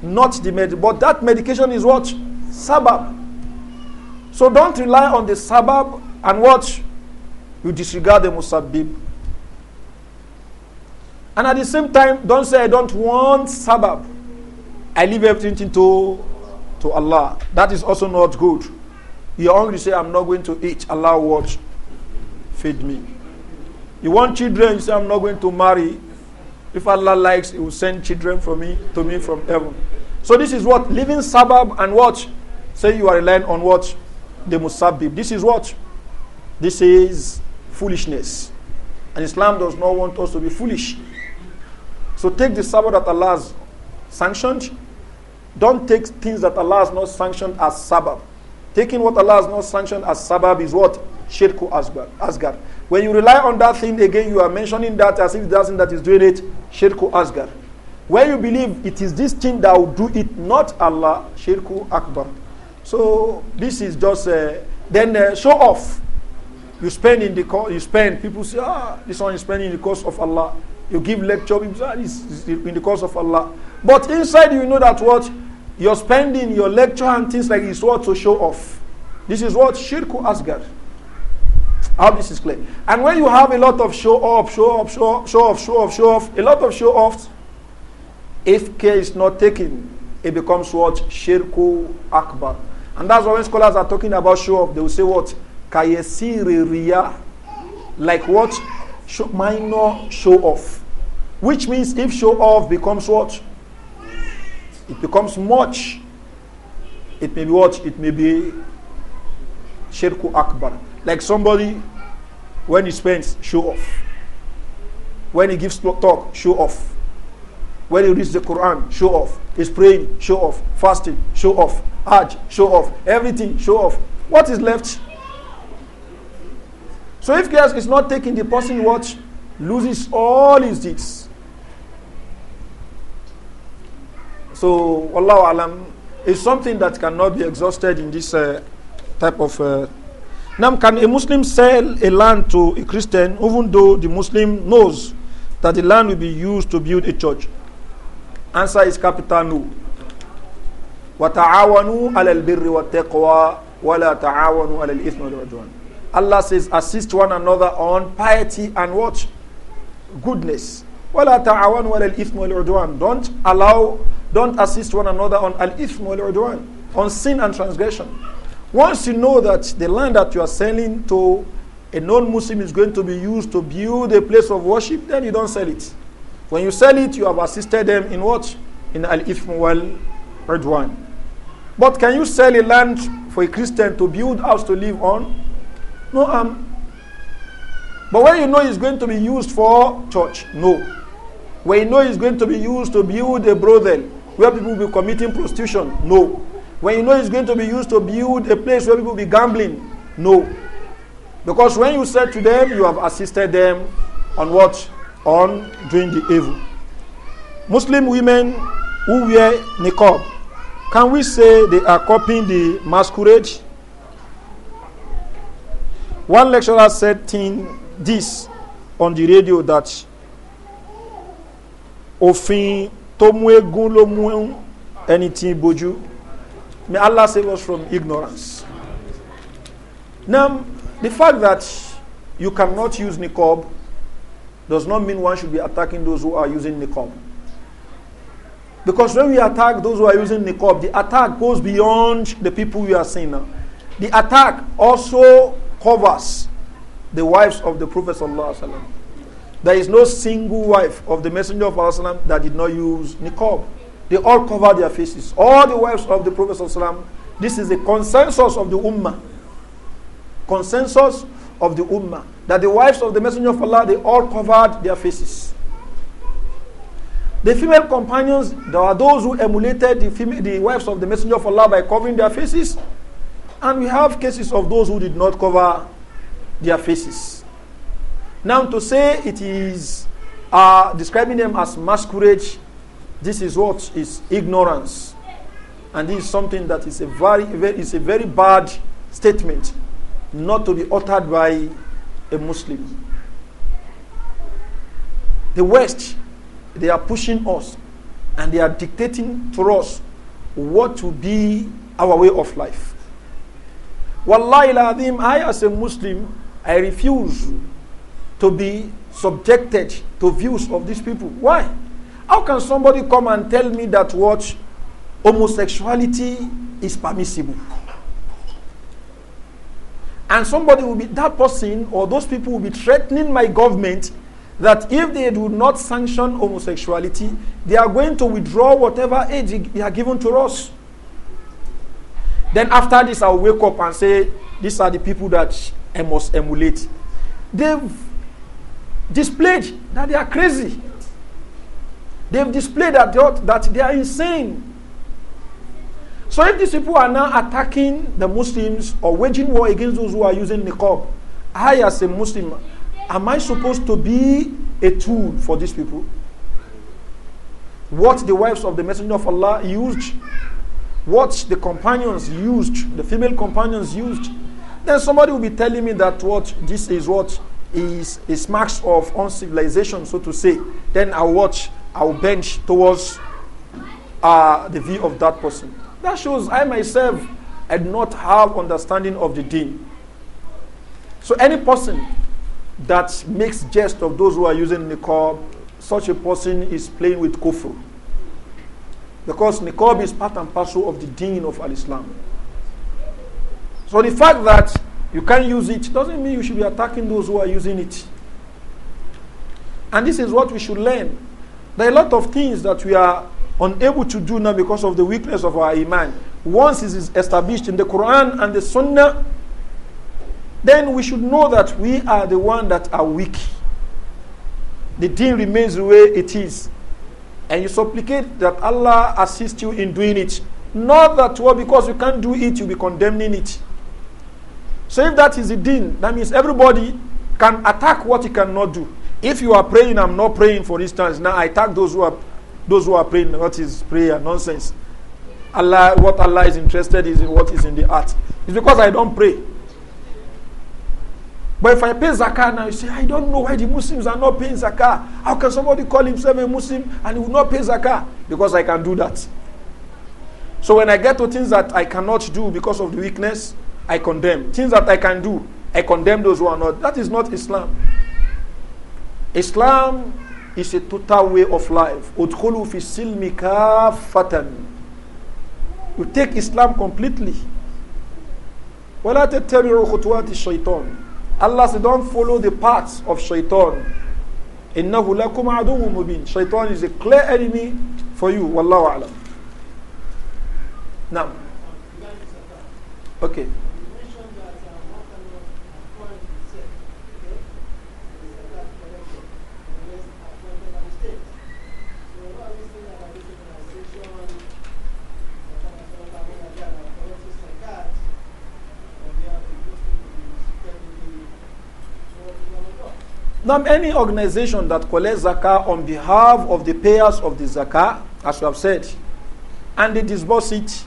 Not the med. But that medication is what? Sabab. So don't rely on the sabab and what? You disregard the musabib. And at the same time, don't say, I don't want sabab. I leave everything to to Allah. That is also not good. You're hungry, say, I'm not going to eat. Allah watch. Feed me. You want children, you say, I'm not going to marry. If Allah likes, He will send children for me to me from heaven. So this is what living suburb and what say you are relying on what the musabib. This is what this is foolishness, and Islam does not want us to be foolish. So take the sabbath that Allah has sanctioned don't take things that Allah has not sanctioned as sabab. Taking what Allah has not sanctioned as sabab is what? Shirku asgar. When you rely on that thing again, you are mentioning that as if that thing that is doing it, shirku asgar. When you believe it is this thing that will do it, not Allah, shirku akbar. So this is just uh, then uh, show off. You spend in the course, you spend. People say, ah, this one is spending in the cause of Allah. You give lecture, people say, ah, this is in the cause of Allah. But inside, you know that what you're spending, your lecture and things like is what to show off. This is what Shirku Asgar. How this is clear. And when you have a lot of show off, show off, show off, show off, show off, show off, a lot of show offs, if care is not taken, it becomes what? Shirku Akbar. And that's why when scholars are talking about show off, they will say what? Kayesiri Like what? Show, minor show off. Which means if show off becomes what? it becomes much. It may be what? It may be Shirku Akbar. Like somebody, when he spends, show off. When he gives talk, show off. When he reads the Quran, show off. He's praying, show off. Fasting, show off. Hajj, show off. Everything, show off. What is left? So if Gas is not taking the person what loses all his deeds. So, Allah Alam is something that cannot be exhausted in this uh, type of. Uh, now, can a Muslim sell a land to a Christian even though the Muslim knows that the land will be used to build a church? Answer is capital no. وَتَعَاوَنُوا عَلَى الْبِرِّ وَالتَّقْوَى وَلَا تَعَاوَنُوا عَلَى الْإِثْمِ وَالْعُدْوَانِ Allah says, assist one another on piety and what? Goodness. وَلَا تَعَاوَنُوا عَلَى الْإِثْمِ وَالْعُدْوَانِ Don't allow Don't assist one another on al-ithm wal-udwan, on sin and transgression. Once you know that the land that you are selling to a non-Muslim is going to be used to build a place of worship, then you don't sell it. When you sell it, you have assisted them in what? In al-ithm wal-udwan. But can you sell a land for a Christian to build house to live on? No, um, but when you know it's going to be used for church, no. When you know it's going to be used to build a brothel, where people will be committing prostitution? No. When you know it's going to be used to build a place where people will be gambling? No. Because when you said to them, you have assisted them on what? On doing the evil. Muslim women who wear niqab, can we say they are copying the masquerade? One lecturer said in this on the radio that Ofin tó mú egun ló mú ẹni tí ń bojú may allah save us from ignorance now the fact that you cannot use niqab does not mean one should be attacking those who are using niqab because when we attack those who are using niqab the attack goes beyond the people we are seeing now the attack also covers the wives of the prophet sallallahu alaihi wasallam There is no single wife of the Messenger of Allah that did not use niqab. They all covered their faces. All the wives of the Prophet this is the consensus of the Ummah. Consensus of the Ummah. That the wives of the Messenger of Allah, they all covered their faces. The female companions, there are those who emulated the, the wives of the Messenger of Allah by covering their faces. And we have cases of those who did not cover their faces. Now, to say it is uh, describing them as masquerade, this is what is ignorance. And this is something that is a very, very, is a very bad statement, not to be uttered by a Muslim. The West, they are pushing us and they are dictating to us what will be our way of life. Wallahi, I as a Muslim, I refuse to be subjected to views of these people. Why? How can somebody come and tell me that what homosexuality is permissible? And somebody will be, that person or those people will be threatening my government that if they do not sanction homosexuality, they are going to withdraw whatever aid they are given to us. Then after this, I'll wake up and say, these are the people that I must emulate. They've displayed that they are crazy. They've displayed that they, that they are insane. So if these people are now attacking the Muslims or waging war against those who are using niqab, I as a Muslim, am I supposed to be a tool for these people? What the wives of the Messenger of Allah used, what the companions used, the female companions used, then somebody will be telling me that what this is what is, is marks of uncivilization, so to say, then I'll watch, I'll bench towards uh, the view of that person. That shows I myself I do not have understanding of the deen. So any person that makes jest of those who are using niqab, such a person is playing with kufr. Because niqab is part and parcel of the deen of al-Islam. So the fact that you can't use it doesn't mean you should be attacking those who are using it. And this is what we should learn. There are a lot of things that we are unable to do now because of the weakness of our iman. Once it is established in the Quran and the Sunnah, then we should know that we are the one that are weak. The deen remains the way it is. And you supplicate that Allah assist you in doing it. Not that well, because you can't do it, you'll be condemning it. So if that is the deen, that means everybody can attack what he cannot do. If you are praying, I'm not praying, for instance, now I attack those who are those who are praying. What is prayer? Nonsense. Allah, what Allah is interested is in what is in the heart. It's because I don't pray. But if I pay zakah now, you say, I don't know why the Muslims are not paying zakah. How can somebody call himself a Muslim and he will not pay zakah? Because I can do that. So when I get to things that I cannot do because of the weakness, I condemn. Things that I can do, I condemn those who are not. That is not Islam. Islam is a total way of life. Udkhulu fi silmi kafatan. You take Islam completely. وَلَا تَتَّبِعُوا خُطُوَاتِ shaitan. Allah said, don't follow the paths of shaitan. إِنَّهُ لَكُمْ عَدُوٌ Shaitan is a clear enemy for you. Wallahu alam. Now. Okay. Now, any organization that collects zakah on behalf of the payers of the zakah, as you have said, and they disburse it,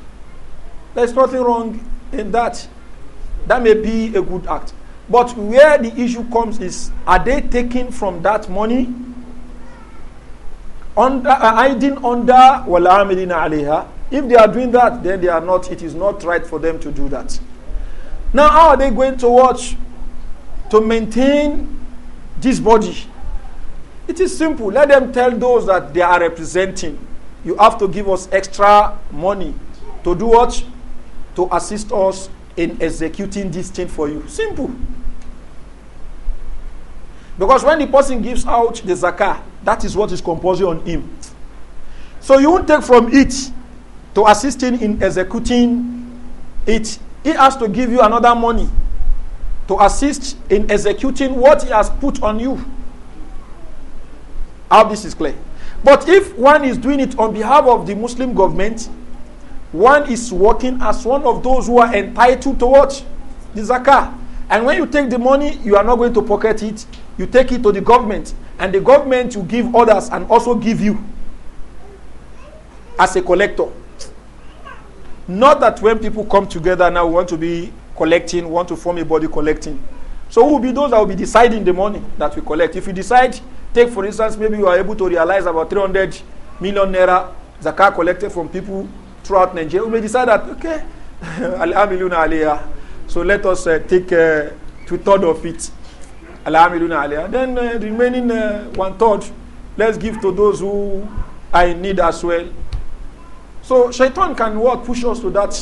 there's nothing wrong in that. That may be a good act. But where the issue comes is are they taking from that money? Under, under wala alayha. If they are doing that, then they are not, it is not right for them to do that. Now, how are they going to watch? To maintain this body. It is simple. Let them tell those that they are representing. You have to give us extra money to do what? To assist us in executing this thing for you. Simple. Because when the person gives out the zakah, that is what is composing on him. So you won't take from it to assisting in executing it. He has to give you another money to assist in executing what he has put on you. How this is clear. But if one is doing it on behalf of the Muslim government, one is working as one of those who are entitled to what? The zakah. And when you take the money, you are not going to pocket it. You take it to the government. And the government will give others and also give you as a collector. Not that when people come together now, we want to be collecting, want to form a body collecting. So who will be those that will be deciding the money that we collect? If you decide, take for instance, maybe you are able to realize about 300 million naira zakat collected from people throughout Nigeria. We may decide that, okay, Alhamdulillah Aliyah. So let us uh, take uh, two third of it. Alhamdulillah Aliyah. Then uh, the remaining uh, one third, let's give to those who are in need as well. So shaitan can what push us to that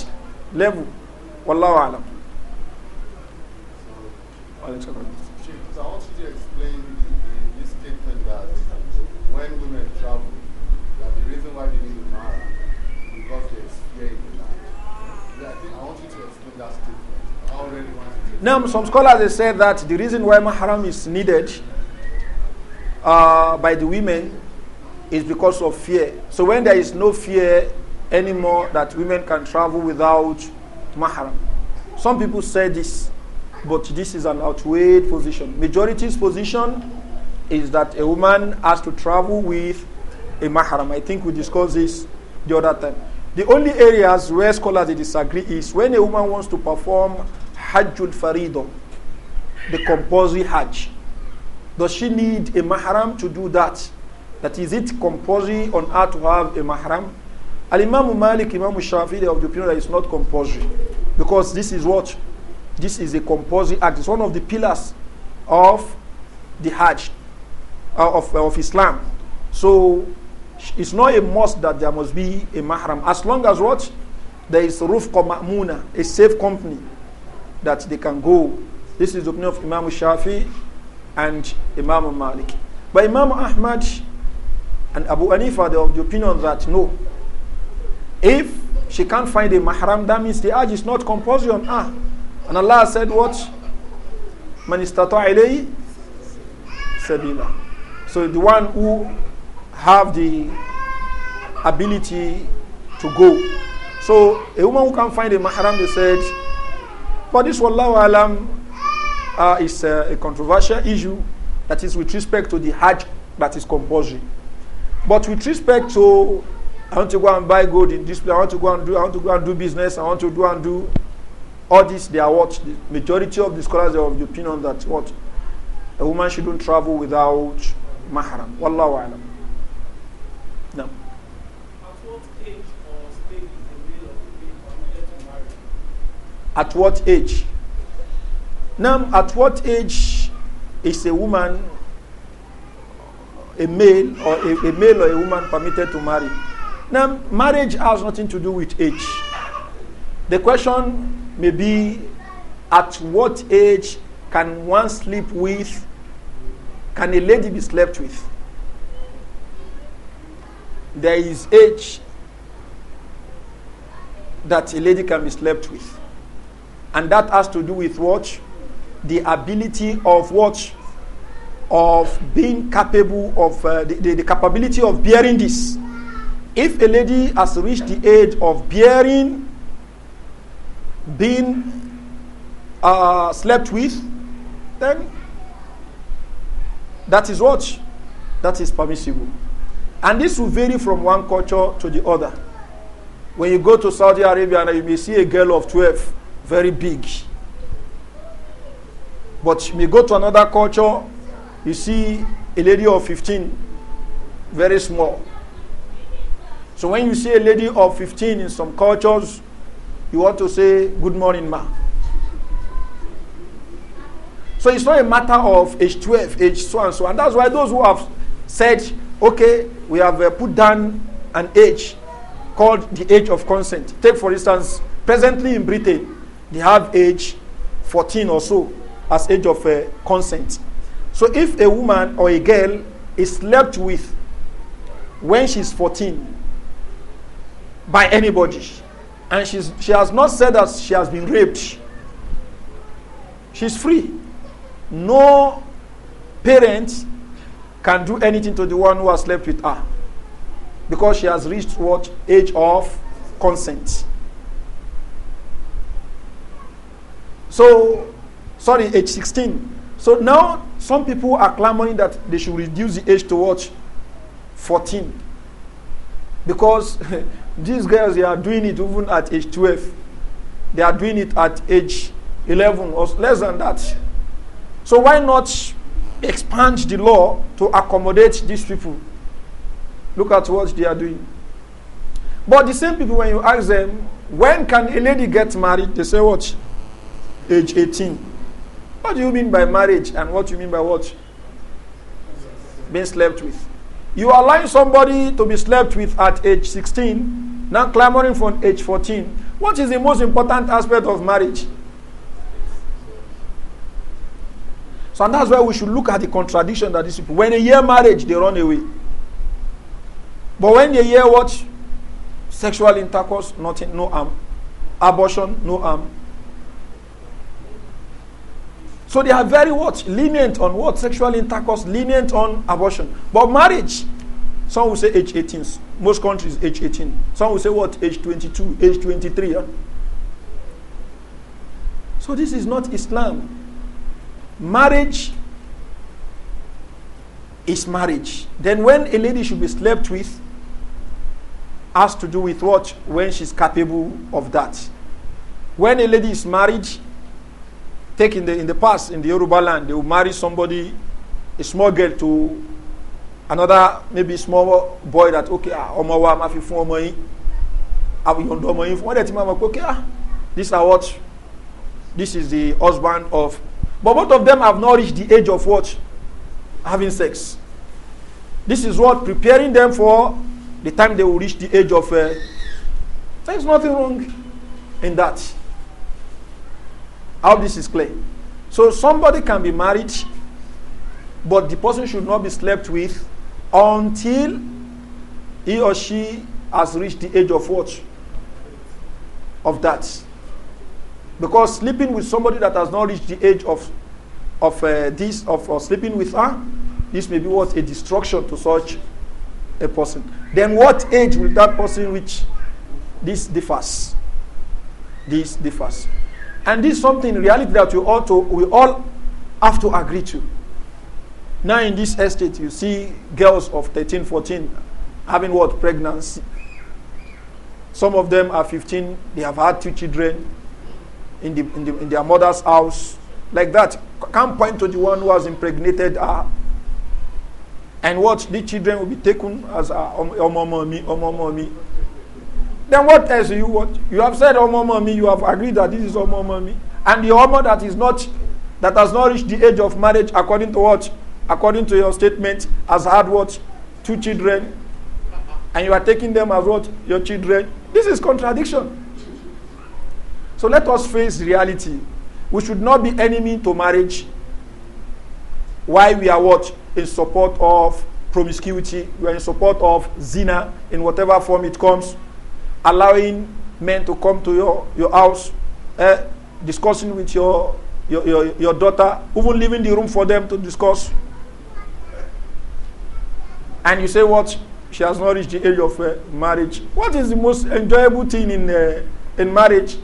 level. Wallahu alam.
Chief, so I want you to explain this statement that when women travel, that the reason why they need to marry because there's fear in the land. I think I want you to explain that statement.
I want to. Now, some scholars they say that the reason why mahram is needed uh, by the women is because of fear. So when there is no fear anymore that women can travel without mahram, some people say this but this is an outweighed position. Majority's position is that a woman has to travel with a mahram. I think we discussed this the other time. The only areas where scholars disagree is when a woman wants to perform Hajjul Faridah, the compulsory Hajj. Does she need a mahram to do that? That is it compulsory on her to have a mahram? Al Imam Malik, Imam Shafi' of the opinion that it's not compulsory because this is what this is a composite act. It's one of the pillars of the Hajj, uh, of, uh, of Islam. So it's not a must that there must be a mahram. As long as what? There is Rufqa Ma'muna, a safe company that they can go. This is the opinion of Imam Shafi and Imam Malik. But Imam Ahmad and Abu Anifa, they have the opinion that no. If she can't find a mahram, that means the Hajj is not composite on her. And Allah said what? Man ilayhi sabila. So the one who have the ability to go. So a woman who can find a mahram, they said, but this wallahu alam uh, is uh, a controversial issue that is with respect to the hajj that is compulsory. But with respect to I want to go and buy gold in this place, I want to go and do I want to go and do business, I want to do and do All this, they are what? The majority of the scholars are of the opinion that what? A woman shouldn't travel without mahram. Wallahu alam. No. At what age? Now, at what age is a woman, a male or a, a male or a woman permitted to marry? Now, marriage has nothing to do with age. The question may be at what age can one sleep with, can a lady be slept with? There is age that a lady can be slept with. And that has to do with what? The ability of what? Of being capable of, uh, the, the, the capability of bearing this. If a lady has reached the age of bearing Been uh, slept with, then that is what? That is permissible. And this will vary from one culture to the other. When you go to Saudi Arabia, you may see a girl of 12, very big. But you may go to another culture, you see a lady of 15, very small. So when you see a lady of 15 in some cultures, you want to say, Good morning, ma. So it's not a matter of age 12, age so and so. And that's why those who have said, Okay, we have uh, put down an age called the age of consent. Take, for instance, presently in Britain, they have age 14 or so as age of uh, consent. So if a woman or a girl is slept with when she's 14 by anybody, and she's, she has not said that she has been raped, she's free. No parent can do anything to the one who has slept with her because she has reached what age of consent. So, sorry, age 16. So now some people are clamoring that they should reduce the age to what? 14. Because These girls, they are doing it even at age 12. They are doing it at age 11 or less than that. So why not expand the law to accommodate these people? Look at what they are doing. But the same people, when you ask them, when can a lady get married? They say, what? Age 18. What do you mean by marriage and what do you mean by what? Being slept with. You are allowing somebody to be slept with at age 16, now clamoring from age 14. What is the most important aspect of marriage? So and that's why we should look at the contradiction that is When a year marriage, they run away. But when a year what? Sexual intercourse, nothing, no harm. Abortion, no harm. So they are very what? Lenient on what? Sexual intercourse, lenient on abortion. But marriage, some will say age 18. Most countries, age 18. Some will say what? Age 22, age 23. Yeah. So this is not Islam. Marriage is marriage. Then when a lady should be slept with has to do with what? When she's capable of that. When a lady is married, Take in the, in the past, in the Yoruba land, they will marry somebody, a small girl, to another, maybe small boy that, okay, ah, ọmọ wa ma fi fún ọmọ yín, àbùyọ̀ǹdọ̀ ah, ọmọ yín fún wọ́n dẹ̀ ti máa mọ̀ pé, okay, ah, This are what, this is the husband of. But both of them have not reached the age of what? Having sex. This is what preparing them for the time they will reach the age of. Uh, there's nothing wrong in that. How this is clear. So somebody can be married, but the person should not be slept with until he or she has reached the age of what? Of that. Because sleeping with somebody that has not reached the age of, of uh, this, of, of sleeping with her, this may be what? A destruction to such a person. Then what age will that person reach? This differs. This differs. And this is something in reality that we ought to, we all have to agree to. Now in this estate, you see girls of 13, 14 having what? Pregnancy. Some of them are 15, they have had two children in, the, in, the, in their mother's house. Like that. Can't point to the one who has impregnated her. And what? The children will be taken as a um, um, um, um, um, um, um, Then what else you want? You have said ọmọ oh, mommy, you have agreed that this is ọmọ oh, mommy, And the ọmọ that is not, that has not reached the age of marriage according to what? According to your statement, has had what? Two children. And you are taking them as what? Your children. This is contradiction. So let us face reality. We should not be enemy to marriage. Why we are what? In support of promiscuity. We are in support of zina in whatever form it comes allowing men to come to your, your house, eh, discussing with your, your, your, your daughter, even leaving the room for them to discuss. And you say what? She has not reached the age of uh, marriage. What is the most enjoyable thing in, uh, in marriage?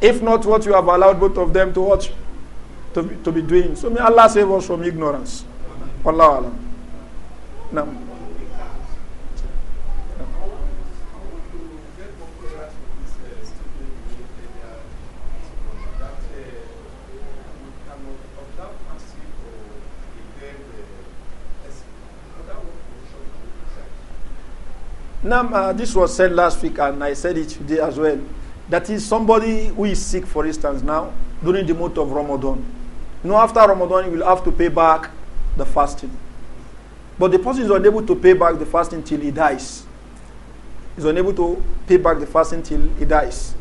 If not what you have allowed both of them to watch, to be, to be doing. So may Allah save us from ignorance. Wallahu alam. Now. Now, uh, this was said last week, and I said it today as well. That is somebody who is sick, for instance, now during the month of Ramadan. You know, after Ramadan, you will have to pay back the fasting. But the person is unable to pay back the fasting till he dies. He's unable to pay back the fasting till he dies.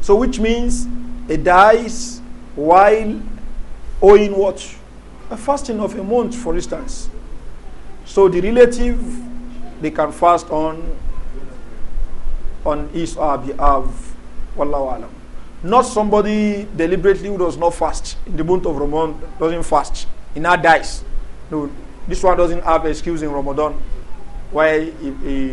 So, which means he dies while owing what? A fasting of a month, for instance. So, the relative they can fast on on his or her behalf. Wallahu alam. Not somebody deliberately who does not fast in the month of Ramadan doesn't fast. He now dies. No, this one doesn't have excuse in Ramadan. Why he, he,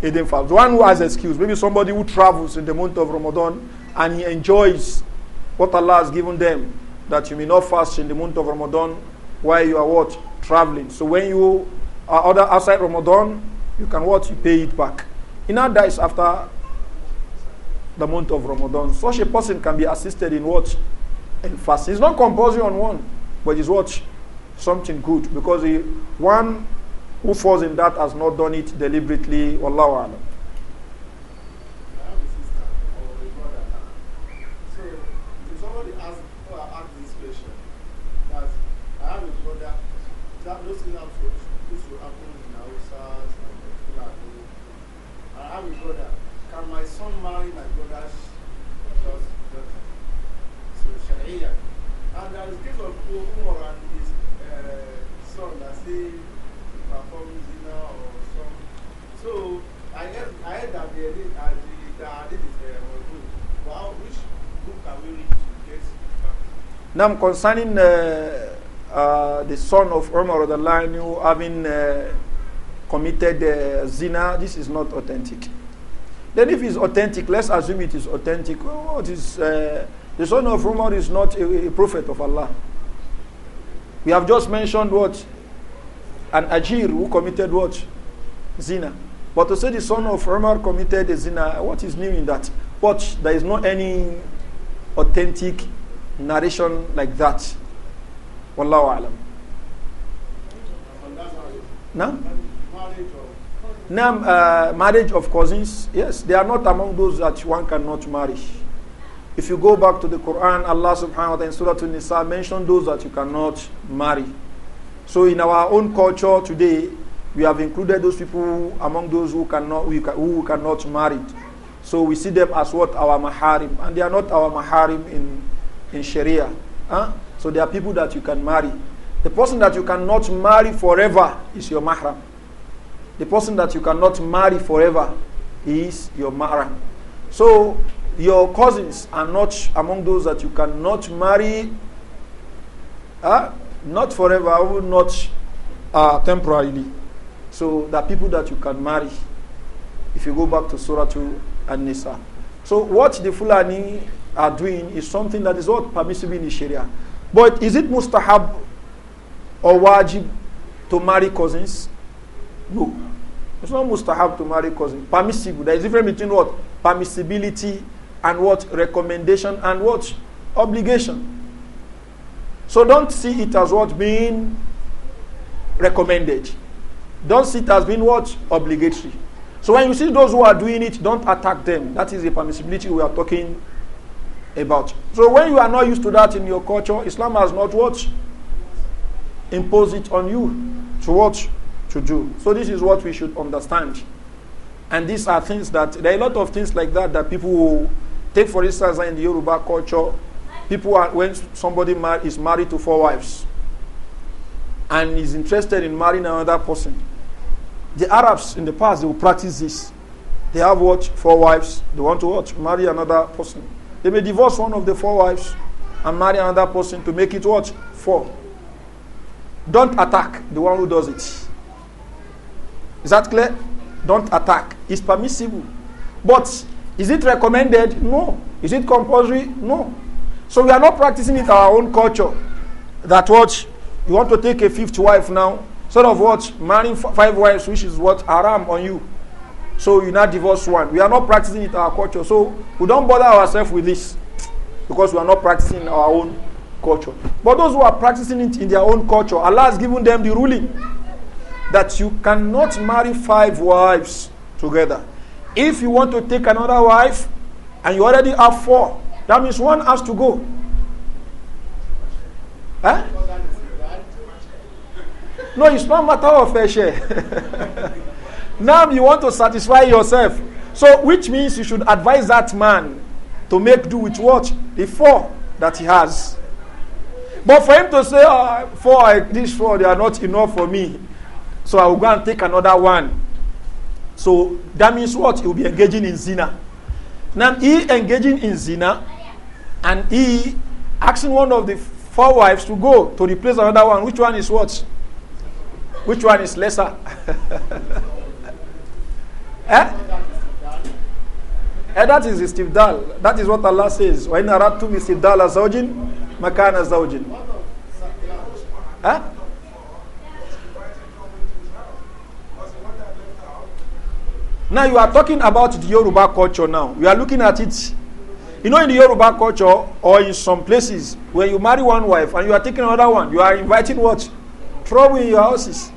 he didn't fast? The one who has excuse, maybe somebody who travels in the month of Ramadan and he enjoys what Allah has given them, that you may not fast in the month of Ramadan while you are what traveling. So when you Uh, or other outside Ramadan, you can what? You pay it back. In other is after the month of Ramadan. Such a person can be assisted in what? In fast. It's not compulsory on one, but it's what? Something good. Because he, one who falls in that has not done it deliberately. Wallahu alam. Now concerning uh, uh, the son of Umar the line you having uh, committed uh, zina, this is not authentic. Then if it's authentic, let's assume it is authentic. Oh, it is, uh, the son of Umar is not a, a prophet of Allah. We have just mentioned what? An ajir who committed what? Zina. But to say the son of Umar committed a zina, what is new in that? But there is not any authentic narration like that. Wallahu alam. No? Now, uh, marriage of cousins, yes, they are not among those that one cannot marry. If you go back to the Quran, Allah subhanahu wa ta'ala in Surah An-Nisa mentioned those that you cannot marry. So in our own culture today, we have included those people among those who cannot who, who cannot marry. So we see them as what our maharim, and they are not our maharim in in Sharia. Huh? So there are people that you can marry. The person that you cannot marry forever is your mahram. The person that you cannot marry forever is your mahram. So your cousins are not among those that you cannot marry, huh? not forever, not uh, temporarily. So the people that you can marry, if you go back to Surah 2 and Nisa. So what the Fulani are doing is something that is not permissible in Sharia. But is it mustahab or wajib to marry cousins? No. It's not mustahab to marry cousins. Permissible. There is a difference between what? Permissibility and what? Recommendation and what? Obligation. So don't see it as what being recommended. don't see it as being what? Obligatory. So when you see those who are doing it, don't attack them. That is the permissibility we are talking about. So when you are not used to that in your culture, Islam has not what? Impose it on you to what? To do. So this is what we should understand. And these are things that, there are a lot of things like that that people take for instance in the Yoruba culture, people are, when somebody mar is married to four wives and is interested in marrying another person, the Arabs in the past, they will practice this. They have what? Four wives. They want to what? Marry another person. They may divorce one of the four wives and marry another person to make it what? Four. Don't attack the one who does it. Is that clear? Don't attack. It's permissible. But is it recommended? No. Is it compulsory? No. So we are not practicing it our own culture. That what? You want to take a fifth wife now? Sort of what? Marrying five wives, which is what? Haram on you. So you now divorce one. We are not practicing it our culture. So we don't bother ourselves with this because we are not practicing our own culture. But those who are practicing it in their own culture, Allah has given them the ruling that you cannot marry five wives together. If you want to take another wife and you already have four, that means one has to go. Huh? No, it's not matter of share. now you want to satisfy yourself. So which means you should advise that man to make do with what? The four that he has. But for him to say, oh, four, I, these four, they are not enough for me. So I will go and take another one. So that means what? He will be engaging in zina. Now he engaging in zina and he asking one of the four wives to go to replace another one. Which one is what? Which one is lesser? eh? And eh, that is istibdal. That is what Allah says. وَإِنْ أَرَدْتُمْ إِسْتِبْدَالَ زَوْجٍ مَكَانَ زَوْجٍ Huh? Now you are talking about the Yoruba culture now. we are looking at it. You know in the Yoruba culture or in some places when you marry one wife and you are taking another one, you are inviting what? trouble in your houses.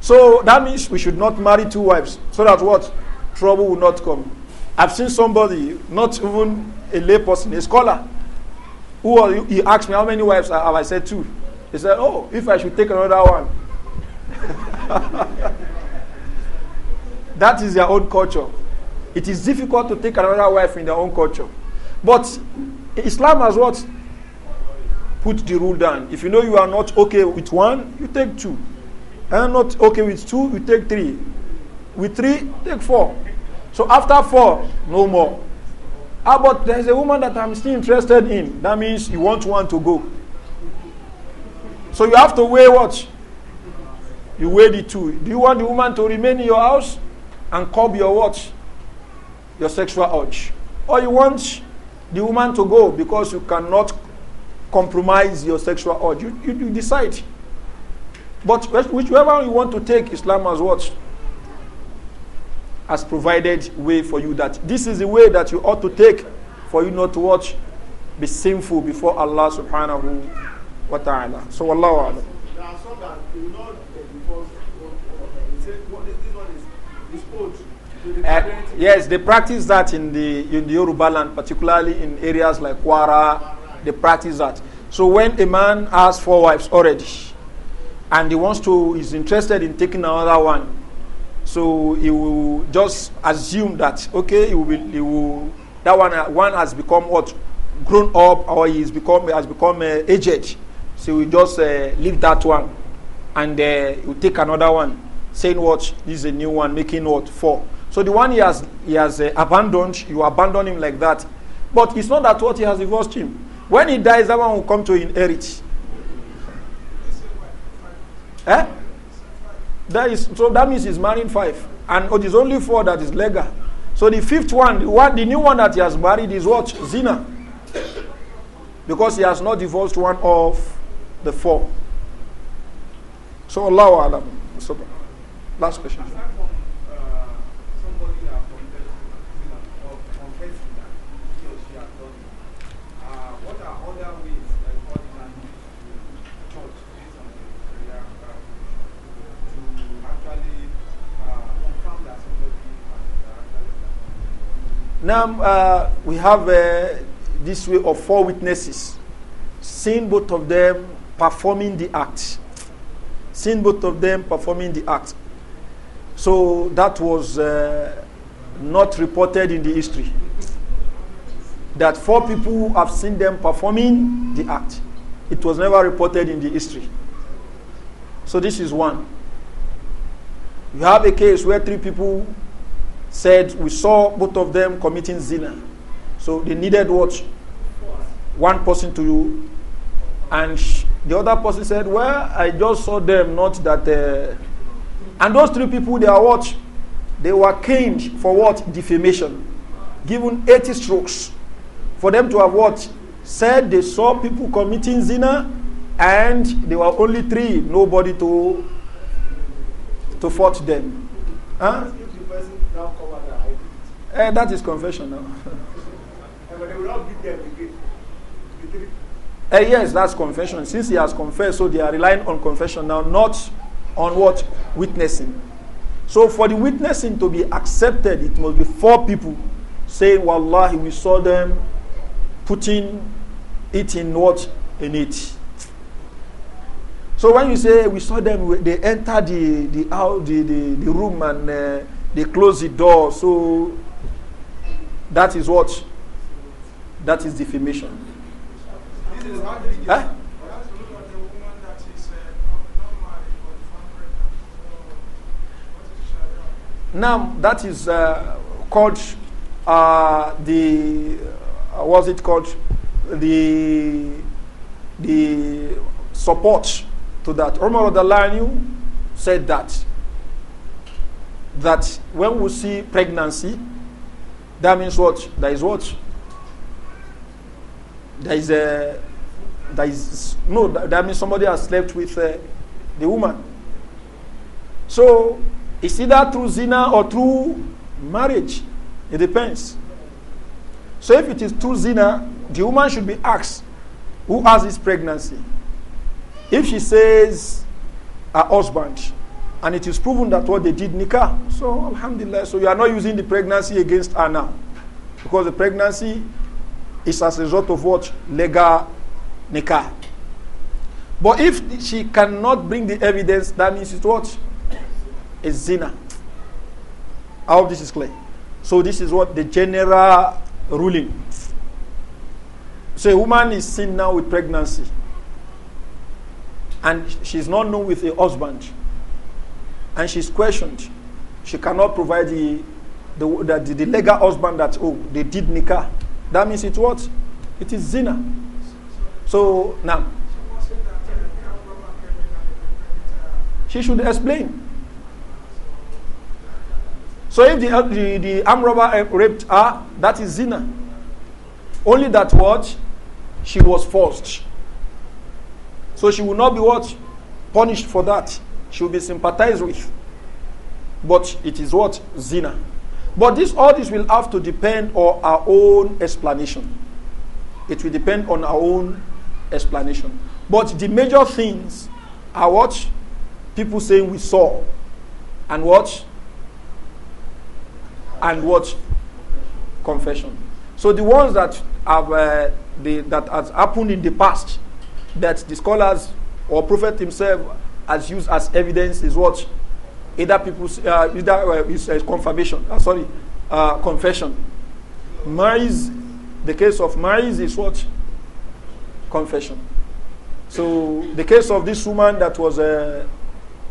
So that means we should not marry two wives so that what? Trouble will not come. I've seen somebody, not even a layperson, a scholar, who are, he asked me, How many wives have I said two? He said, Oh, if I should take another one. that is their own culture. It is difficult to take another wife in their own culture. But Islam has what? put the rule down. If you know you are not okay with one, you take two. And not okay with two, you take three. With three, take four. So after four, no more. Ah, but there's a woman that I'm still interested in. That means you want one to go. So you have to weigh what? You weigh the two. Do you want the woman to remain in your house and curb your what? Your sexual urge. Or you want the woman to go because you cannot compromise your sexual urge. You, you, you decide. But whichever you want to take, Islam has what? Has provided way for you that this is the way that you ought to take for you not to watch, be sinful before Allah subhanahu wa ta'ala. So Allah wa There
are some that They say, this one Uh, yes, they
practice that in the in the Yoruba land, particularly in areas like Kwara, they practice that. So when a man has four wives already, and he wants to, is interested in taking another one, so he will just assume that okay, he will, he will that one uh, one has become what grown up or he's become has become uh, aged, so we just uh, leave that one, and uh, take another one, saying what this is a new one, making what four. So the one he has he has uh, abandoned, you abandon him like that. But it's not that what he has divorced him. When he dies, that one will come to inherit. Eh? That is, so that means he's marrying five. And it is only four that is legal. So the fifth one, the, one, the new one that he has married is what? Zina. Because he has not divorced one of the four. So Allah Alam. Last question. Now, uh, we have uh, this way of four witnesses, seeing both of them performing the act. Seeing both of them performing the act. So that was uh, not reported in the history. That four people have seen them performing the act. It was never reported in the history. So this is one. You have a case where three people said, We saw both of them committing zina. So they needed what? One person to you. And the other person said, Well, I just saw them, not that. Uh... And those three people, they are what? They were caned for what? Defamation. Given 80 strokes. For them to have what? Said they saw people committing zina and there were only three, nobody to to fault them. Huh? Eh, that is confession now. eh, yes, that's confession. Since he has confessed, so they are relying on confession now, not on what? Witnessing. So for the witnessing to be accepted, it must be four people saying, Wallahi, we saw them putting it in what? In it. So when you say we saw them, they entered the the, the, the, the room and uh, they closed the door. So that is what? That is defamation. huh? Uh, now that is uh, called uh, the uh, was it called the the support to that. Umar Adalani said that that when we see pregnancy, That means what? That is what? There is a. Uh, that is no. That means somebody has slept with uh, the woman. So it's either through zina or through marriage. It depends. So if it is through zina, the woman should be asked who has this pregnancy. If she says her husband, And it is proven that what they did, nikah. So, alhamdulillah. So, you are not using the pregnancy against her now. Because the pregnancy is as a result of what? Legal nikah. But if she cannot bring the evidence, that means it's what? a zina. I hope this is clear. So this is what the general ruling. So a woman is seen now with pregnancy. And she's not known with a husband. and she's questioned, she cannot provide the, the, the, the legal husband that, oh, they did nikah. That means it's what? It is zina. So now, she should explain. So if the, the, the arm robber eh, raped her, that is zina. Only that what? She was forced. So she will not be what? Punished for that. should be sympathized with. But it is what? Zina. But this, all this will have to depend on our own explanation. It will depend on our own explanation. But the major things are what people saying we saw and what and what confession. So the ones that have uh, the, that has happened in the past that the scholars or prophet himself as used as evidence is what either people uh, either uh, is uh, confirmation. Uh, sorry, uh, confession. Maiz, the case of Maiz is what confession. So the case of this woman that was uh,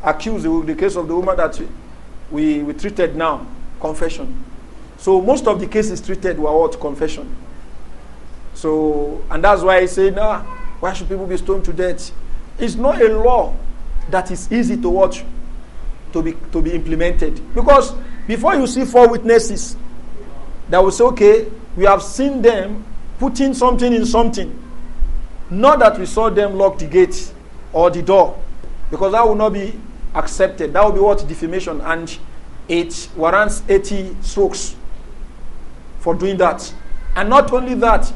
accused, the case of the woman that we, we treated now, confession. So most of the cases treated were what confession. So and that's why I say, nah, why should people be stoned to death? It's not a law that is easy to watch, to be, to be implemented. Because before you see four witnesses that will say, okay, we have seen them putting something in something. Not that we saw them lock the gate or the door, because that will not be accepted. That will be what? Defamation. And it warrants 80 strokes for doing that. And not only that,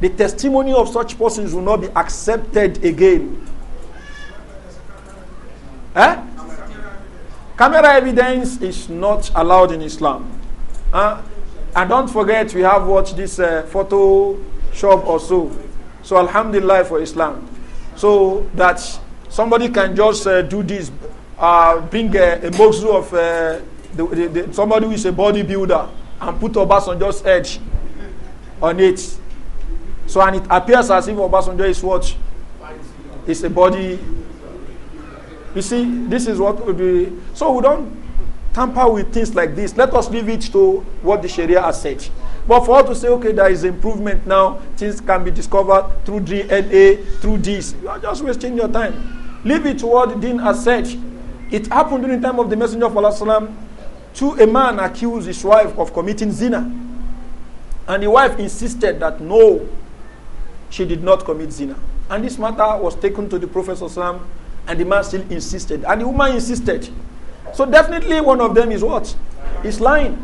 the testimony of such persons will not be accepted again Eh? Camera evidence is not allowed in Islam. Uh, and don't forget, we have watched this uh, eh, photo shop or so. So, Alhamdulillah for Islam. So that somebody can just uh, do this, uh, bring eh, a, a boxu of uh, the, the, the, somebody who is a bodybuilder and put Obasanjo's edge on it. So, and it appears as if Obasanjo is what? Is a body You see, this is what we. be. So we don't tamper with things like this. Let us leave it to what the Sharia has said. But for us to say, okay, there is improvement now, things can be discovered through DNA, through this, you are just wasting your time. Leave it to what the Deen has said. It happened during the time of the Messenger of Allah, to a man accused his wife of committing zina. And the wife insisted that no, she did not commit zina. And this matter was taken to the Prophet. And the man still insisted. And the woman insisted. So definitely one of them is what? Is lying.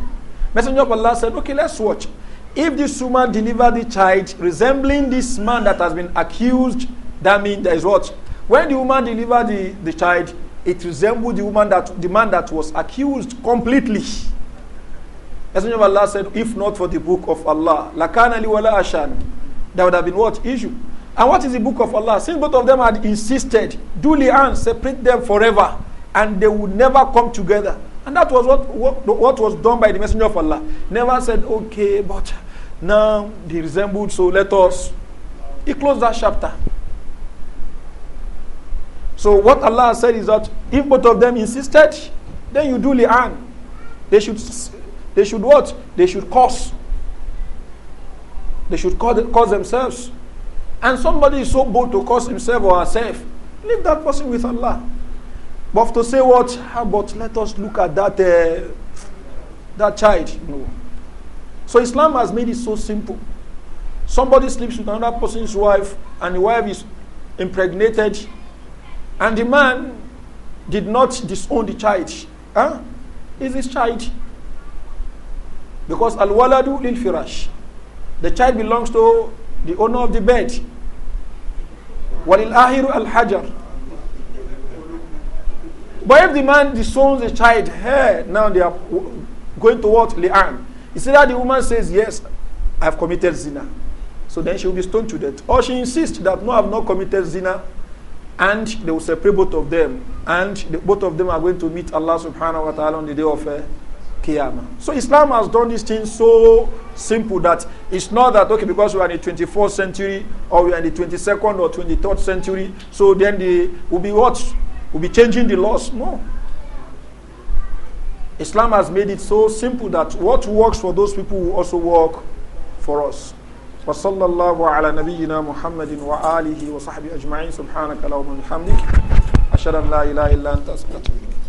Messenger of Allah said, okay, let's watch. If this woman delivered the child resembling this man that has been accused, that means there is what? When the woman delivered the, the child, it resembled the woman that the man that was accused completely. Messenger of Allah said, if not for the book of Allah, lakana ashan, that would have been what? Issue. And what is the book of Allah? Since both of them had insisted, duly and separate them forever, and they would never come together. And that was what, what, what was done by the messenger of Allah. Never said, okay, but now they resembled, so let us. He closed that chapter. So what Allah said is that if both of them insisted, then you duly and They should, they should what? They should cause. They should cause, cause themselves and somebody is so bold to curse himself or herself, leave that person with Allah. But to say what? Ah, but let us look at that uh, that child. No. So Islam has made it so simple. Somebody sleeps with another person's wife, and the wife is impregnated, and the man did not disown the child. Huh? Is his child? Because al waladu lil firash, the child belongs to the owner of the bed. وَلِلْآخِرُ الْحَجَرُ But if the man disowns the child, hey, now they are going to what? Li'an. said that the woman says, yes, I have committed zina. So then she will be stoned to death. Or she insists that no, I have not committed zina. And they will separate both of them. And the, both of them are going to meet Allah subhanahu wa ta'ala on the day of uh, Qiyamah. So Islam has done this thing so simple that it's not that, okay, because we are in the 24th century or we are in the 22nd or 23rd century, so then they will be what? Will be changing the laws. No. Islam has made it so simple that what works for those people will also work for us. وصلى الله على نبينا محمد وآله وصحبه أجمعين سبحانك اللهم وبحمدك أشهد أن لا إله إلا أنت أستغفرك